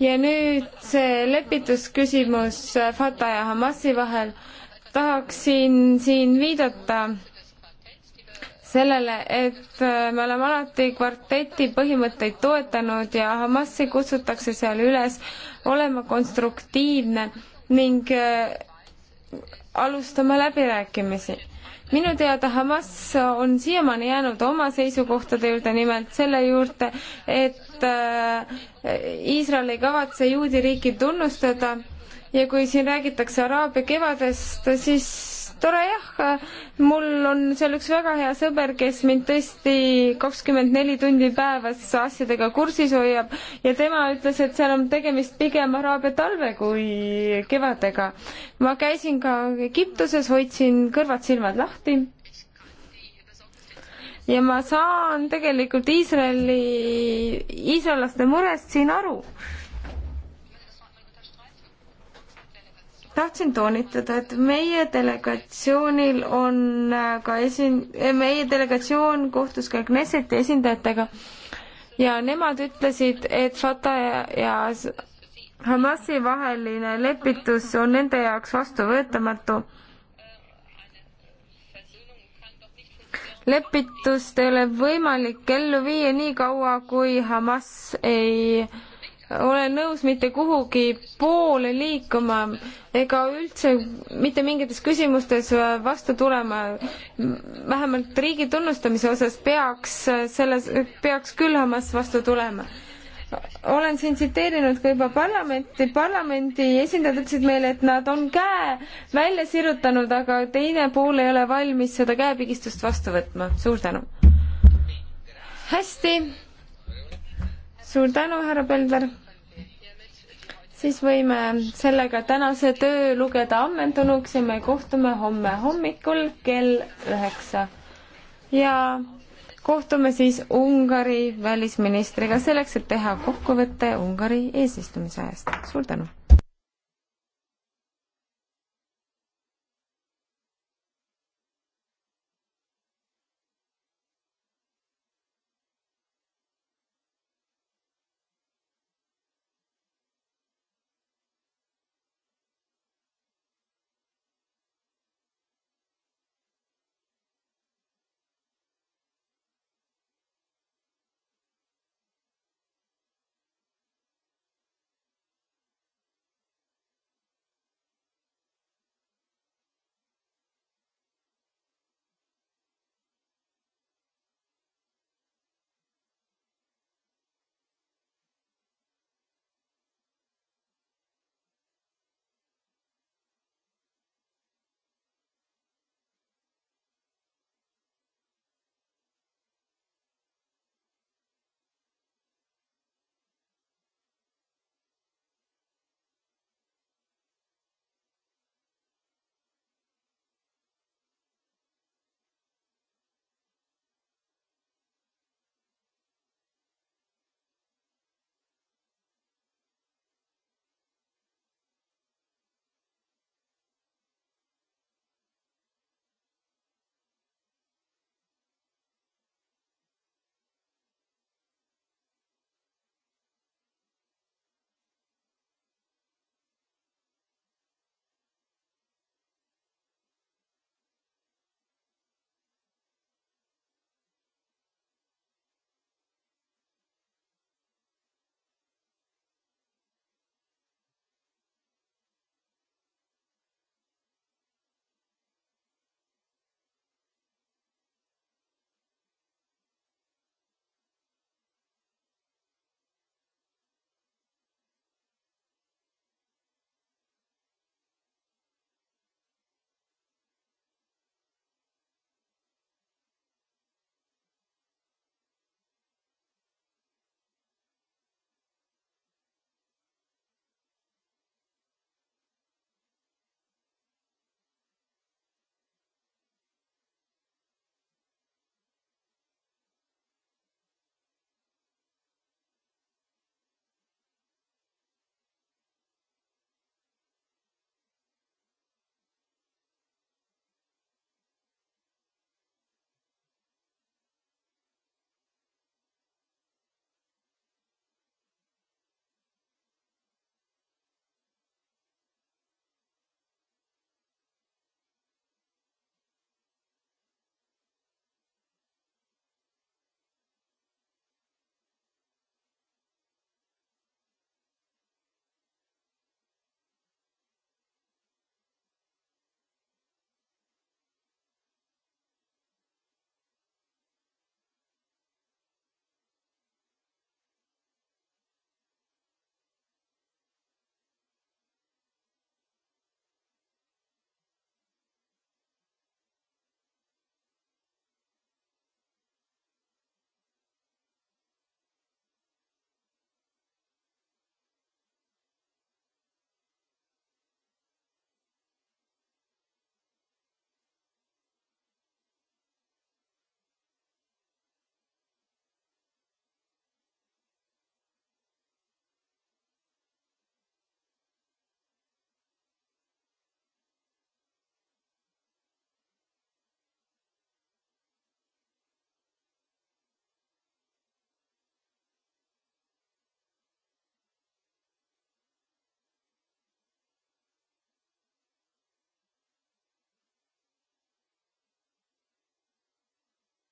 ja nüüd see lepitusküsimus äh, Fatah ja Hamasi vahel. tahaksin siin viidata sellele, et äh, me oleme alati kvarteti põhimõtteid toetanud ja Hamasi kutsutakse seal üles olema konstruktiivne ning äh, alustama läbirääkimisi minu teada Hamas on siiamaani jäänud oma seisukohtade juurde, nimelt selle juurde, et äh, Iisrael äh, ei kavatse juudi riiki tunnustada ja kui siin räägitakse Araabia kevadest, siis tore jah, mul on seal üks väga hea sõber, kes mind tõesti kakskümmend neli tundi päevas asjadega kursis hoiab ja tema ütles, et seal on tegemist pigem araabia talve kui kevadega. ma käisin ka Egiptuses, hoidsin kõrvad-silmad lahti ja ma saan tegelikult Iisraeli, iisraellaste murest siin aru tahtsin toonitada, et meie delegatsioonil on äh, ka esin-, äh, meie delegatsioon kohtus ka Knesseti esindajatega ja nemad ütlesid, et Fatah ja, ja Hamasi vaheline lepitus on nende jaoks vastuvõetamatu. lepitust ei ole võimalik ellu viia nii kaua, kui Hamas ei äh, olen nõus mitte kuhugi poole liikuma ega üldse mitte mingites küsimustes vastu tulema. vähemalt riigi tunnustamise osas peaks selles, peaks küll Hamas vastu tulema. olen siin tsiteerinud ka juba parlamenti, parlamendi esindajad ütlesid meile, et nad on käe välja sirutanud, aga teine pool ei ole valmis seda käepigistust vastu võtma. suur tänu. hästi suur tänu, härra Põldar siis võime sellega tänase töö lugeda ammendunuks ja me kohtume homme hommikul kell üheksa. ja kohtume siis Ungari välisministriga selleks, et teha kokkuvõte Ungari eesistumise ajast. suur tänu!